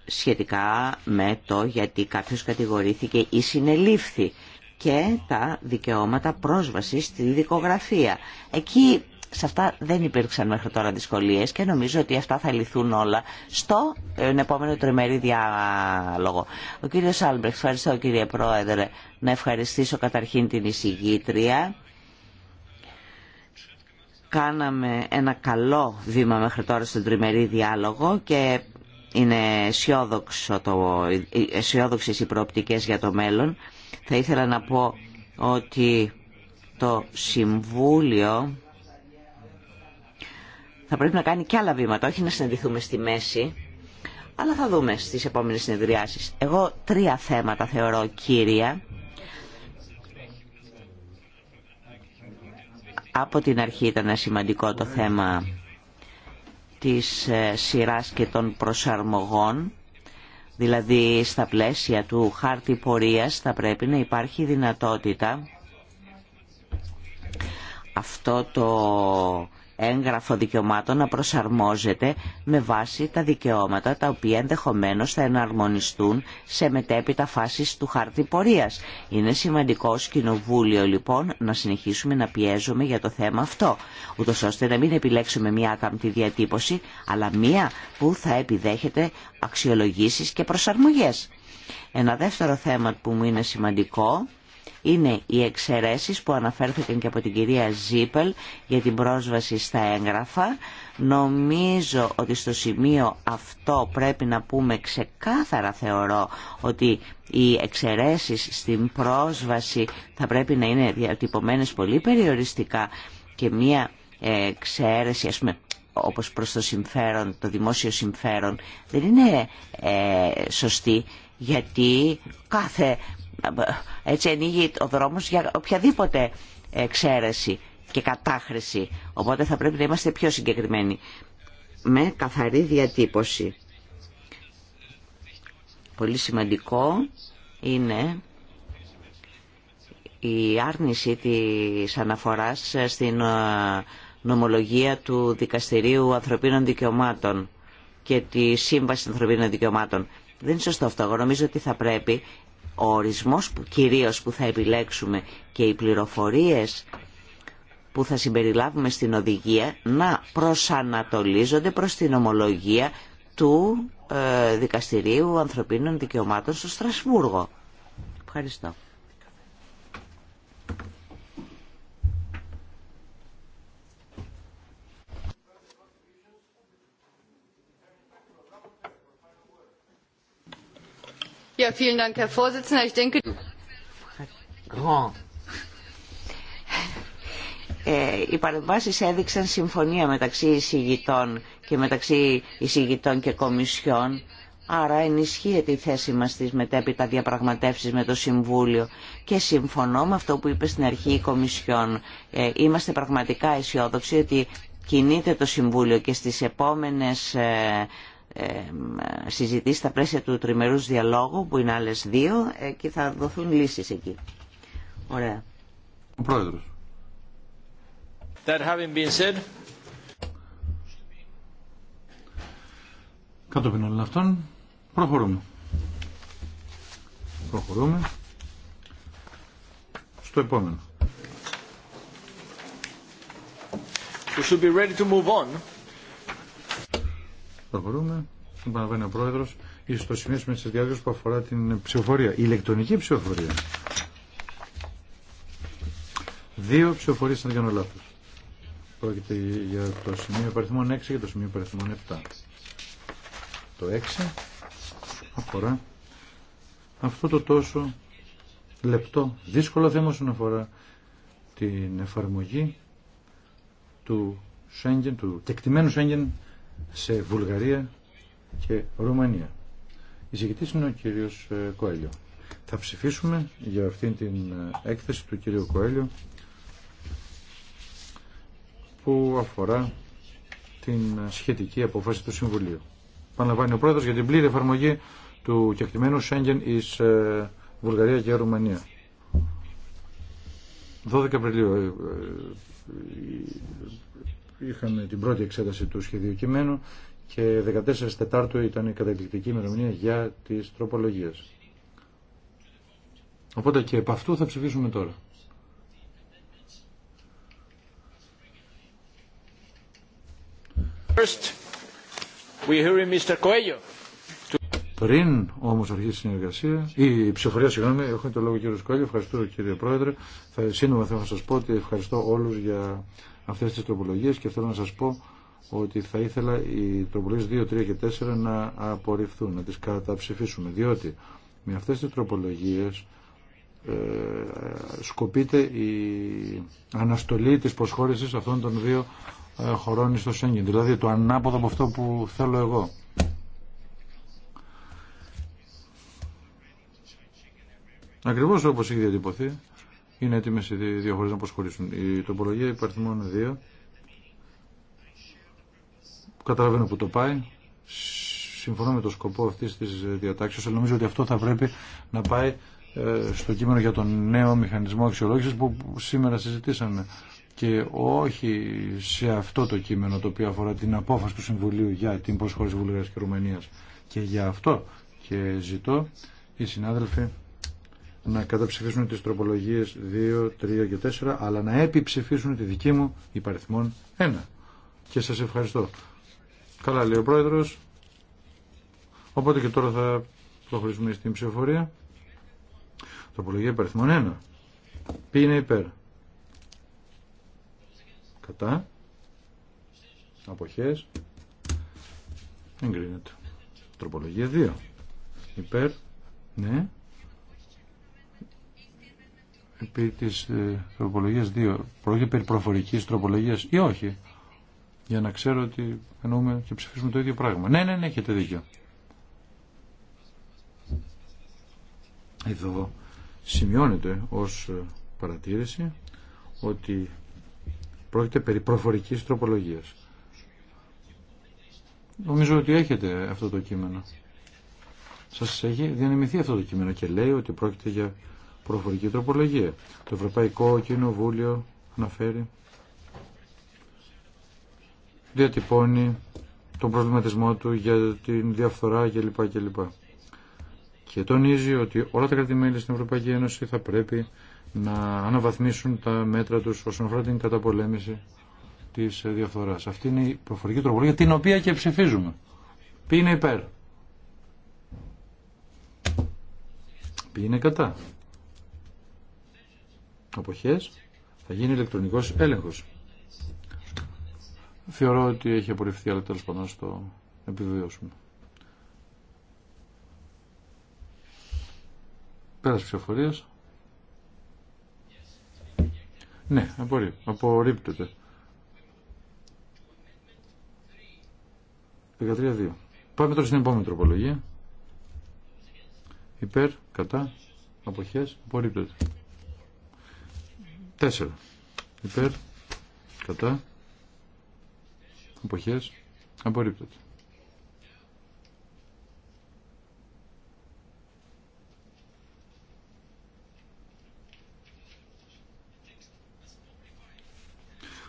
Speaker 1: σχετικά με το γιατί κάποιος κατηγορήθηκε ή συνελήφθη και τα δικαιώματα πρόσβασης στη δικογραφία. Εκεί σε αυτά δεν υπήρξαν μέχρι τώρα δυσκολίες και νομίζω ότι αυτά θα λυθούν όλα στο ε, επόμενο τριμερή διάλογο. Ο κύριος Άλμπρεχτ, ευχαριστώ κύριε Πρόεδρε, να ευχαριστήσω καταρχήν την εισηγήτρια. Κάναμε ένα καλό βήμα μέχρι τώρα στον τριμερή διάλογο και είναι αισιόδοξες οι προοπτικές για το μέλλον. Θα ήθελα να πω ότι το Συμβούλιο θα πρέπει να κάνει και άλλα βήματα, όχι να συναντηθούμε στη μέση, αλλά θα δούμε στις επόμενες συνεδριάσεις. Εγώ τρία θέματα θεωρώ κύρια. Από την αρχή ήταν σημαντικό το θέμα της ε, σειράς και των προσαρμογών, δηλαδή στα πλαίσια του χάρτη πορείας θα πρέπει να υπάρχει δυνατότητα αυτό το έγγραφο δικαιωμάτων να προσαρμόζεται με βάση τα δικαιώματα τα οποία ενδεχομένως θα εναρμονιστούν σε μετέπειτα φάσεις του χάρτη πορείας. Είναι σημαντικό ως Κοινοβούλιο λοιπόν να συνεχίσουμε να πιέζουμε για το θέμα αυτό, ούτως ώστε να μην επιλέξουμε μια άκαμπτη διατύπωση, αλλά μια που θα επιδέχεται αξιολογήσεις και προσαρμογές. Ένα δεύτερο θέμα που μου είναι σημαντικό είναι οι εξαιρέσεις που αναφέρθηκαν και από την κυρία Ζίπελ για την πρόσβαση στα έγγραφα. Νομίζω ότι στο σημείο αυτό πρέπει να πούμε ξεκάθαρα θεωρώ ότι οι εξαιρέσει στην πρόσβαση θα πρέπει να είναι διατυπωμένες πολύ περιοριστικά και μια εξαίρεση ας πούμε όπως προς το συμφέρον, το δημόσιο συμφέρον δεν είναι ε, σωστή γιατί κάθε έτσι ανοίγει ο δρόμος για οποιαδήποτε εξαίρεση και κατάχρηση. Οπότε θα πρέπει να είμαστε πιο συγκεκριμένοι. Με καθαρή διατύπωση. Πολύ σημαντικό είναι η άρνηση της αναφοράς στην ε, νομολογία του Δικαστηρίου Ανθρωπίνων Δικαιωμάτων και τη Σύμβαση Ανθρωπίνων Δικαιωμάτων. Δεν είναι σωστό αυτό. Εγώ νομίζω ότι θα πρέπει ο ορισμός που, κυρίως που θα επιλέξουμε και οι πληροφορίες που θα συμπεριλάβουμε στην οδηγία να προσανατολίζονται προς την ομολογία του ε, Δικαστηρίου Ανθρωπίνων Δικαιωμάτων στο Στρασβούργο. Ευχαριστώ. Ε, οι παρεμβάσεις έδειξαν συμφωνία μεταξύ εισηγητών και μεταξύ εισηγητών και κομισιών άρα ενισχύεται η θέση μας στις μετέπειτα διαπραγματεύσεις με το Συμβούλιο και συμφωνώ με αυτό που είπε στην αρχή η Κομισιόν. Ε, είμαστε πραγματικά αισιόδοξοι ότι κινείται το Συμβούλιο και στις επόμενες ε, συζητήσει στα πλαίσια του τριμερού διαλόγου που είναι άλλες δύο ε, και θα δοθούν λύσεις εκεί. Ωραία. Ο Πρόεδρος.
Speaker 4: That having been said...
Speaker 3: Κατόπιν όλων αυτών προχωρούμε. Προχωρούμε στο επόμενο.
Speaker 4: We should be ready to move on.
Speaker 3: Προχωρούμε. Επαναλαμβάνει ο πρόεδρο, Η το σημείο τη διάρκεια που αφορά την ψηφοφορία. Η ηλεκτρονική ψηφοφορία. Δύο ψηφοφορίε, αν δεν κάνω λάθο. Πρόκειται για το σημείο υπαριθμών 6 και το σημείο υπαριθμών 7. Το 6 αφορά αυτό το τόσο λεπτό, δύσκολο θέμα όσον αφορά την εφαρμογή του Schengen, του κεκτημένου Σέγγεν σε Βουλγαρία και Ρουμανία. Η είναι ο κύριος ε, Κοέλιο. Θα ψηφίσουμε για αυτήν την ε, έκθεση του κύριου Κοέλιο που αφορά την ε, σχετική αποφάση του Συμβουλίου. Παναλαμβάνει ο πρόεδρος για την πλήρη εφαρμογή του κεκτημένου Σέγγεν εις Βουλγαρία και Ρουμανία. 12 Απριλίου είχαμε την πρώτη εξέταση του σχεδίου κειμένου και 14 Τετάρτου ήταν η καταληκτική ημερομηνία για τις τροπολογίες. Οπότε και επ' αυτού θα ψηφίσουμε τώρα.
Speaker 2: First, we hear Mr.
Speaker 3: Πριν όμως αρχίσει η συνεργασία, η ψηφορία, συγγνώμη, έχω το λόγο κύριο Σκόλιο, ευχαριστώ κύριε Πρόεδρε. Θα, σύντομα θέλω να σας πω ότι ευχαριστώ όλους για αυτές τις τροπολογίες και θέλω να σας πω ότι θα ήθελα οι τροπολογίες 2, 3 και 4 να απορριφθούν, να τις καταψηφίσουμε, διότι με αυτές τις τροπολογίες ε, σκοπείται η αναστολή της προσχώρησης αυτών των δύο ε, χωρών στο Σέγγιν. δηλαδή το ανάποδο από αυτό που θέλω εγώ. Ακριβώς όπως έχει διατυπωθεί είναι έτοιμε οι δύο χώρε να προσχωρήσουν. Η τοπολογία υπαριθμών 2 καταλαβαίνω που το πάει. Συμφωνώ με το σκοπό αυτή τη διατάξεω, αλλά νομίζω ότι αυτό θα πρέπει να πάει ε, στο κείμενο για τον νέο μηχανισμό αξιολόγηση που σήμερα συζητήσαμε και όχι σε αυτό το κείμενο το οποίο αφορά την απόφαση του Συμβουλίου για την προσχώρηση Βουλγαρία και Ρουμανία. Και για αυτό και ζητώ οι συνάδελφοι να καταψηφίσουν τις τροπολογίες 2, 3 και 4, αλλά να επιψηφίσουν τη δική μου υπαριθμόν 1. Και σας ευχαριστώ. Καλά λέει ο Πρόεδρος. Οπότε και τώρα θα προχωρήσουμε στην ψηφοφορία. Τροπολογία υπαριθμόν 1. Ποιοι είναι υπέρ. Κατά. Αποχές. Εγκρίνεται. Τροπολογία 2. Υπέρ. Ναι περί της ε, τροπολογίας 2 πρόκειται περί προφορικής τροπολογίας ή όχι για να ξέρω ότι εννοούμε και ψηφίσουμε το ίδιο πράγμα ναι ναι ναι έχετε δίκιο εδώ σημειώνεται ως ε, παρατήρηση ότι πρόκειται περί προφορικής τροπολογίας νομίζω ότι έχετε αυτό το κείμενο σας έχει διανεμηθεί αυτό το κείμενο και λέει ότι πρόκειται για προφορική τροπολογία. Το Ευρωπαϊκό Κοινοβούλιο αναφέρει διατυπώνει τον προβληματισμό του για την διαφθορά κλπ. Και τονίζει ότι όλα τα κρατημέλη στην Ευρωπαϊκή Ένωση θα πρέπει να αναβαθμίσουν τα μέτρα τους όσον αφορά την καταπολέμηση της διαφθοράς. Αυτή είναι η προφορική τροπολογία την οποία και ψηφίζουμε. Ποιοι είναι υπέρ. Ποιοι είναι κατά αποχές θα γίνει ηλεκτρονικός έλεγχος. Θεωρώ ότι έχει απορριφθεί, αλλά τέλος πάντων στο επιβεβαιώσουμε. Πέρας ψηφοφορίας. Ναι, μπορει απορριπτεται απορρίπτεται. 13-2. Πάμε τώρα στην επόμενη τροπολογία. Υπέρ, κατά, αποχές, απορρίπτεται. 4 υπέρ κατά Αποχές. απορρίπτεται.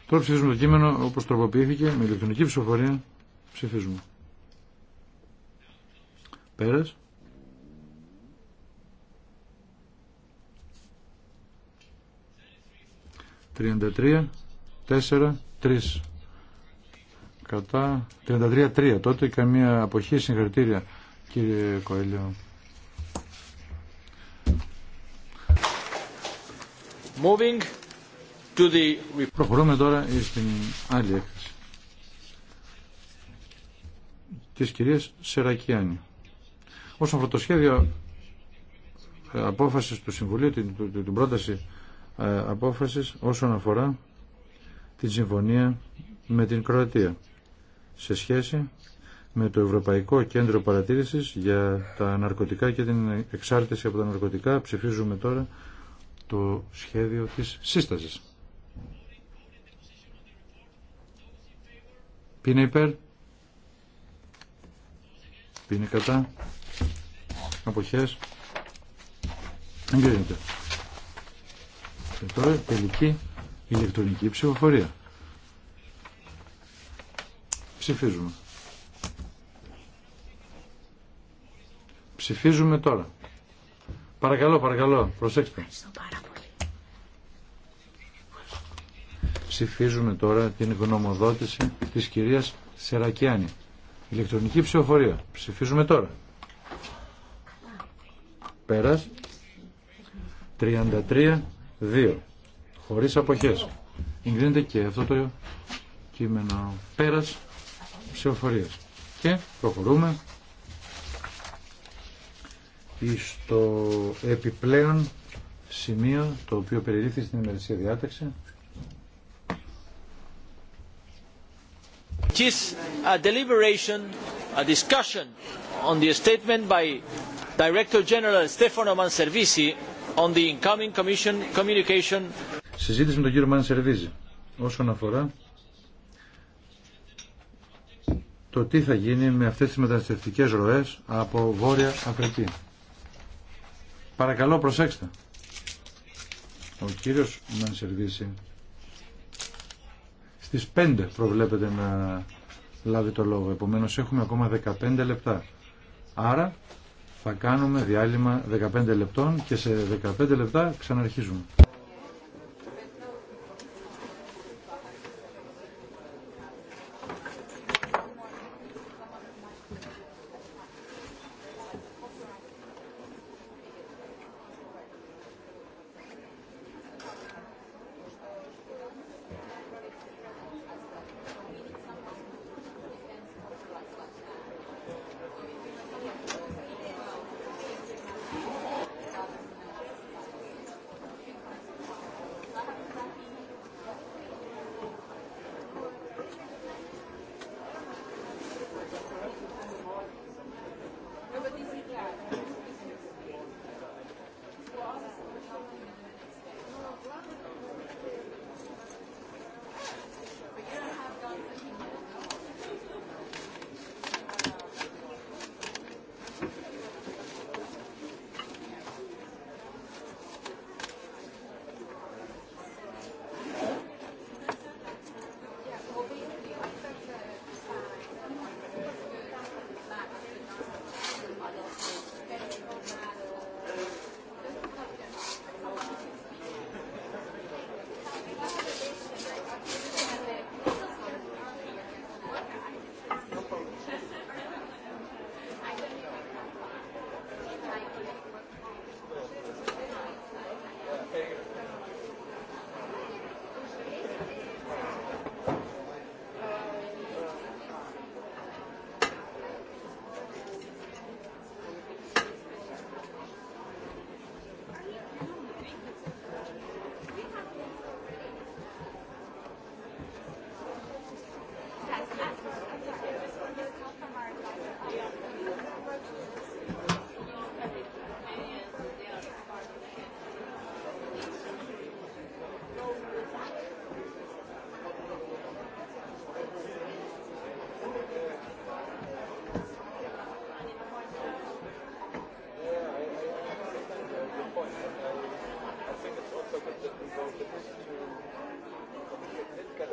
Speaker 3: Τώρα ψηφίζουμε το κείμενο όπως τροποποιήθηκε με ηλεκτρονική ψηφοφορία ψηφίζουμε. Πέρας. 33, 4, 3. Κατά 33, 3. Τότε καμία αποχή συγχαρητήρια κύριε Κοέλιο.
Speaker 4: Moving to the...
Speaker 3: Προχωρούμε τώρα στην άλλη έκθεση της κυρίας Σερακιάνη. Όσον αφορά το σχέδιο ε, απόφασης του Συμβουλίου, την, την πρόταση ε, απόφασης όσον αφορά την συμφωνία με την Κροατία σε σχέση με το Ευρωπαϊκό Κέντρο Παρατήρησης για τα ναρκωτικά και την εξάρτηση από τα ναρκωτικά. Ψηφίζουμε τώρα το σχέδιο της σύστασης. Ποιοι είναι υπέρ, κατά, αποχές, εγκρίνεται. Τώρα τελική ηλεκτρονική ψηφοφορία. Ψηφίζουμε. Ψηφίζουμε τώρα. Παρακαλώ, παρακαλώ, προσέξτε. Ψηφίζουμε τώρα την γνωμοδότηση της κυρίας Σερακιάνη. Ηλεκτρονική ψηφοφορία. Ψηφίζουμε τώρα. Πέρας. 33 2. Χωρίς αποχές. Εγκρίνεται και αυτό το κείμενο πέρας ψηφοφορίας. Και προχωρούμε στο επιπλέον σημείο το οποίο περιλήφθη στην ημερησία διάταξη.
Speaker 4: It is a deliberation, a discussion on the statement by Director General Stefano Manservisi on the incoming commission communication.
Speaker 3: Συζήτηση με τον κύριο Μανσερβίζη όσον αφορά το τι θα γίνει με αυτές τις μεταναστευτικές ροές από Βόρεια Αφρική. Παρακαλώ προσέξτε. Ο κύριος Μανσερβίζη στις 5 προβλέπεται να λάβει το λόγο. Επομένως έχουμε ακόμα 15 λεπτά. Άρα θα κάνουμε διάλειμμα 15 λεπτών και σε 15 λεπτά ξαναρχίζουμε.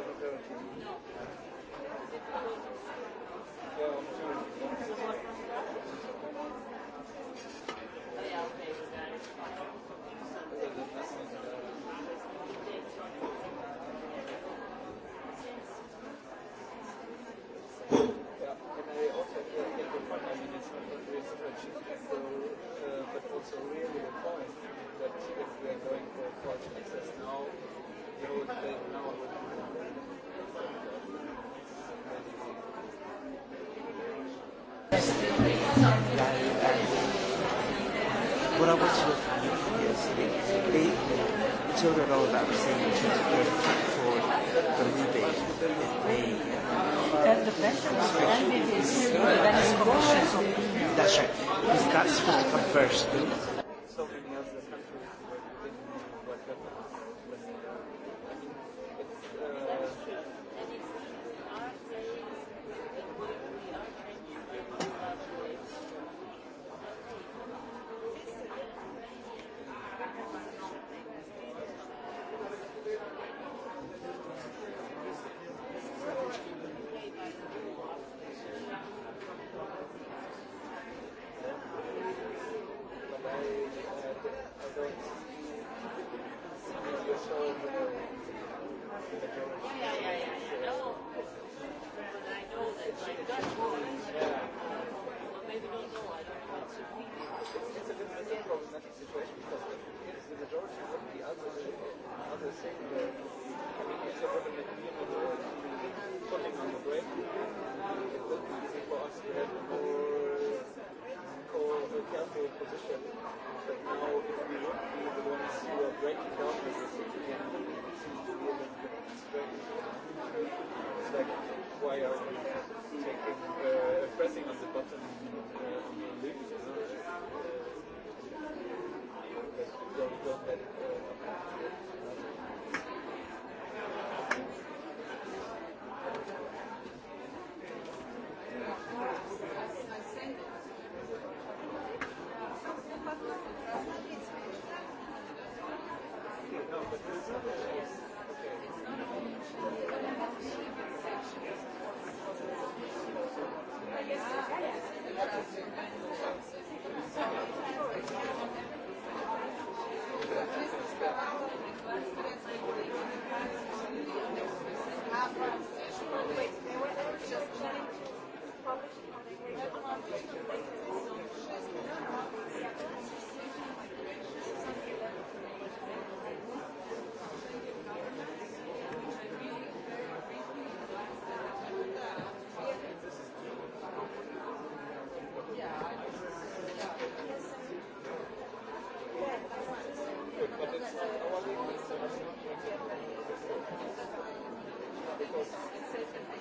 Speaker 4: No. Ευχαριστώ.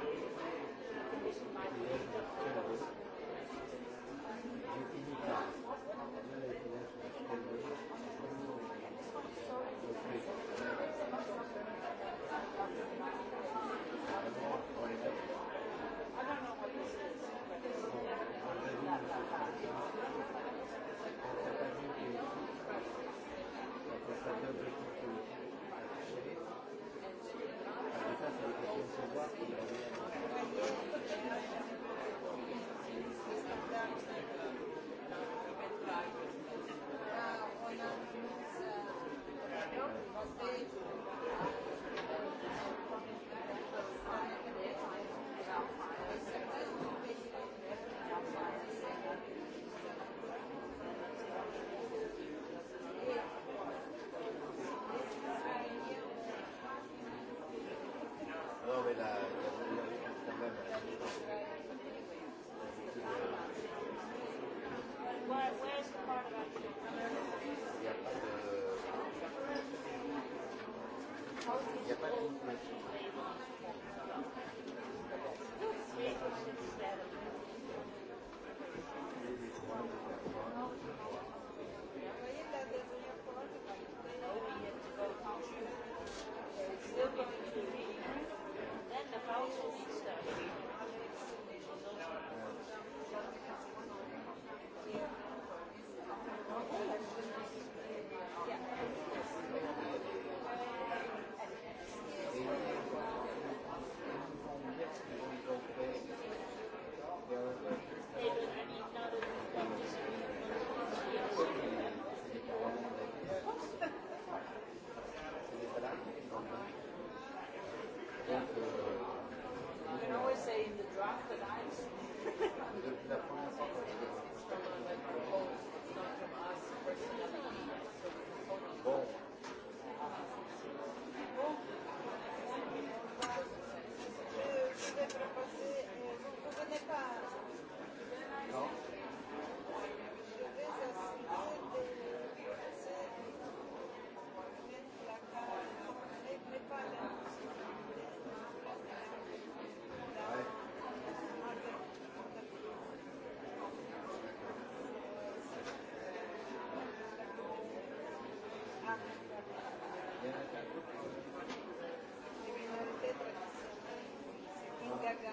Speaker 1: poi la Thank you.
Speaker 4: Thank you.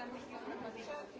Speaker 4: Thank you.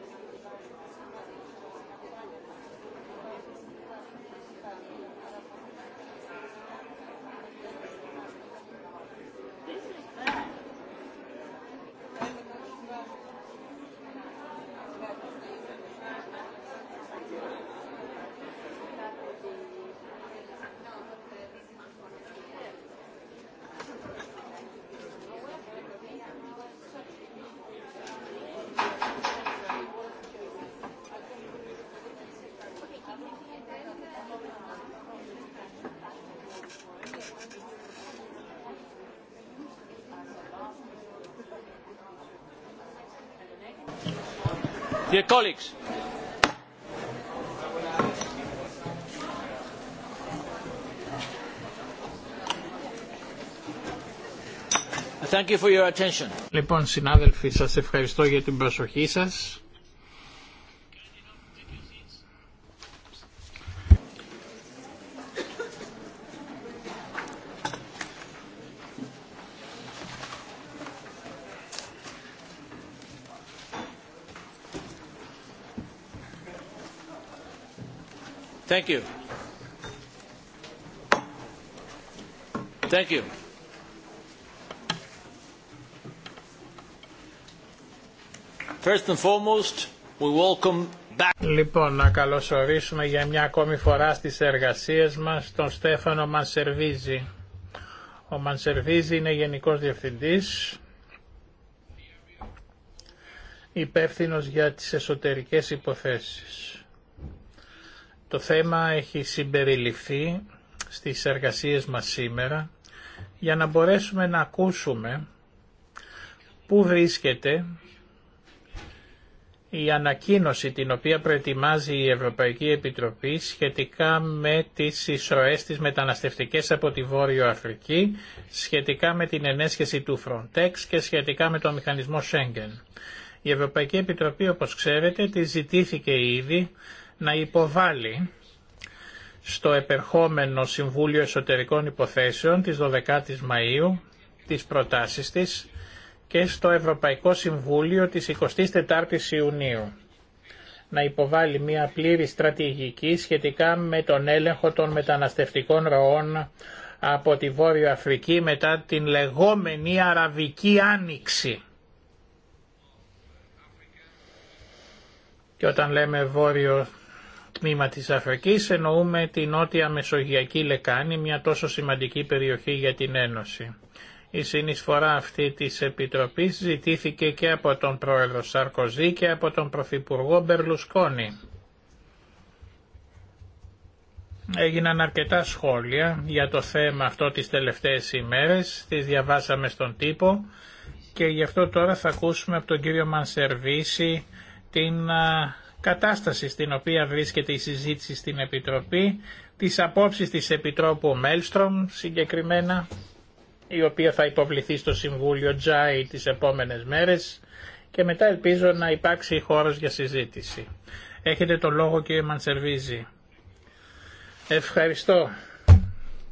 Speaker 2: Dear colleagues, Thank you for your attention. Λοιπόν, συνάδελφοι, σας ευχαριστώ για την προσοχή σας. Thank you.
Speaker 4: Thank you. First and foremost, we
Speaker 2: Λοιπόν, να καλωσορίσουμε για μια ακόμη φορά στις εργασίες μας τον Στέφανο Μανσερβίζη. Ο Μανσερβίζη είναι Γενικός Διευθυντής, υπεύθυνος για τις εσωτερικές υποθέσεις. Το θέμα έχει συμπεριληφθεί στις εργασίες μας σήμερα για να μπορέσουμε να ακούσουμε πού βρίσκεται η ανακοίνωση την οποία προετοιμάζει η Ευρωπαϊκή Επιτροπή σχετικά με τις ισροές της μεταναστευτικές από τη Βόρειο Αφρική, σχετικά με την ενέσχεση του Frontex και σχετικά με το μηχανισμό Schengen. Η Ευρωπαϊκή Επιτροπή, όπως ξέρετε, τη ζητήθηκε ήδη να υποβάλει στο επερχόμενο Συμβούλιο Εσωτερικών Υποθέσεων της 12ης Μαΐου τις προτάσεις της και στο Ευρωπαϊκό Συμβούλιο της 24ης Ιουνίου να υποβάλει μια πλήρη στρατηγική σχετικά με τον έλεγχο των μεταναστευτικών ροών από τη Βόρεια Αφρική μετά την λεγόμενη Αραβική Άνοιξη. Και όταν λέμε Βόρειο τμήμα της Αφρικής εννοούμε την νότια Μεσογειακή Λεκάνη, μια τόσο σημαντική περιοχή για την Ένωση. Η συνεισφορά αυτή της Επιτροπής ζητήθηκε και από τον Πρόεδρο Σαρκοζή και από τον Πρωθυπουργό Μπερλουσκόνη. Έγιναν αρκετά σχόλια για το θέμα αυτό τις τελευταίες ημέρες, τις διαβάσαμε στον τύπο και γι' αυτό τώρα θα ακούσουμε από τον κύριο Μανσερβίση την κατάσταση στην οποία βρίσκεται η συζήτηση στην Επιτροπή, τις απόψεις της Επιτρόπου Μέλστρομ συγκεκριμένα, η οποία θα υποβληθεί στο Συμβούλιο Τζάι τις επόμενες μέρες και μετά ελπίζω να υπάρξει χώρος για συζήτηση. Έχετε το λόγο κύριε Μανσερβίζη. Ευχαριστώ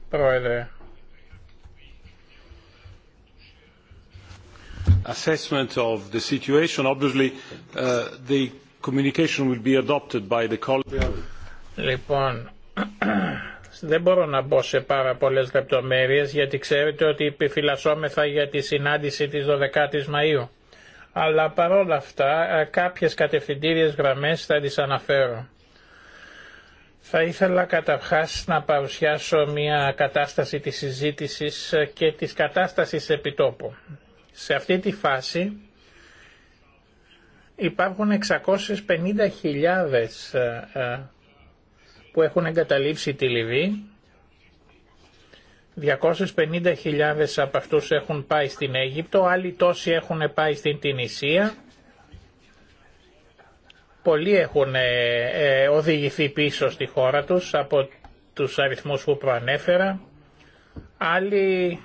Speaker 2: πρόεδρε.
Speaker 3: Assessment of the situation, obviously uh, the
Speaker 2: Λοιπόν, δεν μπορώ να μπω σε πάρα πολλέ λεπτομέρειε γιατί ξέρετε ότι επιφυλασσόμεθα για τη συνάντηση τη 12 η Μαΐου. Αλλά παρόλα αυτά ε, κάποιες κατευθυντήριες γραμμές θα τι αναφέρω. Θα ήθελα καταρχάς να παρουσιάσω μια κατάσταση της συζήτησης ε, και της κατάστασης επιτόπου. Σε αυτή τη φάση υπάρχουν 650.000 ε, ε, που έχουν εγκαταλείψει τη Λιβύη. 250.000 από αυτούς έχουν πάει στην Αίγυπτο, άλλοι τόσοι έχουν πάει στην Τινησία. Πολλοί έχουν ε, οδηγηθεί πίσω στη χώρα τους από τους αριθμούς που προανέφερα. Άλλοι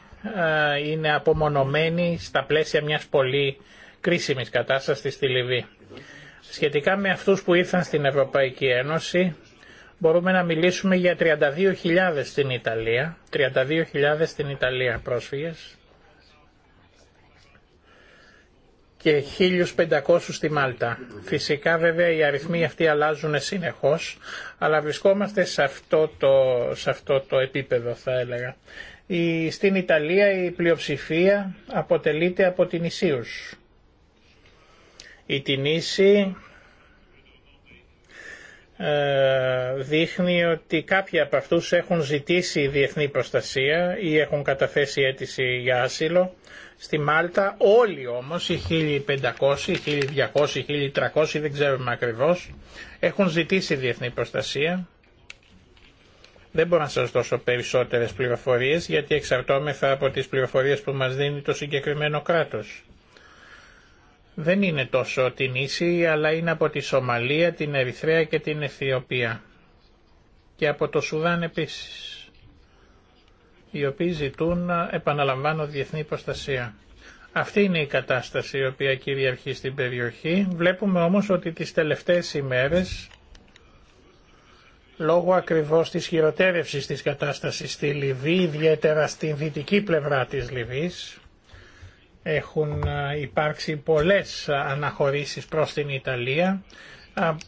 Speaker 2: είναι απομονωμένοι στα πλαίσια μιας πολύ κρίσιμης κατάστασης στη Λιβύη. Σχετικά με αυτούς που ήρθαν στην Ευρωπαϊκή Ένωση, μπορούμε να μιλήσουμε για 32.000 στην Ιταλία, 32.000 στην Ιταλία πρόσφυγες και 1.500 στη Μάλτα. Φυσικά βέβαια οι αριθμοί αυτοί αλλάζουν συνεχώς, αλλά βρισκόμαστε σε αυτό το, σε αυτό το επίπεδο θα έλεγα. στην Ιταλία η πλειοψηφία αποτελείται από την Ισίους. Η Τινήση ε, δείχνει ότι κάποιοι από αυτούς έχουν ζητήσει διεθνή προστασία ή έχουν καταθέσει αίτηση για άσυλο. Στη Μάλτα όλοι όμως, οι 1500, 1200, 1300, δεν ξέρουμε ακριβώς, έχουν ζητήσει διεθνή προστασία. Δεν μπορώ να σας δώσω περισσότερες πληροφορίες γιατί εξαρτώμεθα από τις πληροφορίες που μας δίνει το συγκεκριμένο κράτος δεν είναι τόσο την Ίση, αλλά είναι από τη Σομαλία, την Ερυθρέα και την Αιθιοπία. Και από το Σουδάν επίσης, οι οποίοι ζητούν, επαναλαμβάνω, διεθνή προστασία. Αυτή είναι η κατάσταση η οποία κυριαρχεί στην περιοχή. Βλέπουμε όμως ότι τις τελευταίες ημέρες, λόγω ακριβώς της χειροτέρευσης της κατάστασης στη Λιβύη, ιδιαίτερα στην δυτική πλευρά της Λιβύης, έχουν υπάρξει πολλές αναχωρήσεις προς την Ιταλία.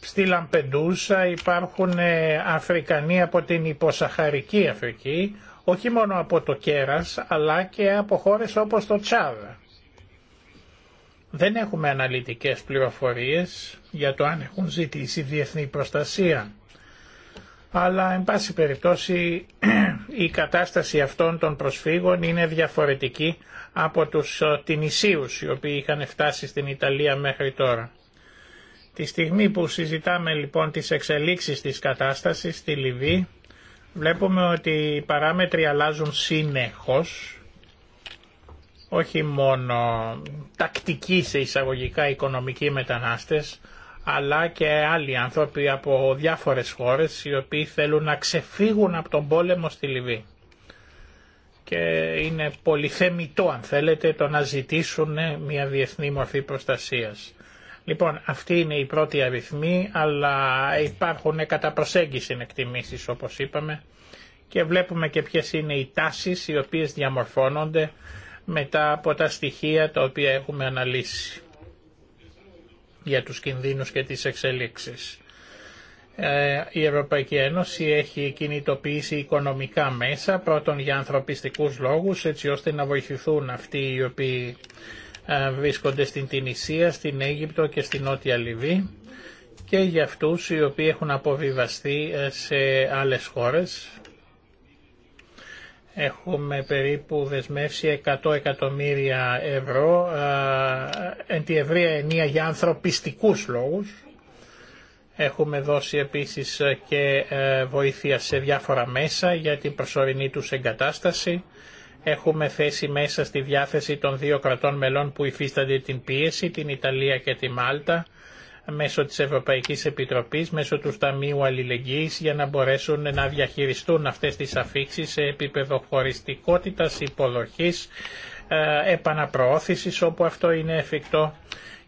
Speaker 2: Στη Λαμπεντούσα υπάρχουν ε, Αφρικανοί από την υποσαχαρική Αφρική, όχι μόνο από το Κέρας, αλλά και από χώρες όπως το Τσάδα. Δεν έχουμε αναλυτικές πληροφορίες για το αν έχουν ζητήσει διεθνή προστασία αλλά εν πάση περιπτώσει η κατάσταση αυτών των προσφύγων είναι διαφορετική από τους ε, Τινησίους οι οποίοι είχαν φτάσει στην Ιταλία μέχρι τώρα. Τη στιγμή που συζητάμε λοιπόν τις εξελίξεις της κατάστασης στη Λιβύη βλέπουμε ότι οι παράμετροι αλλάζουν συνεχώς όχι μόνο τακτικοί σε εισαγωγικά οικονομικοί μετανάστες αλλά και άλλοι άνθρωποι από διάφορες χώρες οι οποίοι θέλουν να ξεφύγουν από τον πόλεμο στη Λιβύη. Και είναι πολυθεμητό αν θέλετε το να ζητήσουν ε, μια διεθνή μορφή προστασίας. Λοιπόν, αυτή είναι η πρώτη αριθμή, αλλά υπάρχουν κατά προσέγγιση εκτιμήσεις όπως είπαμε και βλέπουμε και ποιες είναι οι τάσεις οι οποίες διαμορφώνονται μετά από τα στοιχεία τα οποία έχουμε αναλύσει για τους κινδύνους και τις εξελίξεις. Ε, η Ευρωπαϊκή Ένωση έχει κινητοποιήσει οικονομικά μέσα, πρώτον για ανθρωπιστικούς λόγους, έτσι ώστε να βοηθηθούν αυτοί οι οποίοι ε, βρίσκονται στην Τινησία, στην Αίγυπτο και στην Νότια Λιβύη και για αυτούς οι οποίοι έχουν αποβιβαστεί ε, σε άλλες χώρες Έχουμε περίπου δεσμεύσει 100 εκατομμύρια ευρώ ε, εν τη ευρία ενία για ανθρωπιστικούς λόγους. Έχουμε δώσει επίσης και ε, βοήθεια σε διάφορα μέσα για την προσωρινή τους εγκατάσταση. Έχουμε θέσει μέσα στη διάθεση των δύο κρατών μελών που υφίστανται την πίεση, την Ιταλία και τη Μάλτα, μέσω της Ευρωπαϊκής Επιτροπής, μέσω του Ταμείου Αλληλεγγύης για να μπορέσουν να διαχειριστούν αυτές τις αφήξεις σε επίπεδο χωριστικότητας, υποδοχής, ε, επαναπροώθησης όπου αυτό είναι εφικτό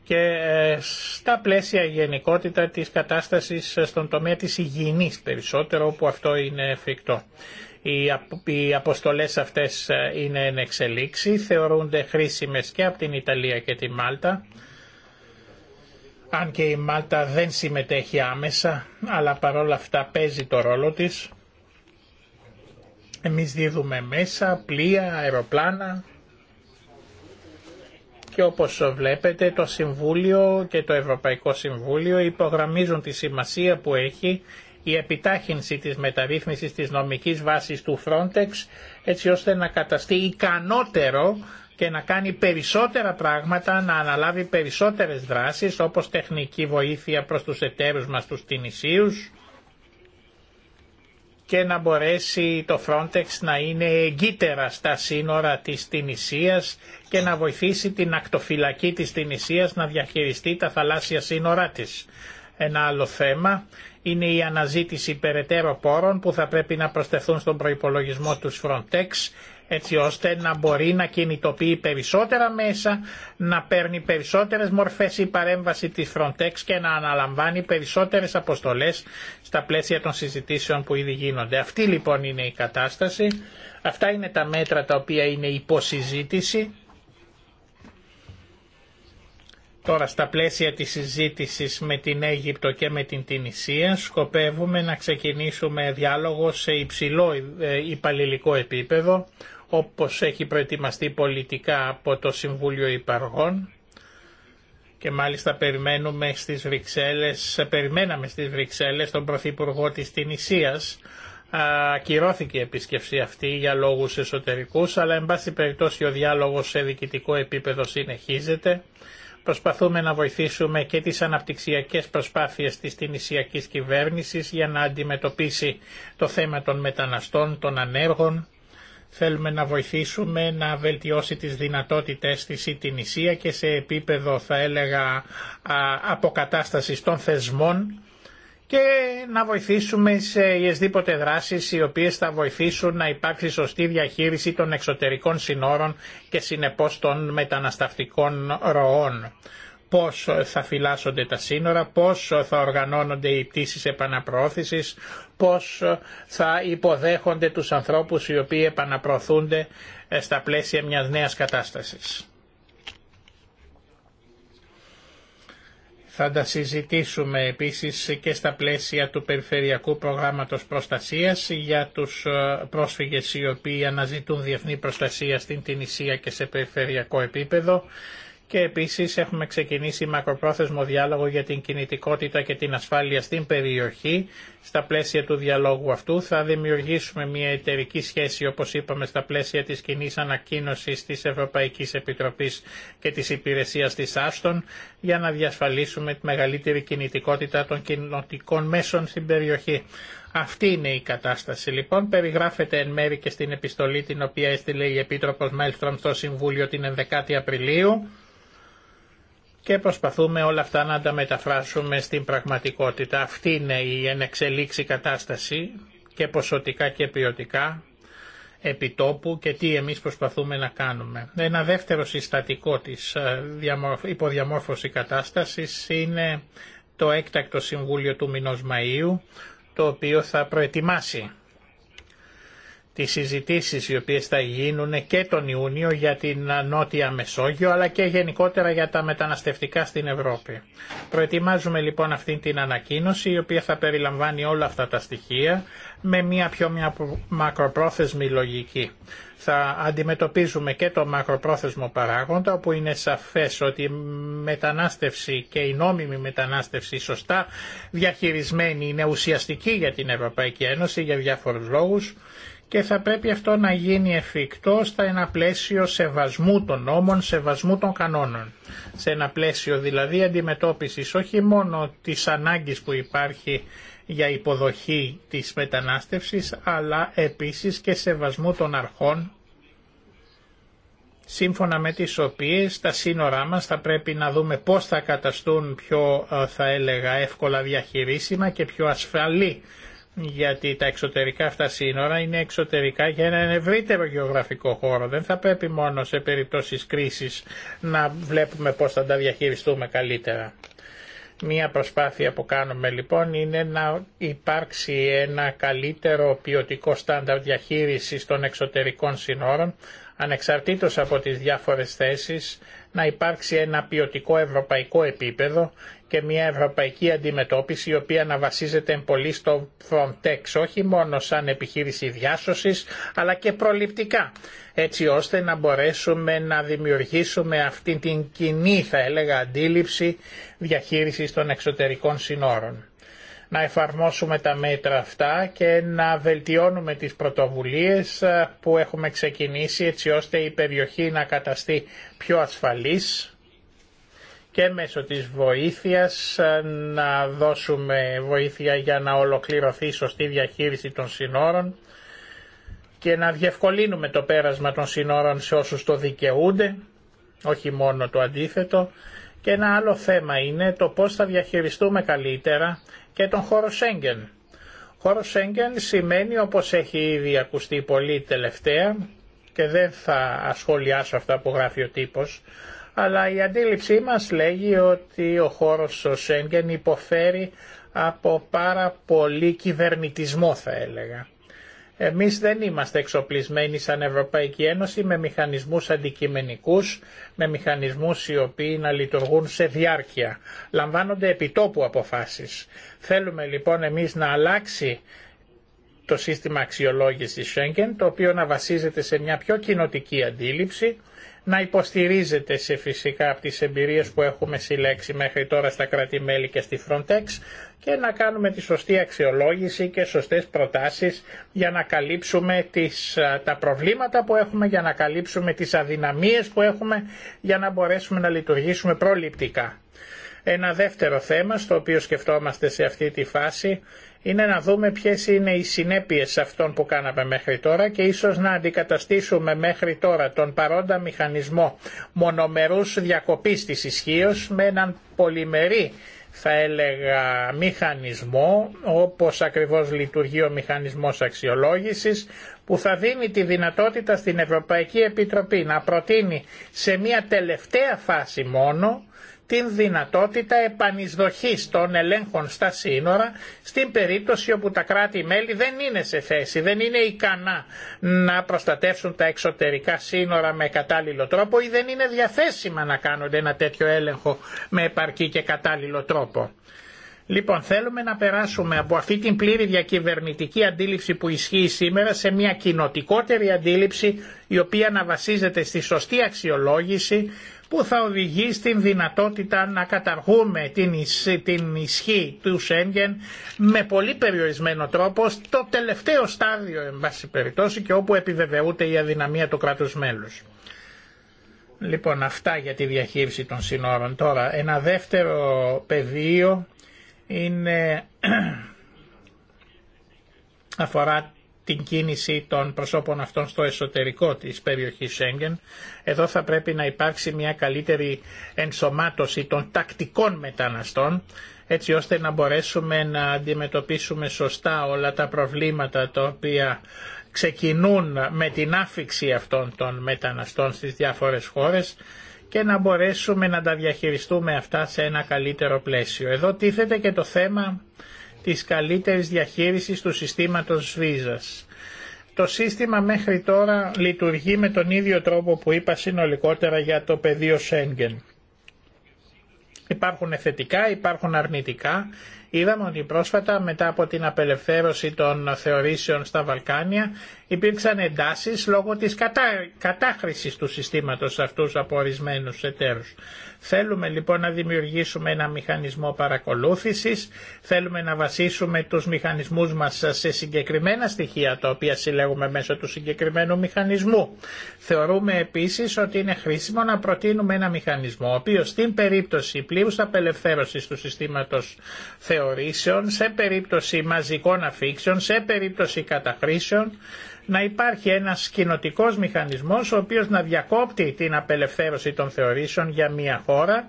Speaker 2: και ε, στα πλαίσια γενικότητα της κατάστασης ε, στον τομέα της υγιεινής περισσότερο όπου αυτό είναι εφικτό. Οι αποστολές αυτές είναι εν εξελίξη, θεωρούνται χρήσιμες και από την Ιταλία και τη Μάλτα αν και η Μάλτα δεν συμμετέχει άμεσα, αλλά παρόλα αυτά παίζει το ρόλο της. Εμείς δίδουμε μέσα, πλοία, αεροπλάνα και όπως βλέπετε το Συμβούλιο και το Ευρωπαϊκό Συμβούλιο υπογραμμίζουν τη σημασία που έχει η επιτάχυνση της μεταρρύθμισης της νομικής βάσης του Frontex έτσι ώστε να καταστεί ικανότερο και να κάνει περισσότερα πράγματα, να αναλάβει περισσότερες δράσεις όπως τεχνική βοήθεια προς τους εταίρους μας τους τινησίους και να μπορέσει το Frontex να είναι εγκύτερα στα σύνορα της Τινησίας και να βοηθήσει την ακτοφυλακή της Τινησίας να διαχειριστεί τα θαλάσσια σύνορά της. Ένα άλλο θέμα είναι η αναζήτηση περαιτέρω πόρων που θα πρέπει να προσθεθούν στον προϋπολογισμό του Frontex έτσι ώστε να μπορεί να κινητοποιεί περισσότερα μέσα, να παίρνει περισσότερες μορφές η παρέμβαση της Frontex και να αναλαμβάνει περισσότερες αποστολές στα πλαίσια των συζητήσεων που ήδη γίνονται. Αυτή λοιπόν είναι η κατάσταση. Αυτά είναι τα μέτρα τα οποία είναι υποσυζήτηση. Τώρα στα πλαίσια της συζήτησης με την Αίγυπτο και με την Τινησία σκοπεύουμε να ξεκινήσουμε διάλογο σε υψηλό ε, υπαλληλικό επίπεδο όπως έχει προετοιμαστεί πολιτικά από το Συμβούλιο Υπαργών και μάλιστα περιμένουμε στις Βρυξέλλες, περιμέναμε στις Βρυξέλλες τον Πρωθυπουργό της Τινησίας ακυρώθηκε η επίσκεψη αυτή για λόγους εσωτερικούς αλλά εν πάση περιπτώσει ο διάλογος σε διοικητικό επίπεδο συνεχίζεται προσπαθούμε να βοηθήσουμε και τις αναπτυξιακές προσπάθειες της τινησιακής κυβέρνησης για να αντιμετωπίσει το θέμα των μεταναστών, των ανέργων Θέλουμε να βοηθήσουμε να βελτιώσει τις δυνατότητες της η την και σε επίπεδο θα έλεγα αποκατάστασης των θεσμών και να βοηθήσουμε σε ιεσδήποτε δράσεις οι οποίες θα βοηθήσουν να υπάρξει σωστή διαχείριση των εξωτερικών συνόρων και συνεπώς των μετανασταυτικών ροών πώς θα φυλάσσονται τα σύνορα, πώς θα οργανώνονται οι πτήσεις επαναπρόθεσης, πώς θα υποδέχονται τους ανθρώπους οι οποίοι επαναπροωθούνται ε, στα πλαίσια μιας νέας κατάστασης. Θα τα συζητήσουμε επίσης και στα πλαίσια του Περιφερειακού Προγράμματος Προστασίας για τους ε, πρόσφυγες οι οποίοι αναζητούν διεθνή προστασία στην Τινησία και σε περιφερειακό επίπεδο και επίσης έχουμε ξεκινήσει μακροπρόθεσμο διάλογο για την κινητικότητα και την ασφάλεια στην περιοχή. Στα πλαίσια του διαλόγου αυτού θα δημιουργήσουμε μια εταιρική σχέση όπως είπαμε στα πλαίσια της κοινή ανακοίνωσης της Ευρωπαϊκής Επιτροπής και της Υπηρεσίας της Άστον για να διασφαλίσουμε τη μεγαλύτερη κινητικότητα των κοινωτικών μέσων στην περιοχή. Αυτή είναι η κατάσταση λοιπόν. Περιγράφεται εν μέρη και στην επιστολή την οποία έστειλε η Επίτροπο Μέλστρομ στο Συμβούλιο την 11η Απριλίου και προσπαθούμε όλα αυτά να τα μεταφράσουμε στην πραγματικότητα. Αυτή είναι η ενεξελίξη κατάσταση και ποσοτικά και ποιοτικά επιτόπου και τι εμείς προσπαθούμε να κάνουμε. Ένα δεύτερο συστατικό της ε, υποδιαμόρφωση κατάστασης είναι το έκτακτο συμβούλιο του μηνός Μαΐου, το οποίο θα προετοιμάσει τις συζητήσεις οι οποίες θα γίνουν και τον Ιούνιο για την Νότια Μεσόγειο αλλά και γενικότερα για τα μεταναστευτικά στην Ευρώπη. Προετοιμάζουμε λοιπόν αυτή την ανακοίνωση η οποία θα περιλαμβάνει όλα αυτά τα στοιχεία με μια πιο μια μακροπρόθεσμη λογική. Θα αντιμετωπίζουμε και το μακροπρόθεσμο παράγοντα όπου είναι σαφές ότι η μετανάστευση και η νόμιμη μετανάστευση σωστά διαχειρισμένη είναι ουσιαστική για την Ευρωπαϊκή Ένωση για διάφορους λόγους και θα πρέπει αυτό να γίνει εφικτό στα ένα πλαίσιο σεβασμού των νόμων, σεβασμού των κανόνων. Σε ένα πλαίσιο δηλαδή αντιμετώπισης όχι μόνο της ανάγκης που υπάρχει για υποδοχή της μετανάστευσης, αλλά επίσης και σεβασμού των αρχών, σύμφωνα με τις οποίες τα σύνορά μας θα πρέπει να δούμε πώς θα καταστούν πιο, ε, θα έλεγα, εύκολα διαχειρίσιμα και πιο ασφαλή γιατί τα εξωτερικά αυτά σύνορα είναι εξωτερικά για έναν ευρύτερο γεωγραφικό χώρο. Δεν θα πρέπει μόνο σε περιπτώσεις κρίσης να βλέπουμε πώς θα τα διαχειριστούμε καλύτερα. Μία προσπάθεια που κάνουμε λοιπόν είναι να υπάρξει ένα καλύτερο ποιοτικό στάνταρ διαχείρισης των εξωτερικών σύνορων, ανεξαρτήτως από τις διάφορες θέσεις, να υπάρξει ένα ποιοτικό ευρωπαϊκό επίπεδο και μια ευρωπαϊκή αντιμετώπιση η οποία να βασίζεται πολύ στο Frontex, όχι μόνο σαν επιχείρηση διάσωσης αλλά και προληπτικά, έτσι ώστε να μπορέσουμε να δημιουργήσουμε αυτή την κοινή θα έλεγα αντίληψη διαχείρισης των εξωτερικών συνόρων. Να εφαρμόσουμε τα μέτρα αυτά και να βελτιώνουμε τις πρωτοβουλίες ε, που έχουμε ξεκινήσει έτσι ώστε η περιοχή να καταστεί πιο ασφαλής και μέσω της βοήθειας ε, να δώσουμε βοήθεια για να ολοκληρωθεί η σωστή διαχείριση των συνόρων και να διευκολύνουμε το πέρασμα των συνόρων σε όσους το δικαιούνται, όχι μόνο το αντίθετο. Και ένα άλλο θέμα είναι το πώς θα διαχειριστούμε καλύτερα και τον χώρο Σέγγεν. Χώρο Σέγγεν σημαίνει όπως έχει ήδη ακουστεί πολύ τελευταία και δεν θα ασχολιάσω αυτά που γράφει ο τύπος, αλλά η αντίληψή μας λέγει ότι ο χώρος στο Σέγγεν υποφέρει από πάρα πολύ κυβερνητισμό θα έλεγα. Εμείς δεν είμαστε εξοπλισμένοι σαν Ευρωπαϊκή Ένωση με μηχανισμούς αντικειμενικούς, με μηχανισμούς οι οποίοι να λειτουργούν σε διάρκεια. Λαμβάνονται επιτόπου αποφάσεις. Θέλουμε λοιπόν εμείς να αλλάξει το σύστημα αξιολόγησης Schengen, το οποίο να βασίζεται σε μια πιο κοινοτική αντίληψη, να υποστηρίζεται σε φυσικά από τις εμπειρίες που έχουμε συλλέξει μέχρι τώρα στα κρατημέλη και στη Frontex και να κάνουμε τη σωστή αξιολόγηση και σωστές προτάσεις για να καλύψουμε τις, τα προβλήματα που έχουμε, για να καλύψουμε τις αδυναμίες που έχουμε, για να μπορέσουμε να λειτουργήσουμε προληπτικά. Ένα δεύτερο θέμα στο οποίο σκεφτόμαστε σε αυτή τη φάση είναι να δούμε ποιες είναι οι συνέπειες αυτών που κάναμε μέχρι τώρα και ίσως να αντικαταστήσουμε μέχρι τώρα τον παρόντα μηχανισμό μονομερούς διακοπής της ισχύω με έναν πολυμερή θα έλεγα μηχανισμό όπως ακριβώς λειτουργεί ο μηχανισμός αξιολόγησης που θα δίνει τη δυνατότητα στην Ευρωπαϊκή Επιτροπή να προτείνει σε μια τελευταία φάση μόνο την δυνατότητα επανεισδοχής των ελέγχων στα σύνορα στην περίπτωση όπου τα κράτη-μέλη δεν είναι σε θέση, δεν είναι ικανά να προστατεύσουν τα εξωτερικά σύνορα με κατάλληλο τρόπο ή δεν είναι διαθέσιμα να κάνουν ένα τέτοιο έλεγχο με επαρκή και κατάλληλο τρόπο. Λοιπόν, θέλουμε να περάσουμε από αυτή την πλήρη διακυβερνητική αντίληψη που ισχύει σήμερα σε μια κοινοτικότερη αντίληψη η οποία να βασίζεται στη σωστή αξιολόγηση που θα οδηγεί στην δυνατότητα να καταργούμε την ισχύ του Σέγγεν με πολύ περιορισμένο τρόπο στο τελευταίο στάδιο εν πάση περιπτώσει και όπου επιβεβαιούται η αδυναμία του κράτους μέλους. Λοιπόν αυτά για τη διαχείριση των συνόρων. Τώρα ένα δεύτερο πεδίο είναι αφορά την κίνηση των προσώπων αυτών στο εσωτερικό της περιοχής Σέγγεν. Εδώ θα πρέπει να υπάρξει μια καλύτερη ενσωμάτωση των τακτικών μεταναστών έτσι ώστε να μπορέσουμε να αντιμετωπίσουμε σωστά όλα τα προβλήματα τα οποία ξεκινούν με την άφηξη αυτών των μεταναστών στις διάφορες χώρες και να μπορέσουμε να τα διαχειριστούμε αυτά σε ένα καλύτερο πλαίσιο. Εδώ τίθεται και το θέμα της καλύτερης διαχείρισης του συστήματος βίζας. Το σύστημα μέχρι τώρα λειτουργεί με τον ίδιο τρόπο που είπα συνολικότερα για το πεδίο Σέγγεν. Υπάρχουν θετικά, υπάρχουν αρνητικά. Είδαμε ότι πρόσφατα μετά από την απελευθέρωση των θεωρήσεων στα Βαλκάνια υπήρξαν εντάσεις λόγω της κατά, κατάχρησης του συστήματος αυτούς από ορισμένου εταίρους. Θέλουμε λοιπόν να δημιουργήσουμε ένα μηχανισμό παρακολούθησης, θέλουμε να βασίσουμε τους μηχανισμούς μας σε συγκεκριμένα στοιχεία τα οποία συλλέγουμε μέσω του συγκεκριμένου μηχανισμού. Θεωρούμε επίσης ότι είναι χρήσιμο να προτείνουμε ένα μηχανισμό ο οποίος στην περίπτωση πλήρους απελευθέρωσης του συστήματος θεωρήσεων, σε περίπτωση μαζικών αφήξεων, σε περίπτωση καταχρήσεων να υπάρχει ένας κοινοτικό μηχανισμός ο οποίος να διακόπτει την απελευθέρωση των θεωρήσεων για μια χώρα,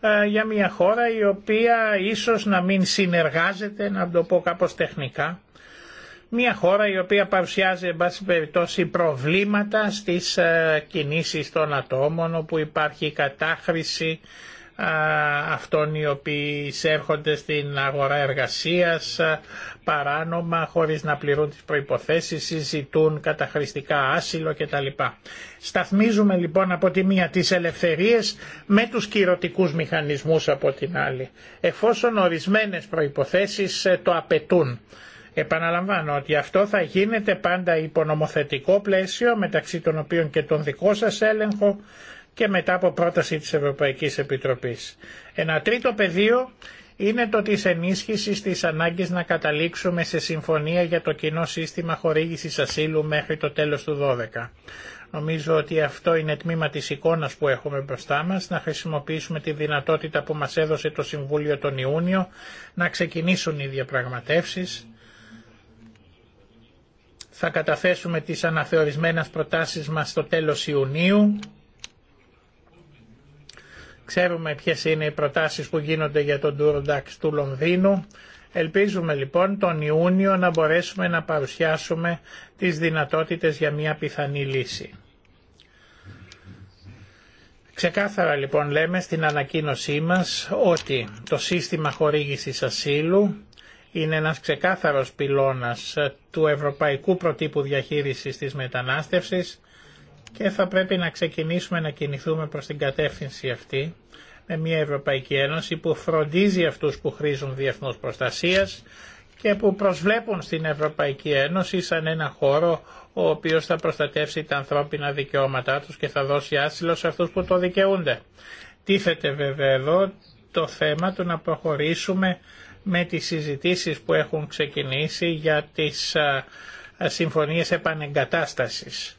Speaker 2: ε, για μια χώρα η οποία ίσως να μην συνεργάζεται, να το πω κάπως τεχνικά, μια χώρα η οποία παρουσιάζει εν πάση περιπτώσει προβλήματα στις ε, κινήσεις των ατόμων όπου υπάρχει κατάχρηση αυτών οι οποίοι εισέρχονται στην αγορά εργασίας παράνομα χωρίς να πληρούν τις προϋποθέσεις, συζητούν καταχρηστικά άσυλο κτλ. Σταθμίζουμε λοιπόν από τη μία τις ελευθερίες με τους κυρωτικούς μηχανισμούς από την άλλη, εφόσον ορισμένες προϋποθέσεις ε, το απαιτούν. Επαναλαμβάνω ότι αυτό θα γίνεται πάντα υπό πλαίσιο μεταξύ των οποίων και τον δικό σας έλεγχο και μετά από πρόταση της Ευρωπαϊκής Επιτροπής. Ένα τρίτο πεδίο είναι το της ενίσχυσης της ανάγκης να καταλήξουμε σε συμφωνία για το κοινό σύστημα χορήγησης ασύλου μέχρι το τέλος του 2012. Νομίζω ότι αυτό είναι τμήμα της εικόνας που έχουμε μπροστά μας, να χρησιμοποιήσουμε τη δυνατότητα που μας έδωσε το Συμβούλιο τον Ιούνιο, να ξεκινήσουν οι διαπραγματεύσεις. Θα καταθέσουμε τις αναθεωρισμένες προτάσεις μας στο τέλος Ιουνίου Ξέρουμε ποιες είναι οι προτάσεις που γίνονται για τον Τούρνταξ του Λονδίνου. Ελπίζουμε λοιπόν τον Ιούνιο να μπορέσουμε να παρουσιάσουμε τις δυνατότητες για μια πιθανή λύση. Ξεκάθαρα λοιπόν λέμε στην ανακοίνωσή μας ότι το σύστημα χορήγησης ασύλου είναι ένας ξεκάθαρος πυλώνας του ευρωπαϊκού προτύπου διαχείρισης της μετανάστευσης και θα πρέπει να ξεκινήσουμε να κινηθούμε προς την κατεύθυνση αυτή με μια Ευρωπαϊκή Ένωση που φροντίζει αυτούς που χρήζουν διεθνούς προστασίας και που προσβλέπουν στην Ευρωπαϊκή Ένωση σαν ένα χώρο ο οποίος θα προστατεύσει τα ανθρώπινα δικαιώματά τους και θα δώσει άσυλο σε αυτούς που το δικαιούνται. Τίθεται βέβαια εδώ το θέμα του να προχωρήσουμε με τις συζητήσεις που έχουν ξεκινήσει για τις συμφωνίες επανεγκατάστασης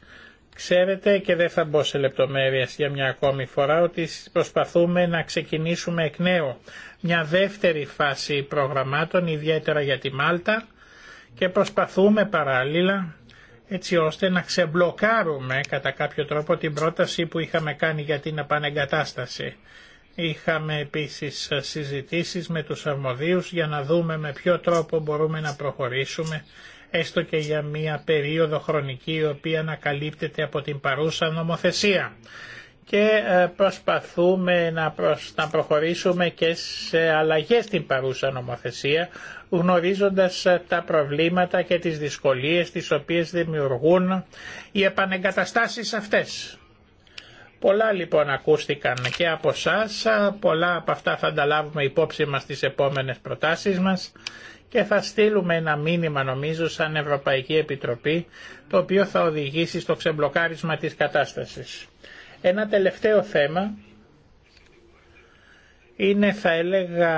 Speaker 2: Ξέρετε και δεν θα μπω σε λεπτομέρειες για μια ακόμη φορά ότι προσπαθούμε να ξεκινήσουμε εκ νέου μια δεύτερη φάση προγραμμάτων ιδιαίτερα για τη Μάλτα και προσπαθούμε παράλληλα έτσι ώστε να ξεμπλοκάρουμε κατά κάποιο τρόπο την πρόταση που είχαμε κάνει για την επανεγκατάσταση. Είχαμε επίσης συζητήσεις με τους αρμοδίους για να δούμε με ποιο τρόπο μπορούμε να προχωρήσουμε έστω και για μία περίοδο χρονική η οποία ανακαλύπτεται από την παρούσα νομοθεσία και ε, προσπαθούμε να, να προχωρήσουμε και σε αλλαγές στην παρούσα νομοθεσία γνωρίζοντας ε, τα προβλήματα και τις δυσκολίες τις οποίες δημιουργούν οι επανεγκαταστάσεις αυτές. Πολλά λοιπόν ακούστηκαν και από εσά, πολλά από αυτά θα ανταλάβουμε υπόψη μας στις επόμενες προτάσεις μας και θα στείλουμε ένα μήνυμα νομίζω σαν Ευρωπαϊκή Επιτροπή το οποίο θα οδηγήσει στο ξεμπλοκάρισμα της κατάστασης. Ένα τελευταίο θέμα είναι θα έλεγα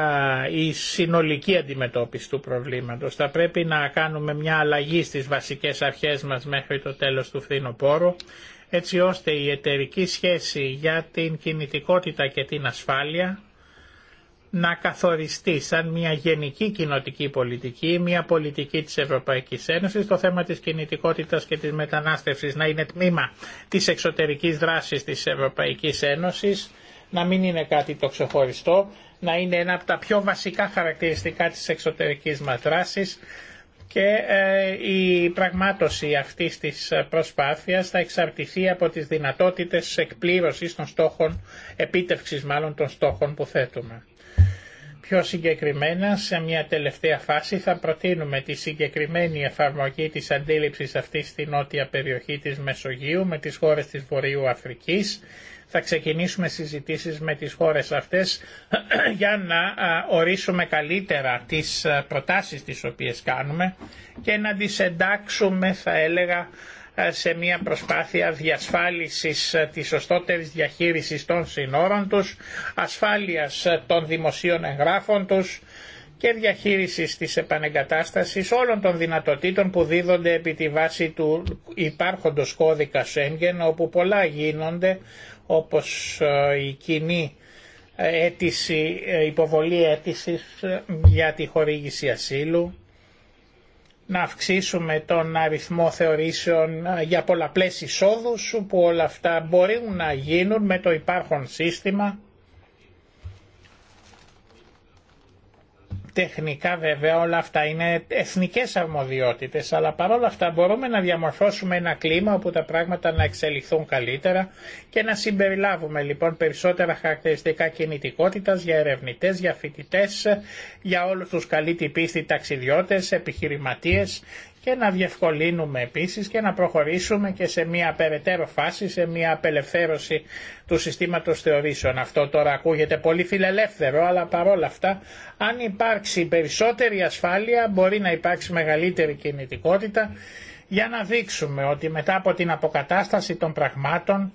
Speaker 2: η συνολική αντιμετώπιση του προβλήματος. Θα πρέπει να κάνουμε μια αλλαγή στις βασικές αρχές μας μέχρι το τέλος του φθινοπόρου έτσι ώστε η εταιρική σχέση για την κινητικότητα και την ασφάλεια να καθοριστεί σαν μια γενική κοινοτική πολιτική, μια πολιτική της Ευρωπαϊκής Ένωσης, το θέμα της κινητικότητας και της μετανάστευσης να είναι τμήμα της εξωτερικής δράσης της Ευρωπαϊκής Ένωσης, να μην είναι κάτι το ξεχωριστό, να είναι ένα από τα πιο βασικά χαρακτηριστικά της εξωτερικής μας και ε, η πραγμάτωση αυτής της προσπάθειας θα εξαρτηθεί από τις δυνατότητες εκπλήρωσης των στόχων, επίτευξης μάλλον των στόχων που θέτουμε. Πιο συγκεκριμένα, σε μια τελευταία φάση θα προτείνουμε τη συγκεκριμένη εφαρμογή της αντίληψης αυτής στην νότια περιοχή της Μεσογείου με τις χώρες της Βορείου Αφρικής θα ξεκινήσουμε συζητήσεις με τις χώρες αυτές για να ορίσουμε καλύτερα τις προτάσεις τις οποίες κάνουμε και να τις εντάξουμε θα έλεγα σε μια προσπάθεια διασφάλισης της σωστότερης διαχείρισης των συνόρων τους, ασφάλειας των δημοσίων εγγράφων τους και διαχείρισης της επανεγκατάστασης όλων των δυνατοτήτων που δίδονται επί τη βάση του υπάρχοντος κώδικα Σέγγεν, όπου πολλά γίνονται όπως ε, η κοινή ε, ε, υποβολή αίτηση για τη χορήγηση ασύλου, να αυξήσουμε τον αριθμό θεωρήσεων για πολλαπλές εισόδους, που όλα αυτά μπορούν να γίνουν με το υπάρχον σύστημα, Τεχνικά βέβαια όλα αυτά είναι εθνικές αρμοδιότητες, αλλά παρόλα αυτά μπορούμε να διαμορφώσουμε ένα κλίμα όπου τα πράγματα να εξελιχθούν καλύτερα και να συμπεριλάβουμε λοιπόν περισσότερα χαρακτηριστικά κινητικότητας για ερευνητές, για φοιτητές, για όλους τους καλή τυπίστη ταξιδιώτες, επιχειρηματίες και να διευκολύνουμε επίσης και να προχωρήσουμε και σε μια περαιτέρω φάση, σε μια απελευθέρωση του συστήματος θεωρήσεων. Αυτό τώρα ακούγεται πολύ φιλελεύθερο, αλλά παρόλα αυτά, αν υπάρξει περισσότερη ασφάλεια, μπορεί να υπάρξει μεγαλύτερη κινητικότητα για να δείξουμε ότι μετά από την αποκατάσταση των πραγμάτων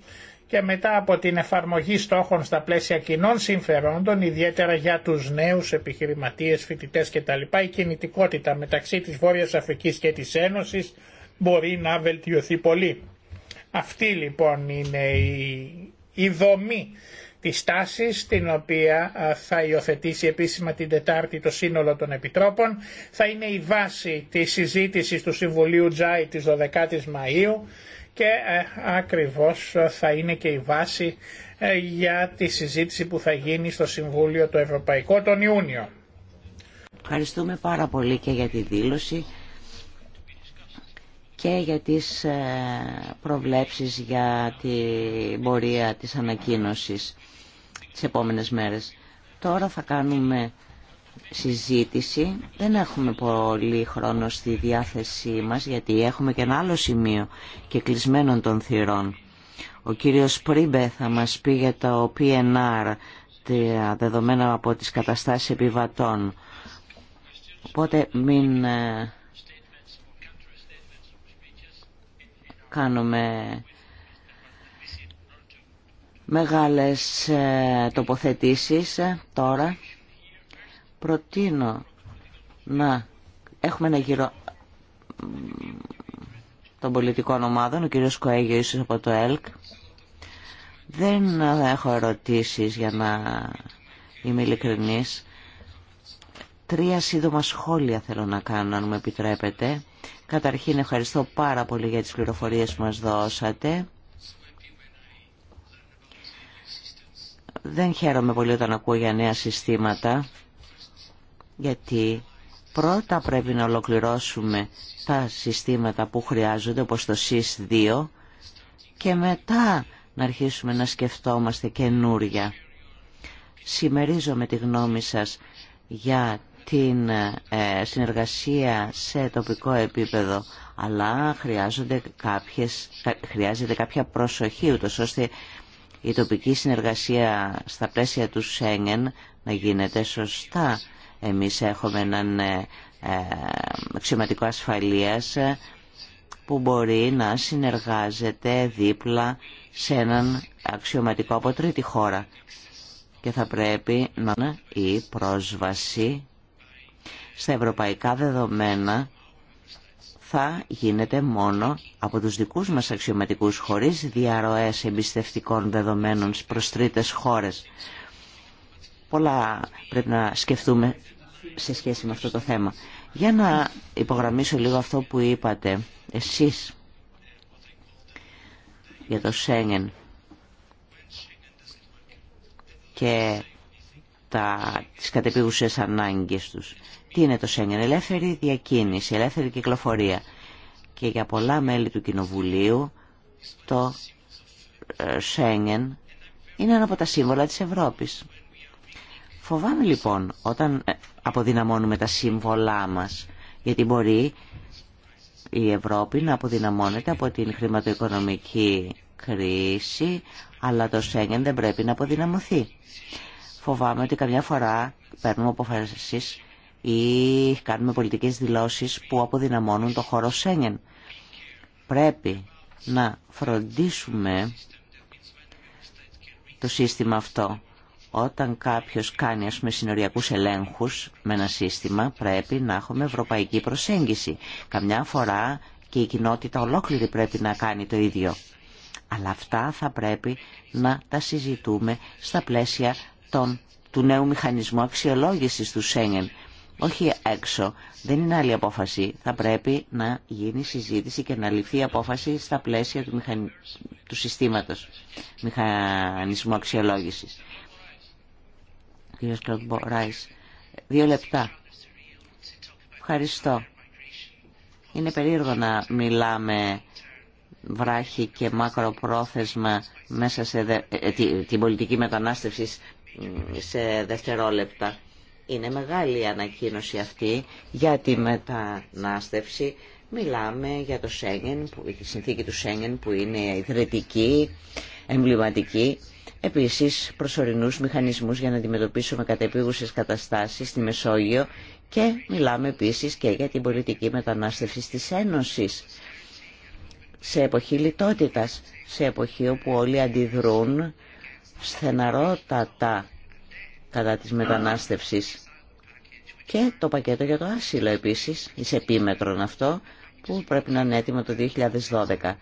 Speaker 2: και μετά από την εφαρμογή στόχων στα πλαίσια κοινών συμφερόντων, ιδιαίτερα για τους νέους επιχειρηματίες, φοιτητές κτλ, η κινητικότητα μεταξύ της Βόρειας Αφρικής και της Ένωσης μπορεί να βελτιωθεί πολύ. Αυτή λοιπόν είναι η, η δομή της τάση την οποία θα υιοθετήσει επίσημα την Τετάρτη το σύνολο των Επιτρόπων. Θα είναι η βάση της συζήτησης του Συμβουλίου Τζάι της 12ης Μαΐου και ε, ακριβώς θα είναι και η βάση ε, για τη συζήτηση που θα γίνει στο Συμβούλιο το Ευρωπαϊκό τον Ιούνιο.
Speaker 1: Ευχαριστούμε πάρα πολύ και για τη δήλωση και για τις ε, προβλέψεις για την πορεία της ανακοίνωσης τις επόμενες μέρες. Τώρα θα κάνουμε συζήτηση. Δεν έχουμε πολύ χρόνο στη διάθεσή μας γιατί έχουμε και ένα άλλο σημείο και κλεισμένων των θυρών. Ο κύριος Πρίμπε θα μας πει για το PNR, τα δεδομένα από τις καταστάσεις επιβατών. Οπότε μην ε, κάνουμε μεγάλες ε, τοποθετήσεις ε, τώρα προτείνω να έχουμε ένα γύρο των πολιτικών ομάδων, ο κύριος Κοέγιο ίσως από το ΕΛΚ. Δεν έχω ερωτήσεις για να είμαι ειλικρινής. Τρία σύντομα σχόλια θέλω να κάνω, αν μου επιτρέπετε. Καταρχήν ευχαριστώ πάρα πολύ για τις πληροφορίες που μας δώσατε. Δεν χαίρομαι πολύ όταν ακούω για νέα συστήματα γιατί πρώτα πρέπει να ολοκληρώσουμε τα συστήματα που χρειάζονται όπως το ΣΥΣ2 και μετά να αρχίσουμε να σκεφτόμαστε καινούρια. Σημερίζομαι τη γνώμη σας για την ε, συνεργασία σε τοπικό επίπεδο, αλλά χρειάζονται κάποιες, χρειάζεται κάποια προσοχή, ούτως ώστε η τοπική συνεργασία στα πλαίσια του Σέγγεν να γίνεται σωστά εμείς έχουμε έναν ε, ε, αξιωματικό ασφαλείας ε, που μπορεί να συνεργάζεται δίπλα σε έναν αξιωματικό από τρίτη χώρα και θα πρέπει να είναι η πρόσβαση στα ευρωπαϊκά δεδομένα θα γίνεται μόνο από τους δικούς μας αξιωματικούς χωρίς διαρροές εμπιστευτικών δεδομένων προς τρίτες χώρες. Πολλά πρέπει να σκεφτούμε σε σχέση με αυτό το θέμα. Για να υπογραμμίσω λίγο αυτό που είπατε εσείς για το Σέγγεν και τα, τις κατεπίγουσες ανάγκες τους. Τι είναι το Σέγγεν, ελεύθερη διακίνηση, ελεύθερη κυκλοφορία. Και για πολλά μέλη του Κοινοβουλίου το ε, Σέγγεν είναι ένα από τα σύμβολα της Ευρώπης. Φοβάμαι λοιπόν όταν ε, αποδυναμώνουμε τα σύμβολά μας, γιατί μπορεί η Ευρώπη να αποδυναμώνεται από την χρηματοοικονομική κρίση, αλλά το Σέγγεν δεν πρέπει να αποδυναμωθεί. Φοβάμαι ότι καμιά φορά παίρνουμε αποφάσεις ή κάνουμε πολιτικές δηλώσεις που αποδυναμώνουν το χώρο Σέγγεν. Πρέπει να φροντίσουμε το σύστημα αυτό όταν κάποιος κάνει ας πούμε συνοριακούς ελέγχους με ένα σύστημα πρέπει να έχουμε ευρωπαϊκή προσέγγιση. Καμιά φορά και η κοινότητα ολόκληρη πρέπει να κάνει το ίδιο. Αλλά αυτά θα πρέπει να τα συζητούμε στα πλαίσια των, του νέου μηχανισμού αξιολόγησης του Σέγγεν. Όχι έξω, δεν είναι άλλη απόφαση. Θα πρέπει να γίνει συζήτηση και να ληφθεί η απόφαση στα πλαίσια του, συστήματο του συστήματος μηχανισμού αξιολόγησης. Κύριε κ. Δύο λεπτά. Ευχαριστώ. Είναι περίεργο να μιλάμε βράχη και μακροπρόθεσμα μέσα σε ε, την πολιτική μετανάστευση σε δευτερόλεπτα. Είναι μεγάλη η ανακοίνωση αυτή για τη μετανάστευση. Μιλάμε για το Σέγγεν, τη συνθήκη του Σέγγεν που είναι ιδρυτική, εμβληματική Επίση, προσωρινού μηχανισμούς για να αντιμετωπίσουμε κατεπίγουσες καταστάσεις στη Μεσόγειο και μιλάμε επίσης και για την πολιτική μετανάστευση τη Ένωση, Σε εποχή λιτότητα, σε εποχή όπου όλοι αντιδρούν στεναρότατα κατά της μετανάστευσης. Και το πακέτο για το άσυλο επίσης, εις επίμετρον αυτό, που πρέπει να είναι έτοιμο το 2012.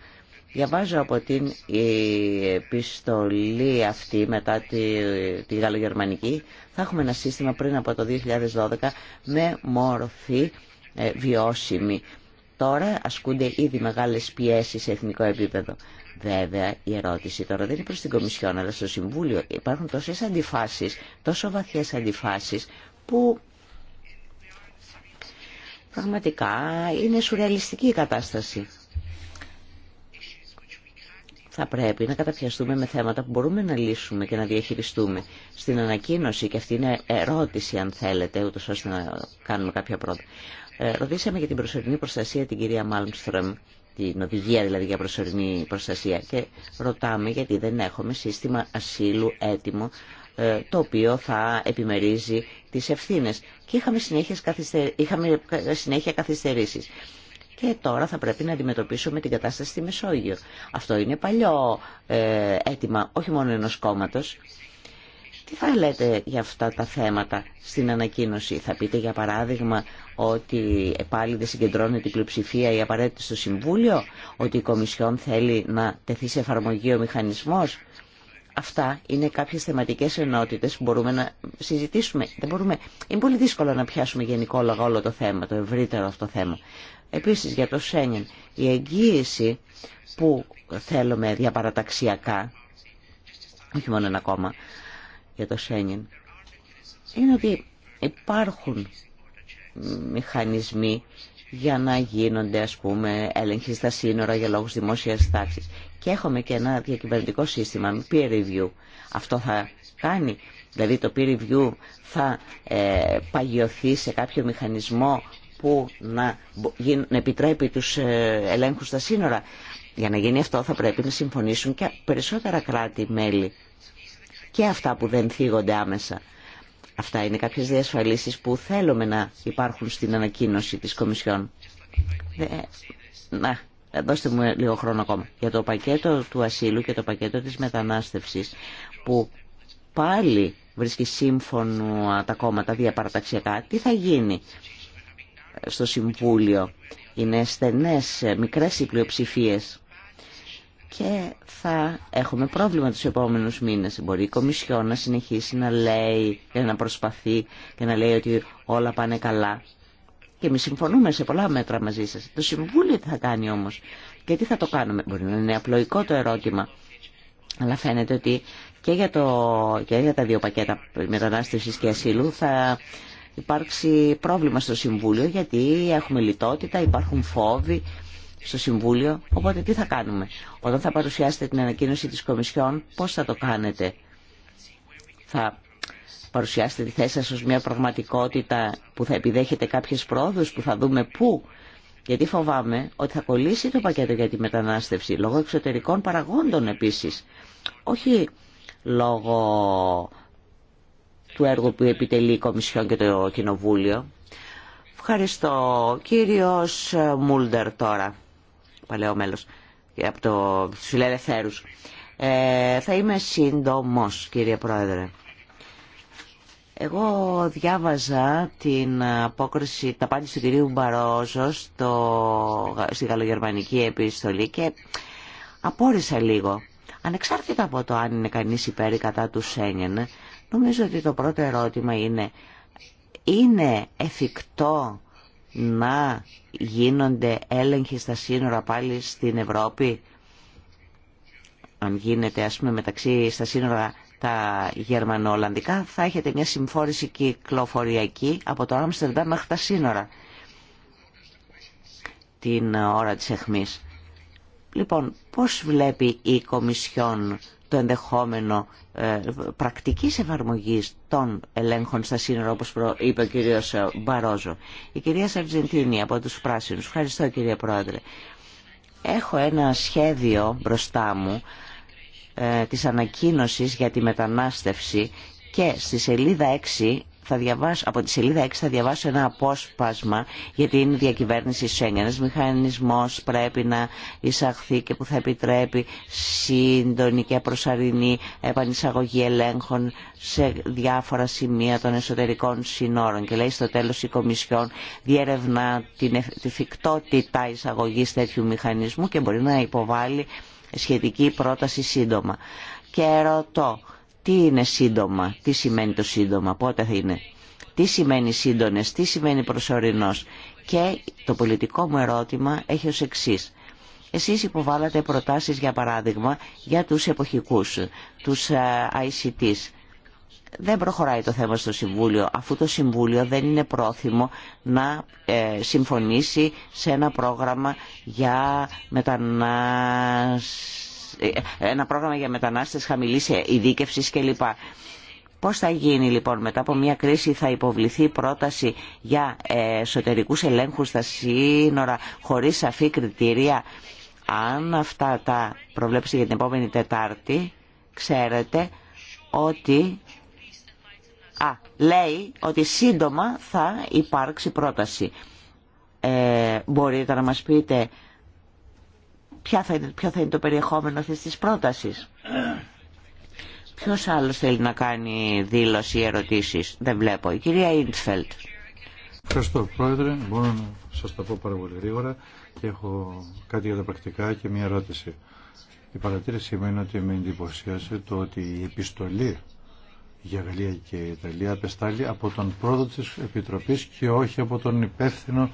Speaker 1: Διαβάζω από την επιστολή αυτή μετά τη, τη γαλλογερμανική. Θα έχουμε ένα σύστημα πριν από το 2012 με μόρφη ε, βιώσιμη. Τώρα ασκούνται ήδη μεγάλες πιέσεις σε εθνικό επίπεδο. Βέβαια, η ερώτηση τώρα δεν είναι προς την Κομισιόν, αλλά στο Συμβούλιο. Υπάρχουν τόσες αντιφάσεις, τόσο βαθιές αντιφάσεις, που πραγματικά είναι σουρεαλιστική η κατάσταση θα πρέπει να καταπιαστούμε με θέματα που μπορούμε να λύσουμε και να διαχειριστούμε. Στην ανακοίνωση, και αυτή είναι ερώτηση αν θέλετε, ούτως ώστε να κάνουμε κάποια πρώτα. Ε, ρωτήσαμε για την προσωρινή προστασία την κυρία Μάλμστρομ, την οδηγία δηλαδή για προσωρινή προστασία και ρωτάμε γιατί δεν έχουμε σύστημα ασύλου έτοιμο ε, το οποίο θα επιμερίζει τις ευθύνες. Και είχαμε, συνέχεια καθυστερήσεις και τώρα θα πρέπει να αντιμετωπίσουμε την κατάσταση στη Μεσόγειο. Αυτό είναι παλιό ε, αίτημα όχι μόνο ενός κόμματος. Τι θα λέτε για αυτά τα θέματα στην ανακοίνωση. Θα πείτε για παράδειγμα ότι πάλι δεν συγκεντρώνεται η πλειοψηφία η απαραίτητο στο Συμβούλιο, ότι η Κομισιόν θέλει να τεθεί σε εφαρμογή ο μηχανισμός. Αυτά είναι κάποιες θεματικές ενότητες που μπορούμε να συζητήσουμε. Δεν μπορούμε... Είναι πολύ δύσκολο να πιάσουμε γενικόλογα όλο το θέμα, το ευρύτερο αυτό θέμα. Επίσης για το Σένιν, η εγγύηση που θέλουμε διαπαραταξιακά, όχι μόνο ένα κόμμα για το Σένιν, είναι ότι υπάρχουν μηχανισμοί για να γίνονται ας πούμε έλεγχοι στα σύνορα για λόγους δημόσιας τάξης. Και έχουμε και ένα διακυβερνητικό σύστημα, peer review. Αυτό θα κάνει, δηλαδή το peer review θα ε, παγιωθεί σε κάποιο μηχανισμό που να επιτρέπει τους ε, ελέγχους στα σύνορα. Για να γίνει αυτό θα πρέπει να συμφωνήσουν και περισσότερα κράτη-μέλη και αυτά που δεν θίγονται άμεσα. Αυτά είναι κάποιες διασφαλίσεις που θέλουμε να υπάρχουν στην ανακοίνωση της Κομισιόν. Ε, να, ε, δώστε μου λίγο χρόνο ακόμα. Για το πακέτο του ασύλου και το πακέτο της μετανάστευσης που πάλι βρίσκει σύμφωνο τα κόμματα διαπαραταξιακά, τι θα γίνει στο Συμβούλιο. Είναι στενές, μικρές οι και θα έχουμε πρόβλημα τους επόμενους μήνες. Μπορεί η Κομισιό να συνεχίσει να λέει και να προσπαθεί και να λέει ότι όλα πάνε καλά. Και εμεί συμφωνούμε σε πολλά μέτρα μαζί σας. Το Συμβούλιο τι θα κάνει όμως και τι θα το κάνουμε. Μπορεί να είναι απλοϊκό το ερώτημα. Αλλά φαίνεται ότι και για, το, και για τα δύο πακέτα μετανάστευσης και ασύλου θα υπάρξει πρόβλημα στο Συμβούλιο γιατί έχουμε λιτότητα, υπάρχουν φόβοι στο Συμβούλιο. Οπότε τι θα κάνουμε. Όταν θα παρουσιάσετε την ανακοίνωση της Κομισιόν, πώς θα το κάνετε. Θα παρουσιάσετε τη θέση σας ως μια πραγματικότητα που θα επιδέχετε κάποιες πρόοδους, που θα δούμε πού. Γιατί φοβάμαι ότι θα κολλήσει το πακέτο για τη μετανάστευση, λόγω εξωτερικών παραγόντων επίσης. Όχι λόγω του έργου που επιτελεί η Κομισιόν και το Κοινοβούλιο. Ευχαριστώ. Κύριος Μούλντερ τώρα, παλαιό μέλος, από το Φιλελευθέρους. Ε, θα είμαι σύντομος, κύριε Πρόεδρε. Εγώ διάβαζα την απόκριση, τα απάντηση του κυρίου Μπαρόζο στο, στη γαλλογερμανική επιστολή και απόρρισα λίγο. Ανεξάρτητα από το αν είναι κανείς υπέρ κατά του Σένιεν, Νομίζω ότι το πρώτο ερώτημα είναι, είναι εφικτό να γίνονται έλεγχοι στα σύνορα πάλι στην Ευρώπη, αν γίνεται ας πούμε μεταξύ στα σύνορα τα γερμανοολλανδικά, θα έχετε μια συμφόρηση κυκλοφοριακή από το Άμστερνταμ μέχρι τα σύνορα την ώρα της εχμής. Λοιπόν, πώς βλέπει η Κομισιόν το ενδεχόμενο ε, πρακτικής εφαρμογής των ελέγχων στα σύνορα, όπως είπε ο κύριος ε, Μπαρόζο. Η κυρία Σαρτζεντίνη από τους Πράσινους. Ευχαριστώ κύριε Πρόεδρε. Έχω ένα σχέδιο μπροστά μου ε, της ανακοίνωσης για τη μετανάστευση και στη σελίδα 6 θα διαβάσω, από τη σελίδα 6 θα διαβάσω ένα απόσπασμα για την διακυβέρνηση Σέγγεν. Ένα μηχανισμό πρέπει να εισαχθεί και που θα επιτρέπει σύντονη και προσαρρινή επανεισαγωγή ελέγχων σε διάφορα σημεία των εσωτερικών συνόρων. Και λέει στο τέλο η Κομισιόν διερευνά την, τη φυκτότητα εισαγωγή τέτοιου μηχανισμού και μπορεί να υποβάλει σχετική πρόταση σύντομα. Και ρωτώ, τι είναι σύντομα, τι σημαίνει το σύντομα, πότε θα είναι, τι σημαίνει σύντονε, τι σημαίνει προσωρινός. Και το πολιτικό μου ερώτημα έχει ως εξής. Εσείς υποβάλατε προτάσεις για παράδειγμα για τους εποχικούς, τους ε, ICTs. Δεν προχωράει το θέμα στο Συμβούλιο αφού το Συμβούλιο δεν είναι πρόθυμο να ε, συμφωνήσει σε ένα πρόγραμμα για μετανάστες ένα πρόγραμμα για μετανάστες χαμηλής ειδίκευσης κλπ. Πώς θα γίνει λοιπόν μετά από μια κρίση θα υποβληθεί πρόταση για ε, εσωτερικούς ελέγχους στα σύνορα χωρίς σαφή κριτήρια. Αν αυτά τα προβλέψει για την επόμενη Τετάρτη, ξέρετε ότι... Α, λέει ότι σύντομα θα υπάρξει πρόταση. Ε, μπορείτε να μας πείτε ποιο θα είναι το περιεχόμενο αυτής της πρότασης. Ποιος άλλος θέλει να κάνει δήλωση ή ερωτήσεις. Δεν βλέπω. Η κυρία Ιντσφελτ.
Speaker 3: Ευχαριστώ Πρόεδρε. Μπορώ να σας τα πω πάρα πολύ γρήγορα και έχω κάτι για τα πρακτικά και μια ερώτηση. Η παρατήρηση είναι ότι με εντυπωσίασε το ότι η επιστολή για Γαλλία και Ιταλία απεστάλλει από τον πρόεδρο της Επιτροπής και όχι από τον υπεύθυνο,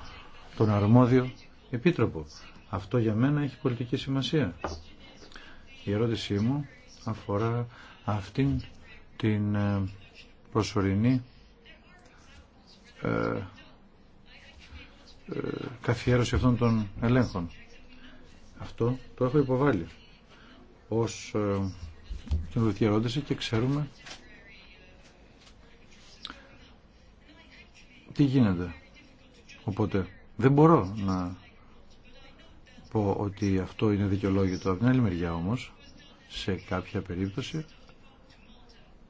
Speaker 3: τον αρμόδιο επίτροπο. Αυτό για μένα έχει πολιτική σημασία. Η ερώτησή μου αφορά αυτήν την ε, προσωρινή ε, ε, καθιέρωση αυτών των ελέγχων. Αυτό το έχω υποβάλει ως κοινωνική ερώτηση και ξέρουμε τι γίνεται. Οπότε δεν μπορώ να πω ότι αυτό είναι δικαιολόγητο. Από την άλλη μεριά όμως, σε κάποια περίπτωση,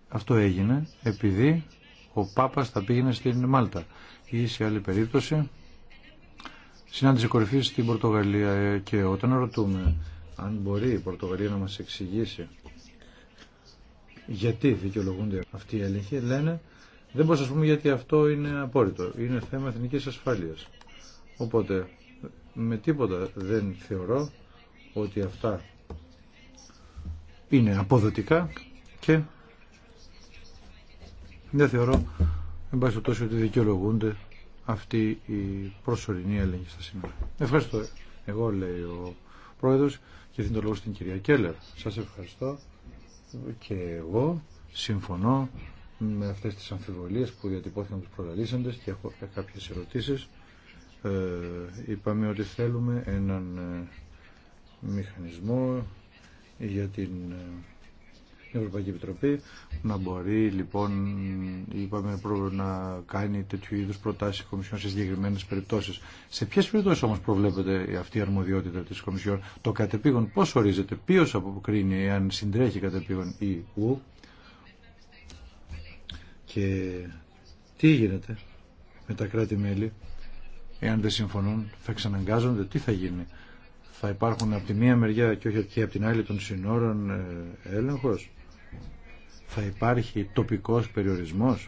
Speaker 3: αυτό έγινε επειδή ο Πάπας θα πήγαινε στην Μάλτα ή σε άλλη περίπτωση συνάντηση κορυφή στην Πορτογαλία και όταν ρωτούμε αν μπορεί η σε αλλη περιπτωση συναντησε κορυφη στην πορτογαλια και οταν ρωτουμε αν μπορει η πορτογαλια να μας εξηγήσει γιατί δικαιολογούνται αυτοί οι έλεγχοι λένε δεν μπορώ να πούμε γιατί αυτό είναι απόρριτο είναι θέμα εθνικής ασφάλειας οπότε με τίποτα δεν θεωρώ ότι αυτά είναι αποδοτικά και δεν θεωρώ εν τόσο ότι δικαιολογούνται αυτή η προσωρινή έλεγχη στα σύνορα. Ευχαριστώ. Εγώ λέει ο πρόεδρος και δίνω το λόγο στην κυρία Κέλλερ. Σας ευχαριστώ και εγώ συμφωνώ με αυτές τις αμφιβολίες που διατυπώθηκαν τους προλαλήσαντες και έχω κάποιες ερωτήσεις. Ε, είπαμε ότι θέλουμε έναν ε, μηχανισμό για ε, την Ευρωπαϊκή Επιτροπή να μπορεί λοιπόν είπαμε, να κάνει τέτοιου είδους προτάσεις Κομισιόν σε συγκεκριμένε περιπτώσεις. Σε ποιες περιπτώσεις όμως προβλέπεται αυτή η αρμοδιότητα της Κομισιόν το κατεπήγον πώς ορίζεται, ποιος αποκρίνει εάν συντρέχει κατεπήγον ή ου και τι γίνεται με τα κράτη-μέλη εάν δεν συμφωνούν θα ξαναγκάζονται. Τι θα γίνει. Θα υπάρχουν από τη μία μεριά και όχι και από την άλλη των συνόρων ε, έλεγχος. Θα υπάρχει τοπικός περιορισμός.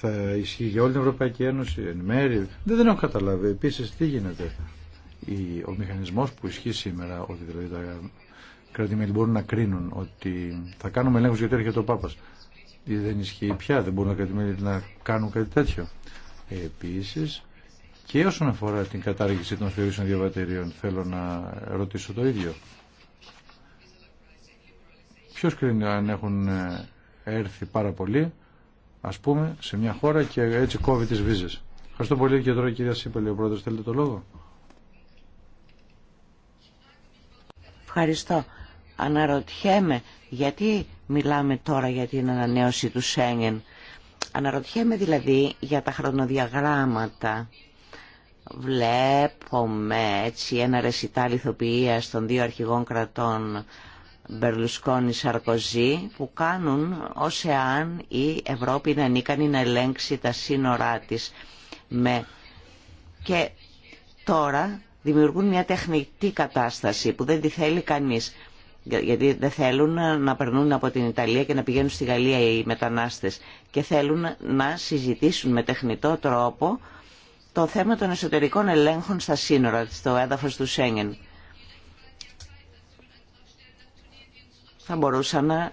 Speaker 3: θα ισχύει για όλη την Ευρωπαϊκή Ένωση εν μέρη. Δεν, δεν έχω καταλάβει. Επίση, τι γίνεται. Η, ο μηχανισμό που ισχύει σήμερα, ότι δηλαδή τα κράτη-μέλη μπορούν να κρίνουν ότι θα κάνουμε ελέγχου γιατί έρχεται ο Πάπα δεν ισχύει πια, δεν μπορούν να, να κάνουν κάτι τέτοιο. Επίσης, και όσον αφορά την κατάργηση των θεωρήσεων διαβατηρίων, θέλω να ρωτήσω το ίδιο. Ποιος κρίνει αν έχουν ε, έρθει πάρα πολύ, ας πούμε, σε μια χώρα και έτσι κόβει τις βίζες. Ευχαριστώ πολύ και τώρα κυρία Σίπελη, ο πρόεδρος, θέλετε το λόγο.
Speaker 1: Ευχαριστώ. Αναρωτιέμαι γιατί μιλάμε τώρα για την ανανέωση του Σέγγεν. Αναρωτιέμαι δηλαδή για τα χρονοδιαγράμματα. Βλέπουμε έτσι ένα ρεσιτά λιθοποιίας των δύο αρχηγών κρατών Μπερλουσκόνη Σαρκοζή που κάνουν ως εάν η Ευρώπη είναι ανίκανη να ελέγξει τα σύνορά της με... και τώρα δημιουργούν μια τεχνητή κατάσταση που δεν τη θέλει κανείς γιατί δεν θέλουν να περνούν από την Ιταλία και να πηγαίνουν στη Γαλλία οι μετανάστες και θέλουν να συζητήσουν με τεχνητό τρόπο το θέμα των εσωτερικών ελέγχων στα σύνορα, στο έδαφος του Σέγγεν. θα μπορούσαν να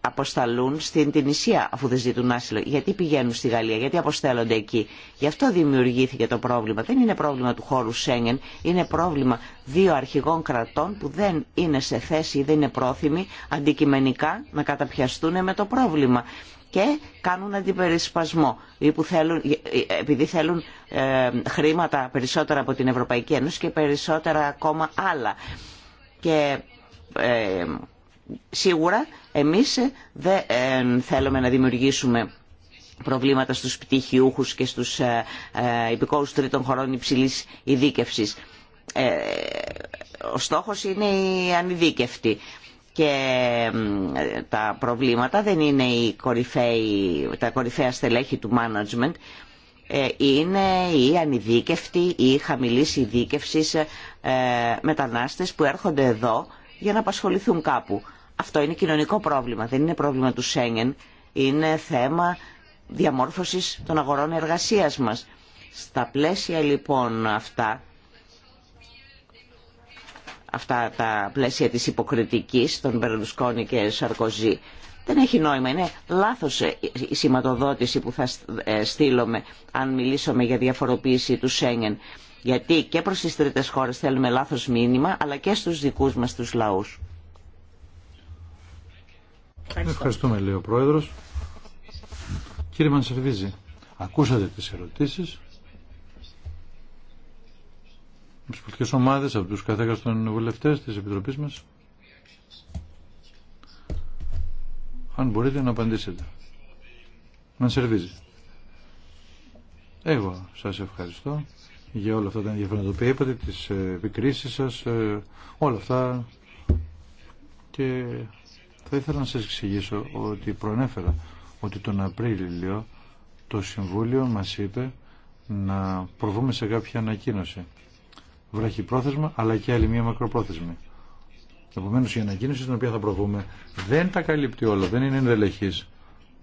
Speaker 1: αποσταλούν στην Τινησία αφού δεν ζητούν άσυλο. Γιατί πηγαίνουν στη Γαλλία, γιατί αποστέλλονται εκεί. Γι' αυτό δημιουργήθηκε το πρόβλημα. Δεν είναι πρόβλημα του χώρου Σέγγεν, είναι πρόβλημα δύο αρχηγών κρατών που δεν είναι σε θέση ή δεν είναι πρόθυμοι αντικειμενικά να καταπιαστούν με το πρόβλημα και κάνουν αντιπερισπασμό ε, ε, επειδή θέλουν ε, χρήματα περισσότερα από την Ευρωπαϊκή Ένωση και περισσότερα ακόμα άλλα. Σίγουρα εμείς ε, δεν ε, θέλουμε να δημιουργήσουμε προβλήματα στους πτυχιούχους και στους ε, υπηκόους τρίτων χωρών υψηλής ειδίκευσης. Ο στόχος είναι η ανειδίκευτοι. και τα προβλήματα δεν είναι τα κορυφαία στελέχη του management, είναι οι ανειδίκευτοι ή χαμηλής ειδίκευσης μετανάστες που έρχονται εδώ για να απασχοληθούν κάπου. Αυτό είναι κοινωνικό πρόβλημα, δεν είναι πρόβλημα του Σέγγεν, είναι θέμα διαμόρφωσης των αγορών εργασίας μας. Στα πλαίσια λοιπόν αυτά, αυτά τα πλαίσια της υποκριτικής των Μπερλουσκόνη και Σαρκοζή, δεν έχει νόημα, είναι λάθος ε, η σηματοδότηση που θα ε, στείλουμε αν μιλήσουμε για διαφοροποίηση του Σέγγεν. Γιατί και προς τις τρίτες χώρες θέλουμε λάθος μήνυμα, αλλά και στους δικούς μας τους λαούς.
Speaker 3: Ευχαριστώ. Ευχαριστούμε, λέει ο Πρόεδρος. Κύριε Μανσερβίζη, ακούσατε τις ερωτήσεις από τις πολιτικές ομάδες, από τους καθένα των βουλευτές της Επιτροπής μας. Αν μπορείτε να απαντήσετε. Μανσερβίζη. Εγώ σας ευχαριστώ για όλα αυτά τα ενδιαφέροντα που είπατε, τις επικρίσεις σας, ε, όλα αυτά και θα ήθελα να σας εξηγήσω ότι προανέφερα ότι τον Απρίλιο το Συμβούλιο μας είπε να προβούμε σε κάποια ανακοίνωση. Βραχυπρόθεσμα αλλά και άλλη μία μακροπρόθεσμη. Επομένως η ανακοίνωση στην οποία θα προβούμε δεν τα καλύπτει όλα, δεν είναι ενδελεχής.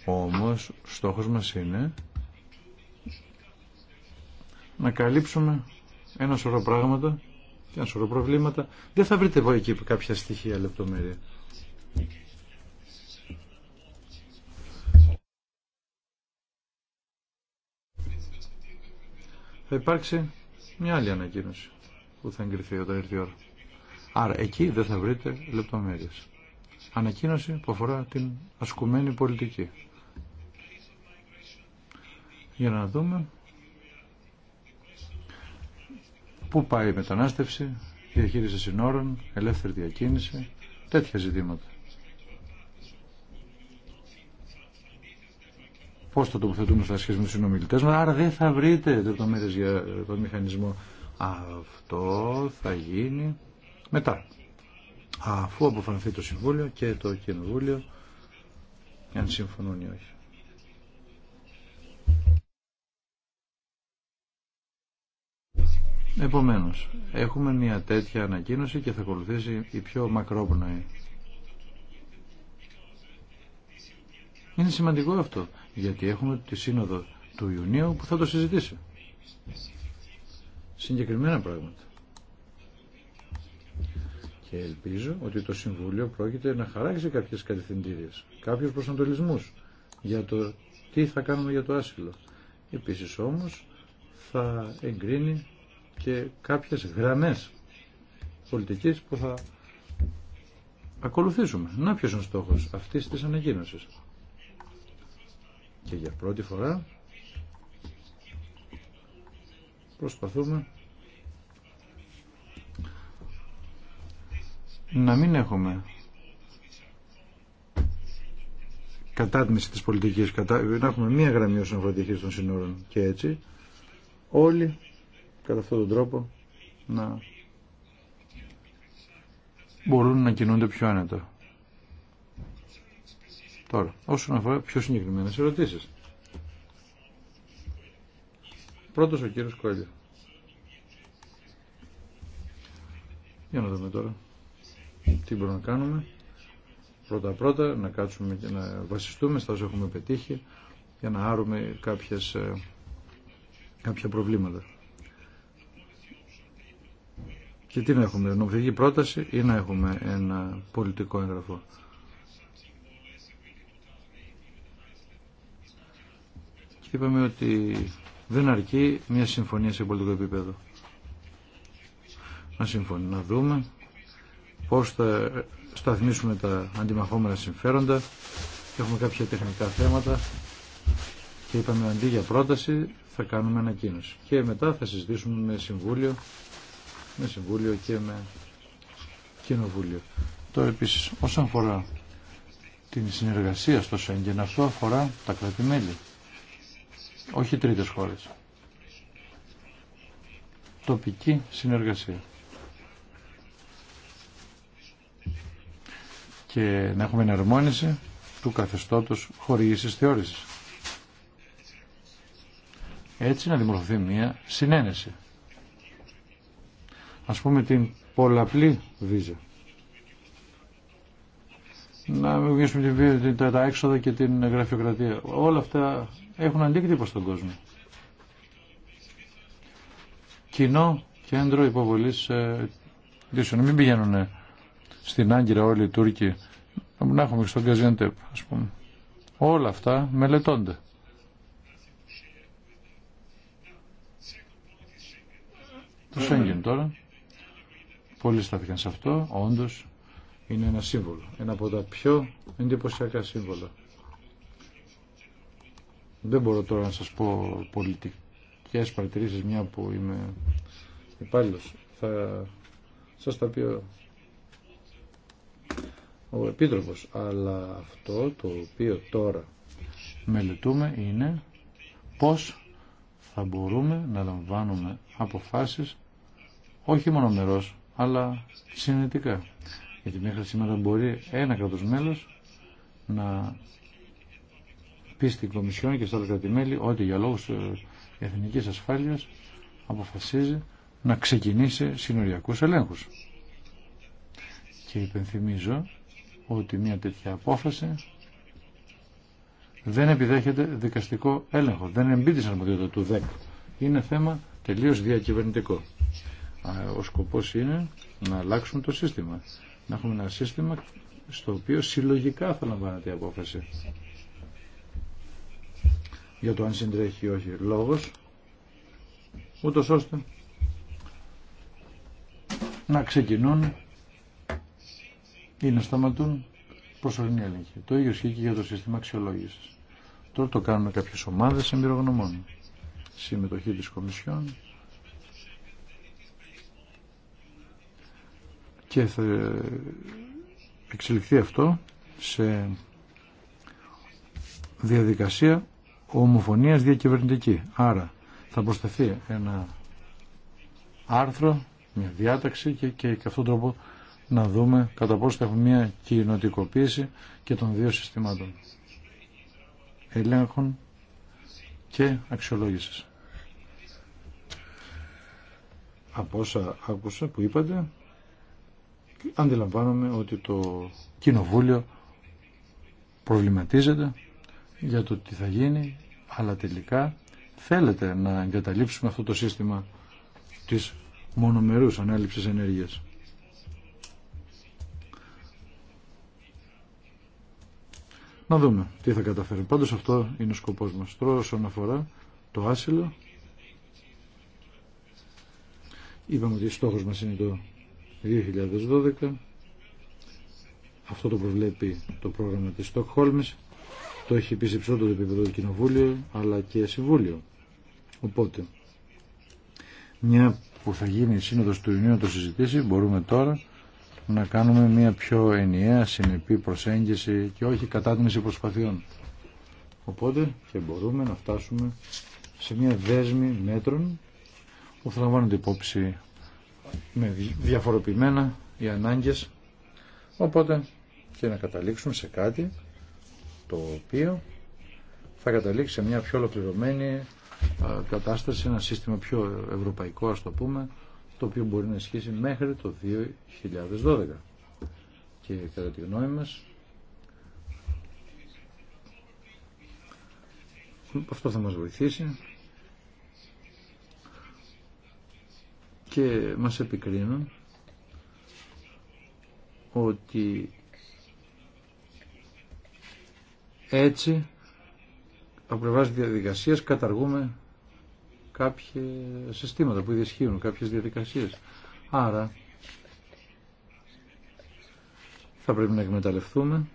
Speaker 3: Όμως στόχος μας είναι να καλύψουμε ένα σωρό πράγματα και ένα σωρό προβλήματα. Δεν θα βρείτε εγώ εκεί κάποια στοιχεία λεπτομέρεια. θα υπάρξει μια άλλη ανακοίνωση που θα εγκριθεί όταν ήρθε η ώρα. Άρα εκεί δεν θα βρείτε λεπτομέρειες. Ανακοίνωση που αφορά την ασκουμένη πολιτική. Για να δούμε πού πάει η μετανάστευση, διαχείριση συνόρων, ελεύθερη διακίνηση, τέτοια ζητήματα. πώ θα τοποθετούμε στα σχέση με του συνομιλητέ μα. Άρα δεν θα βρείτε λεπτομέρειε για τον μηχανισμό. Αυτό θα γίνει μετά. Αφού αποφανθεί το Συμβούλιο και το Κοινοβούλιο, αν συμφωνούν ή όχι. Επομένως, έχουμε μια τέτοια ανακοίνωση και θα ακολουθήσει η πιο μακρόπνοη. Είναι σημαντικό αυτό, γιατί έχουμε τη σύνοδο του Ιουνίου που θα το συζητήσει. Συγκεκριμένα πράγματα. Και ελπίζω ότι το Συμβούλιο πρόκειται να χαράξει κάποιες κατευθυντήριες, κάποιους προσανατολισμούς για το τι θα κάνουμε για το άσυλο. Επίσης όμως θα εγκρίνει και κάποιες γραμμές πολιτικής που θα ακολουθήσουμε. Να ποιος είναι ο στόχος αυτής της ανακοίνωσης. Και για πρώτη φορά προσπαθούμε να μην έχουμε κατάτμιση της πολιτικής, να έχουμε μία γραμμή όσον αφορά τη των συνόρων και έτσι όλοι κατά αυτόν τον τρόπο να μπορούν να κινούνται πιο άνετα. Τώρα, όσον αφορά πιο συγκεκριμένε ερωτήσει. Πρώτος ο κύριος Κόλλιο. Για να δούμε τώρα τι μπορούμε να κάνουμε. Πρώτα-πρώτα να κάτσουμε και να βασιστούμε στα όσα έχουμε πετύχει για να άρουμε κάποιες, ε, κάποια προβλήματα. Και τι να έχουμε, νομοθετική πρόταση ή να έχουμε ένα πολιτικό έγγραφο. και είπαμε ότι δεν αρκεί μια συμφωνία σε πολιτικό επίπεδο. Να συμφωνεί, να δούμε πώς θα σταθμίσουμε τα αντιμαχόμενα συμφέροντα. Έχουμε κάποια τεχνικά θέματα και είπαμε αντί για πρόταση θα κάνουμε ανακοίνωση. Και μετά θα συζητήσουμε με συμβούλιο, με συμβούλιο και με κοινοβούλιο. Τώρα επίσης όσον αφορά την συνεργασία στο Σέγγεν αυτό αφορά τα κρατημέλη όχι τρίτες χώρες. Τοπική συνεργασία. Και να έχουμε εναρμόνιση του καθεστώτος χορηγήσης θεώρησης. Έτσι να δημορφωθεί μια συνένεση. Ας πούμε την πολλαπλή βίζα να βγήσουμε την τα έξοδα και την γραφειοκρατία. Όλα αυτά έχουν αντίκτυπο στον κόσμο. Κοινό κέντρο υποβολή, ε, ειδήσεων. Μην πηγαίνουν ε, στην Άγκυρα όλοι οι Τούρκοι να έχουμε στον Καζιαντέπ, α πούμε. Όλα αυτά μελετώνται. Το Σέγγεν τώρα. Πολλοί στάθηκαν σε αυτό, όντως είναι ένα σύμβολο, ένα από τα πιο εντυπωσιακά σύμβολα. Δεν μπορώ τώρα να σας πω πολιτικές παρατηρήσεις μια που είμαι υπάλληλο. Θα σας τα πει ο, ο Επίτροπος. Αλλά αυτό το οποίο τώρα μελετούμε είναι πώς θα μπορούμε να λαμβάνουμε αποφάσεις όχι μονομερός αλλά συνετικά. Γιατί μέχρι σήμερα μπορεί ένα κράτος μέλος να πει στην Κομισιόν και στα άλλα κράτη-μέλη ότι για λόγους ε, εθνικής ασφάλειας αποφασίζει να ξεκινήσει συνοριακούς ελέγχους. Και υπενθυμίζω ότι μια τέτοια απόφαση δεν επιδέχεται δικαστικό έλεγχο. Δεν εμπίπτει στην αρμοδιότητα του ΔΕΚ. Είναι θέμα τελείως διακυβερνητικό. Ο σκοπό είναι να αλλάξουν το σύστημα να έχουμε ένα σύστημα στο οποίο συλλογικά θα λαμβάνεται η απόφαση για το αν συντρέχει ή όχι λόγος ούτως ώστε να ξεκινούν ή να σταματούν προσωρινή έλεγχη. Το ίδιο ισχύει για το σύστημα αξιολόγηση. Τώρα το κάνουμε κάποιε ομάδε εμπειρογνωμών. Συμμετοχή τη Κομισιόν, και θα εξελιχθεί αυτό σε διαδικασία ομοφωνίας διακυβερνητική. Άρα θα προσθεθεί ένα άρθρο, μια διάταξη και, και και αυτόν τον τρόπο να δούμε κατά πόσο θα έχουμε μια κοινοτικοποίηση και των δύο συστημάτων ελέγχων και αξιολόγησης. Από όσα άκουσα που είπατε, αντιλαμβάνομαι ότι το Κοινοβούλιο προβληματίζεται για το τι θα γίνει, αλλά τελικά θέλετε να εγκαταλείψουμε αυτό το σύστημα της μονομερούς ανάληψης ενέργειας. Να δούμε τι θα καταφέρουμε. Πάντως αυτό είναι ο σκοπός μας. Τώρα όσον αφορά το άσυλο, είπαμε ότι στόχος μας είναι το 2012. Αυτό το προβλέπει το πρόγραμμα της Στοκχόλμης. Το έχει πει σε ψηλότερο επίπεδο Κοινοβούλιο αλλά και Συμβούλιο. Οπότε, μια που θα γίνει η Σύνοδος του Ιουνίου να το συζητήσει, μπορούμε τώρα να κάνουμε μια πιο ενιαία συνεπή προσέγγιση και όχι κατάτμιση προσπαθειών. Οπότε και μπορούμε να φτάσουμε σε μια δέσμη μέτρων που θα λαμβάνονται υπόψη με διαφοροποιημένα οι ανάγκες οπότε και να καταλήξουμε σε κάτι το οποίο θα καταλήξει σε μια πιο ολοκληρωμένη κατάσταση, ένα σύστημα πιο ευρωπαϊκό ας το πούμε το οποίο μπορεί να ισχύσει μέχρι το 2012 και κατά τη γνώμη μας αυτό θα μας βοηθήσει και μας επικρίνουν ότι έτσι από πλευράς διαδικασίας καταργούμε κάποια συστήματα που ισχύουν, κάποιες διαδικασίες. Άρα θα πρέπει να εκμεταλλευτούμε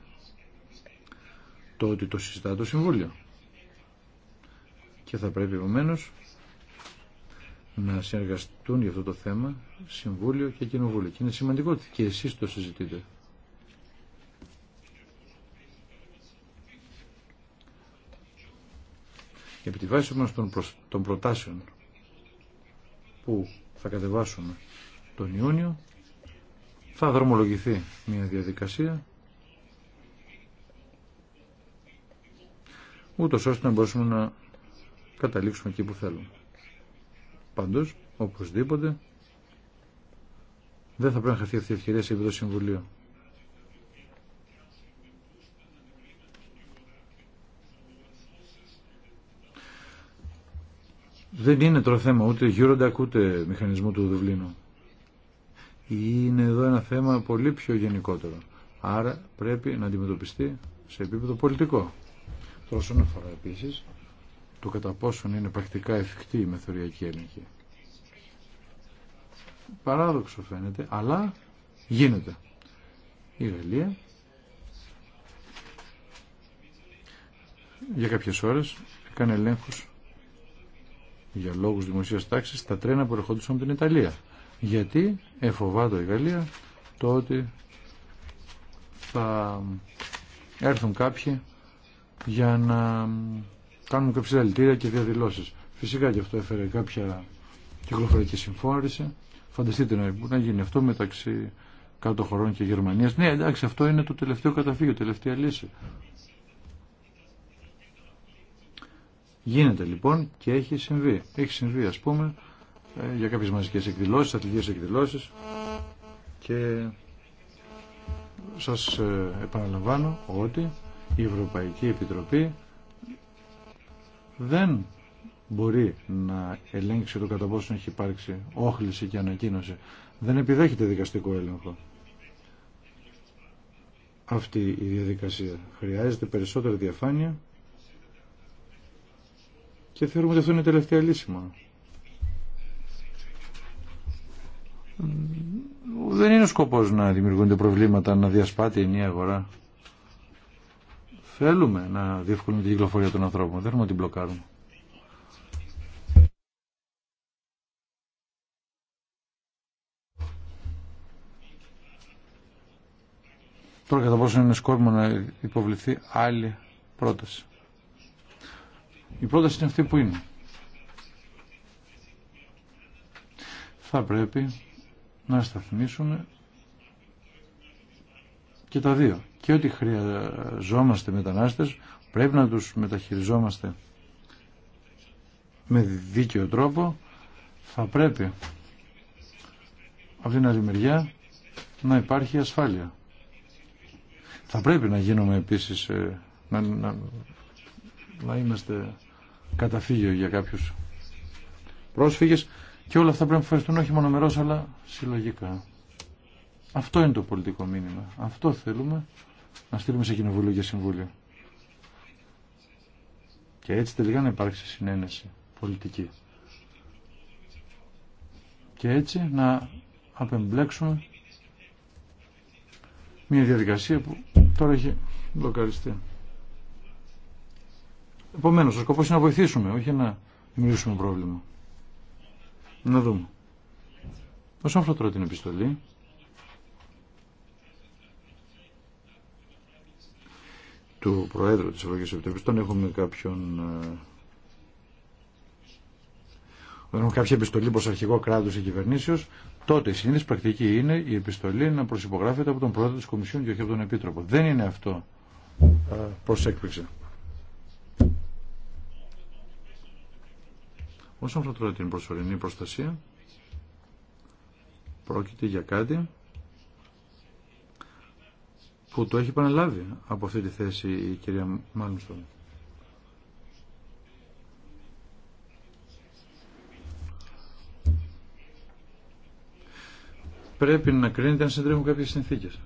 Speaker 3: το ότι το συζητά το Συμβούλιο. Και θα πρέπει επομένως να συνεργαστούν για αυτό το θέμα Συμβούλιο και Κοινοβούλιο. Και είναι σημαντικό ότι και εσείς το συζητείτε. Και επί τη βάση μας των, προτάσεων που θα κατεβάσουμε τον Ιούνιο θα δρομολογηθεί μια διαδικασία ούτως ώστε να μπορέσουμε να καταλήξουμε εκεί που θέλουμε. Πάντως, οπωσδήποτε, δεν θα πρέπει να χαθεί αυτή η ευκαιρία σε επίπεδο Συμβουλίου. Δεν είναι τώρα θέμα ούτε Eurodac ούτε μηχανισμού του Δουβλίνου. Είναι εδώ ένα θέμα πολύ πιο γενικότερο. Άρα πρέπει να αντιμετωπιστεί σε επίπεδο πολιτικό. Τώρα όσον αφορά επίσης το κατά πόσον είναι πρακτικά εφικτή η μεθοριακή έλεγχη. Παράδοξο φαίνεται, αλλά γίνεται. Η Γαλλία για κάποιες ώρες έκανε ελέγχους για λόγους δημοσίας τάξης τα τρένα που ερχόντουσαν από την Ιταλία. Γιατί εφοβάτω η Γαλλία το ότι θα έρθουν κάποιοι για να κάνουν κάποια συλλαλητήρια και διαδηλώσει. Φυσικά και αυτό έφερε κάποια κυκλοφορική συμφόρηση. Φανταστείτε να, να γίνει αυτό μεταξύ κάτω χωρών και Γερμανίας. Ναι, εντάξει, αυτό είναι το τελευταίο καταφύγιο, τελευταία λύση. Γίνεται λοιπόν και έχει συμβεί. Έχει συμβεί ας πούμε ε, για κάποιες μαζικές εκδηλώσεις, αθλητικές εκδηλώσεις και σας ε, επαναλαμβάνω ότι η Ευρωπαϊκή Επιτροπή δεν μπορεί να ελέγξει το κατά πόσο έχει υπάρξει όχληση και ανακοίνωση. Δεν επιδέχεται δικαστικό έλεγχο. Αυτή η διαδικασία χρειάζεται περισσότερη διαφάνεια και θεωρούμε ότι αυτό είναι η τελευταία λύση μόνο. Δεν είναι ο σκοπός να δημιουργούνται προβλήματα, να διασπάται η νέα αγορά. Θέλουμε να διευκολύνουμε την κυκλοφορία των ανθρώπων. Δεν θέλουμε να την μπλοκάρουμε. Τώρα κατά πόσο είναι σκόρμο να υποβληθεί άλλη πρόταση. Η πρόταση είναι αυτή που είναι. Θα πρέπει να σταθμίσουμε και τα δύο. Και ό,τι χρειαζόμαστε μετανάστες πρέπει να τους μεταχειριζόμαστε με δίκαιο τρόπο. Θα πρέπει από την άλλη μεριά να υπάρχει ασφάλεια. Θα πρέπει να γίνουμε επίσης, ε, να, να, είμαστε καταφύγιο για κάποιους πρόσφυγες και όλα αυτά πρέπει να φοριστούν όχι μονομερός αλλά συλλογικά. Αυτό είναι το πολιτικό μήνυμα. Αυτό θέλουμε να στείλουμε σε κοινοβούλιο και συμβούλιο. Και έτσι τελικά να υπάρξει συνένεση πολιτική. Και έτσι να απεμπλέξουμε μια διαδικασία που τώρα έχει μπλοκαριστεί. Επομένως, ο σκοπός είναι να βοηθήσουμε, όχι να δημιουργήσουμε πρόβλημα. Να δούμε. Πώς αφορά την επιστολή, του Προέδρου της Ευρωπαϊκής Επιτροπής. Τον έχουμε κάποιον... Όταν ε, έχουμε κάποια επιστολή προς αρχηγό κράτους ή κυβερνήσεως, τότε η συνήθις πρακτική είναι η επιστολή να προσυπογράφεται από τον Πρόεδρο της Κομισιόν και όχι από τον Επίτροπο. Δεν είναι αυτό ε, προς έκπληξη. Όσον αφορά τώρα την προσωρινή προστασία, πρόκειται για κάτι που το έχει επαναλάβει από αυτή τη θέση η κυρία Μάλμστον. Πρέπει να κρίνεται αν συντρέχουν κάποιες συνθήκες.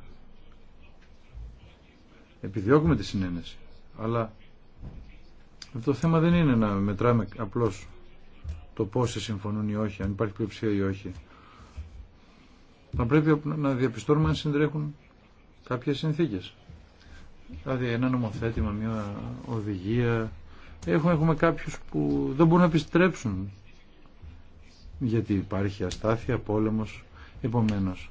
Speaker 3: Επιδιώκουμε τη συνένεση, αλλά το θέμα δεν είναι να μετράμε απλώς το πόσοι συμφωνούν ή όχι, αν υπάρχει πλειοψηφία ή όχι. Θα πρέπει να διαπιστώνουμε αν συντρέχουν κάποιες συνθήκες. Δηλαδή ένα νομοθέτημα, μια οδηγία. Έχουμε, έχουμε κάποιους που δεν μπορούν να επιστρέψουν γιατί υπάρχει αστάθεια, πόλεμος, επομένως.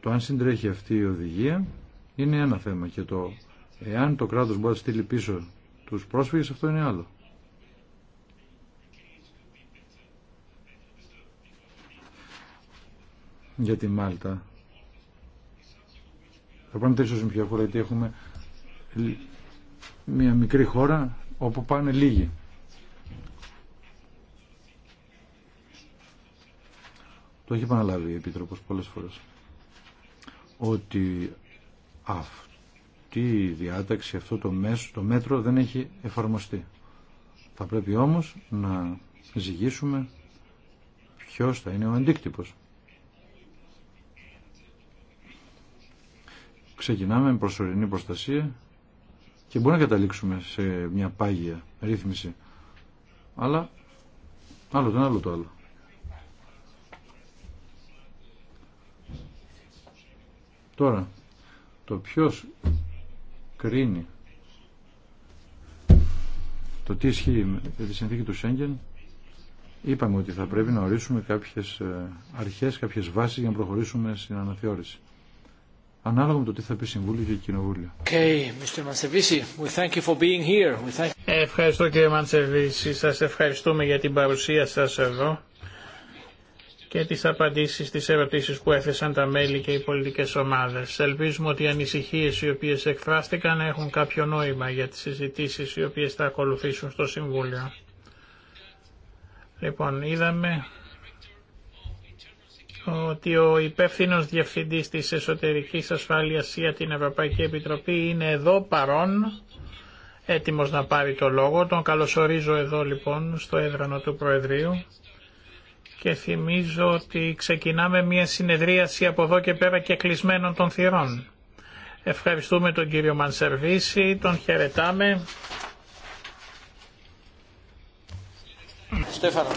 Speaker 3: Το αν συντρέχει αυτή η οδηγία είναι ένα θέμα και το εάν το κράτος μπορεί να στείλει πίσω τους πρόσφυγες αυτό είναι άλλο. για τη Μάλτα. Θα πάμε τρεις πιο χώρα, γιατί έχουμε μια μικρή χώρα όπου πάνε λίγοι. Το έχει επαναλάβει η Επίτροπος πολλές φορές. Ότι αυτή η διάταξη, αυτό το, μέσο, το μέτρο δεν έχει εφαρμοστεί. Θα πρέπει όμως να ζυγίσουμε ποιος θα είναι ο αντίκτυπος. ξεκινάμε με προσωρινή προστασία και μπορεί να καταλήξουμε σε μια πάγια ρύθμιση. Αλλά άλλο το άλλο το άλλο. Τώρα, το ποιος κρίνει το τι ισχύει με τη συνθήκη του Σέγγεν είπαμε ότι θα πρέπει να ορίσουμε κάποιες ε, αρχές, κάποιες βάσεις για να προχωρήσουμε στην αναθεώρηση ανάλογα με το τι θα πει Συμβούλιο και Κοινοβούλιο.
Speaker 2: Okay, Mr. We thank you for being here. We thank... Ευχαριστώ κύριε Μανσεβίση. σας ευχαριστούμε για την παρουσία σας εδώ και τις απαντήσεις στις ερωτήσεις που έθεσαν τα μέλη και οι πολιτικές ομάδες. Ελπίζουμε ότι οι ανησυχίες οι οποίες εκφράστηκαν έχουν κάποιο νόημα για τις συζητήσεις οι οποίες θα ακολουθήσουν στο Συμβούλιο. Λοιπόν, είδαμε ότι ο υπεύθυνο διευθυντή της εσωτερική ασφάλεια για την Ευρωπαϊκή Επιτροπή είναι εδώ παρόν, Έτοιμο να πάρει το λόγο. Τον καλωσορίζω εδώ λοιπόν στο έδρανο του Προεδρείου και θυμίζω ότι ξεκινάμε μια συνεδρίαση από εδώ και πέρα και κλεισμένων των θυρών. Ευχαριστούμε τον κύριο Μανσερβίση, τον χαιρετάμε.
Speaker 4: Στέφανο.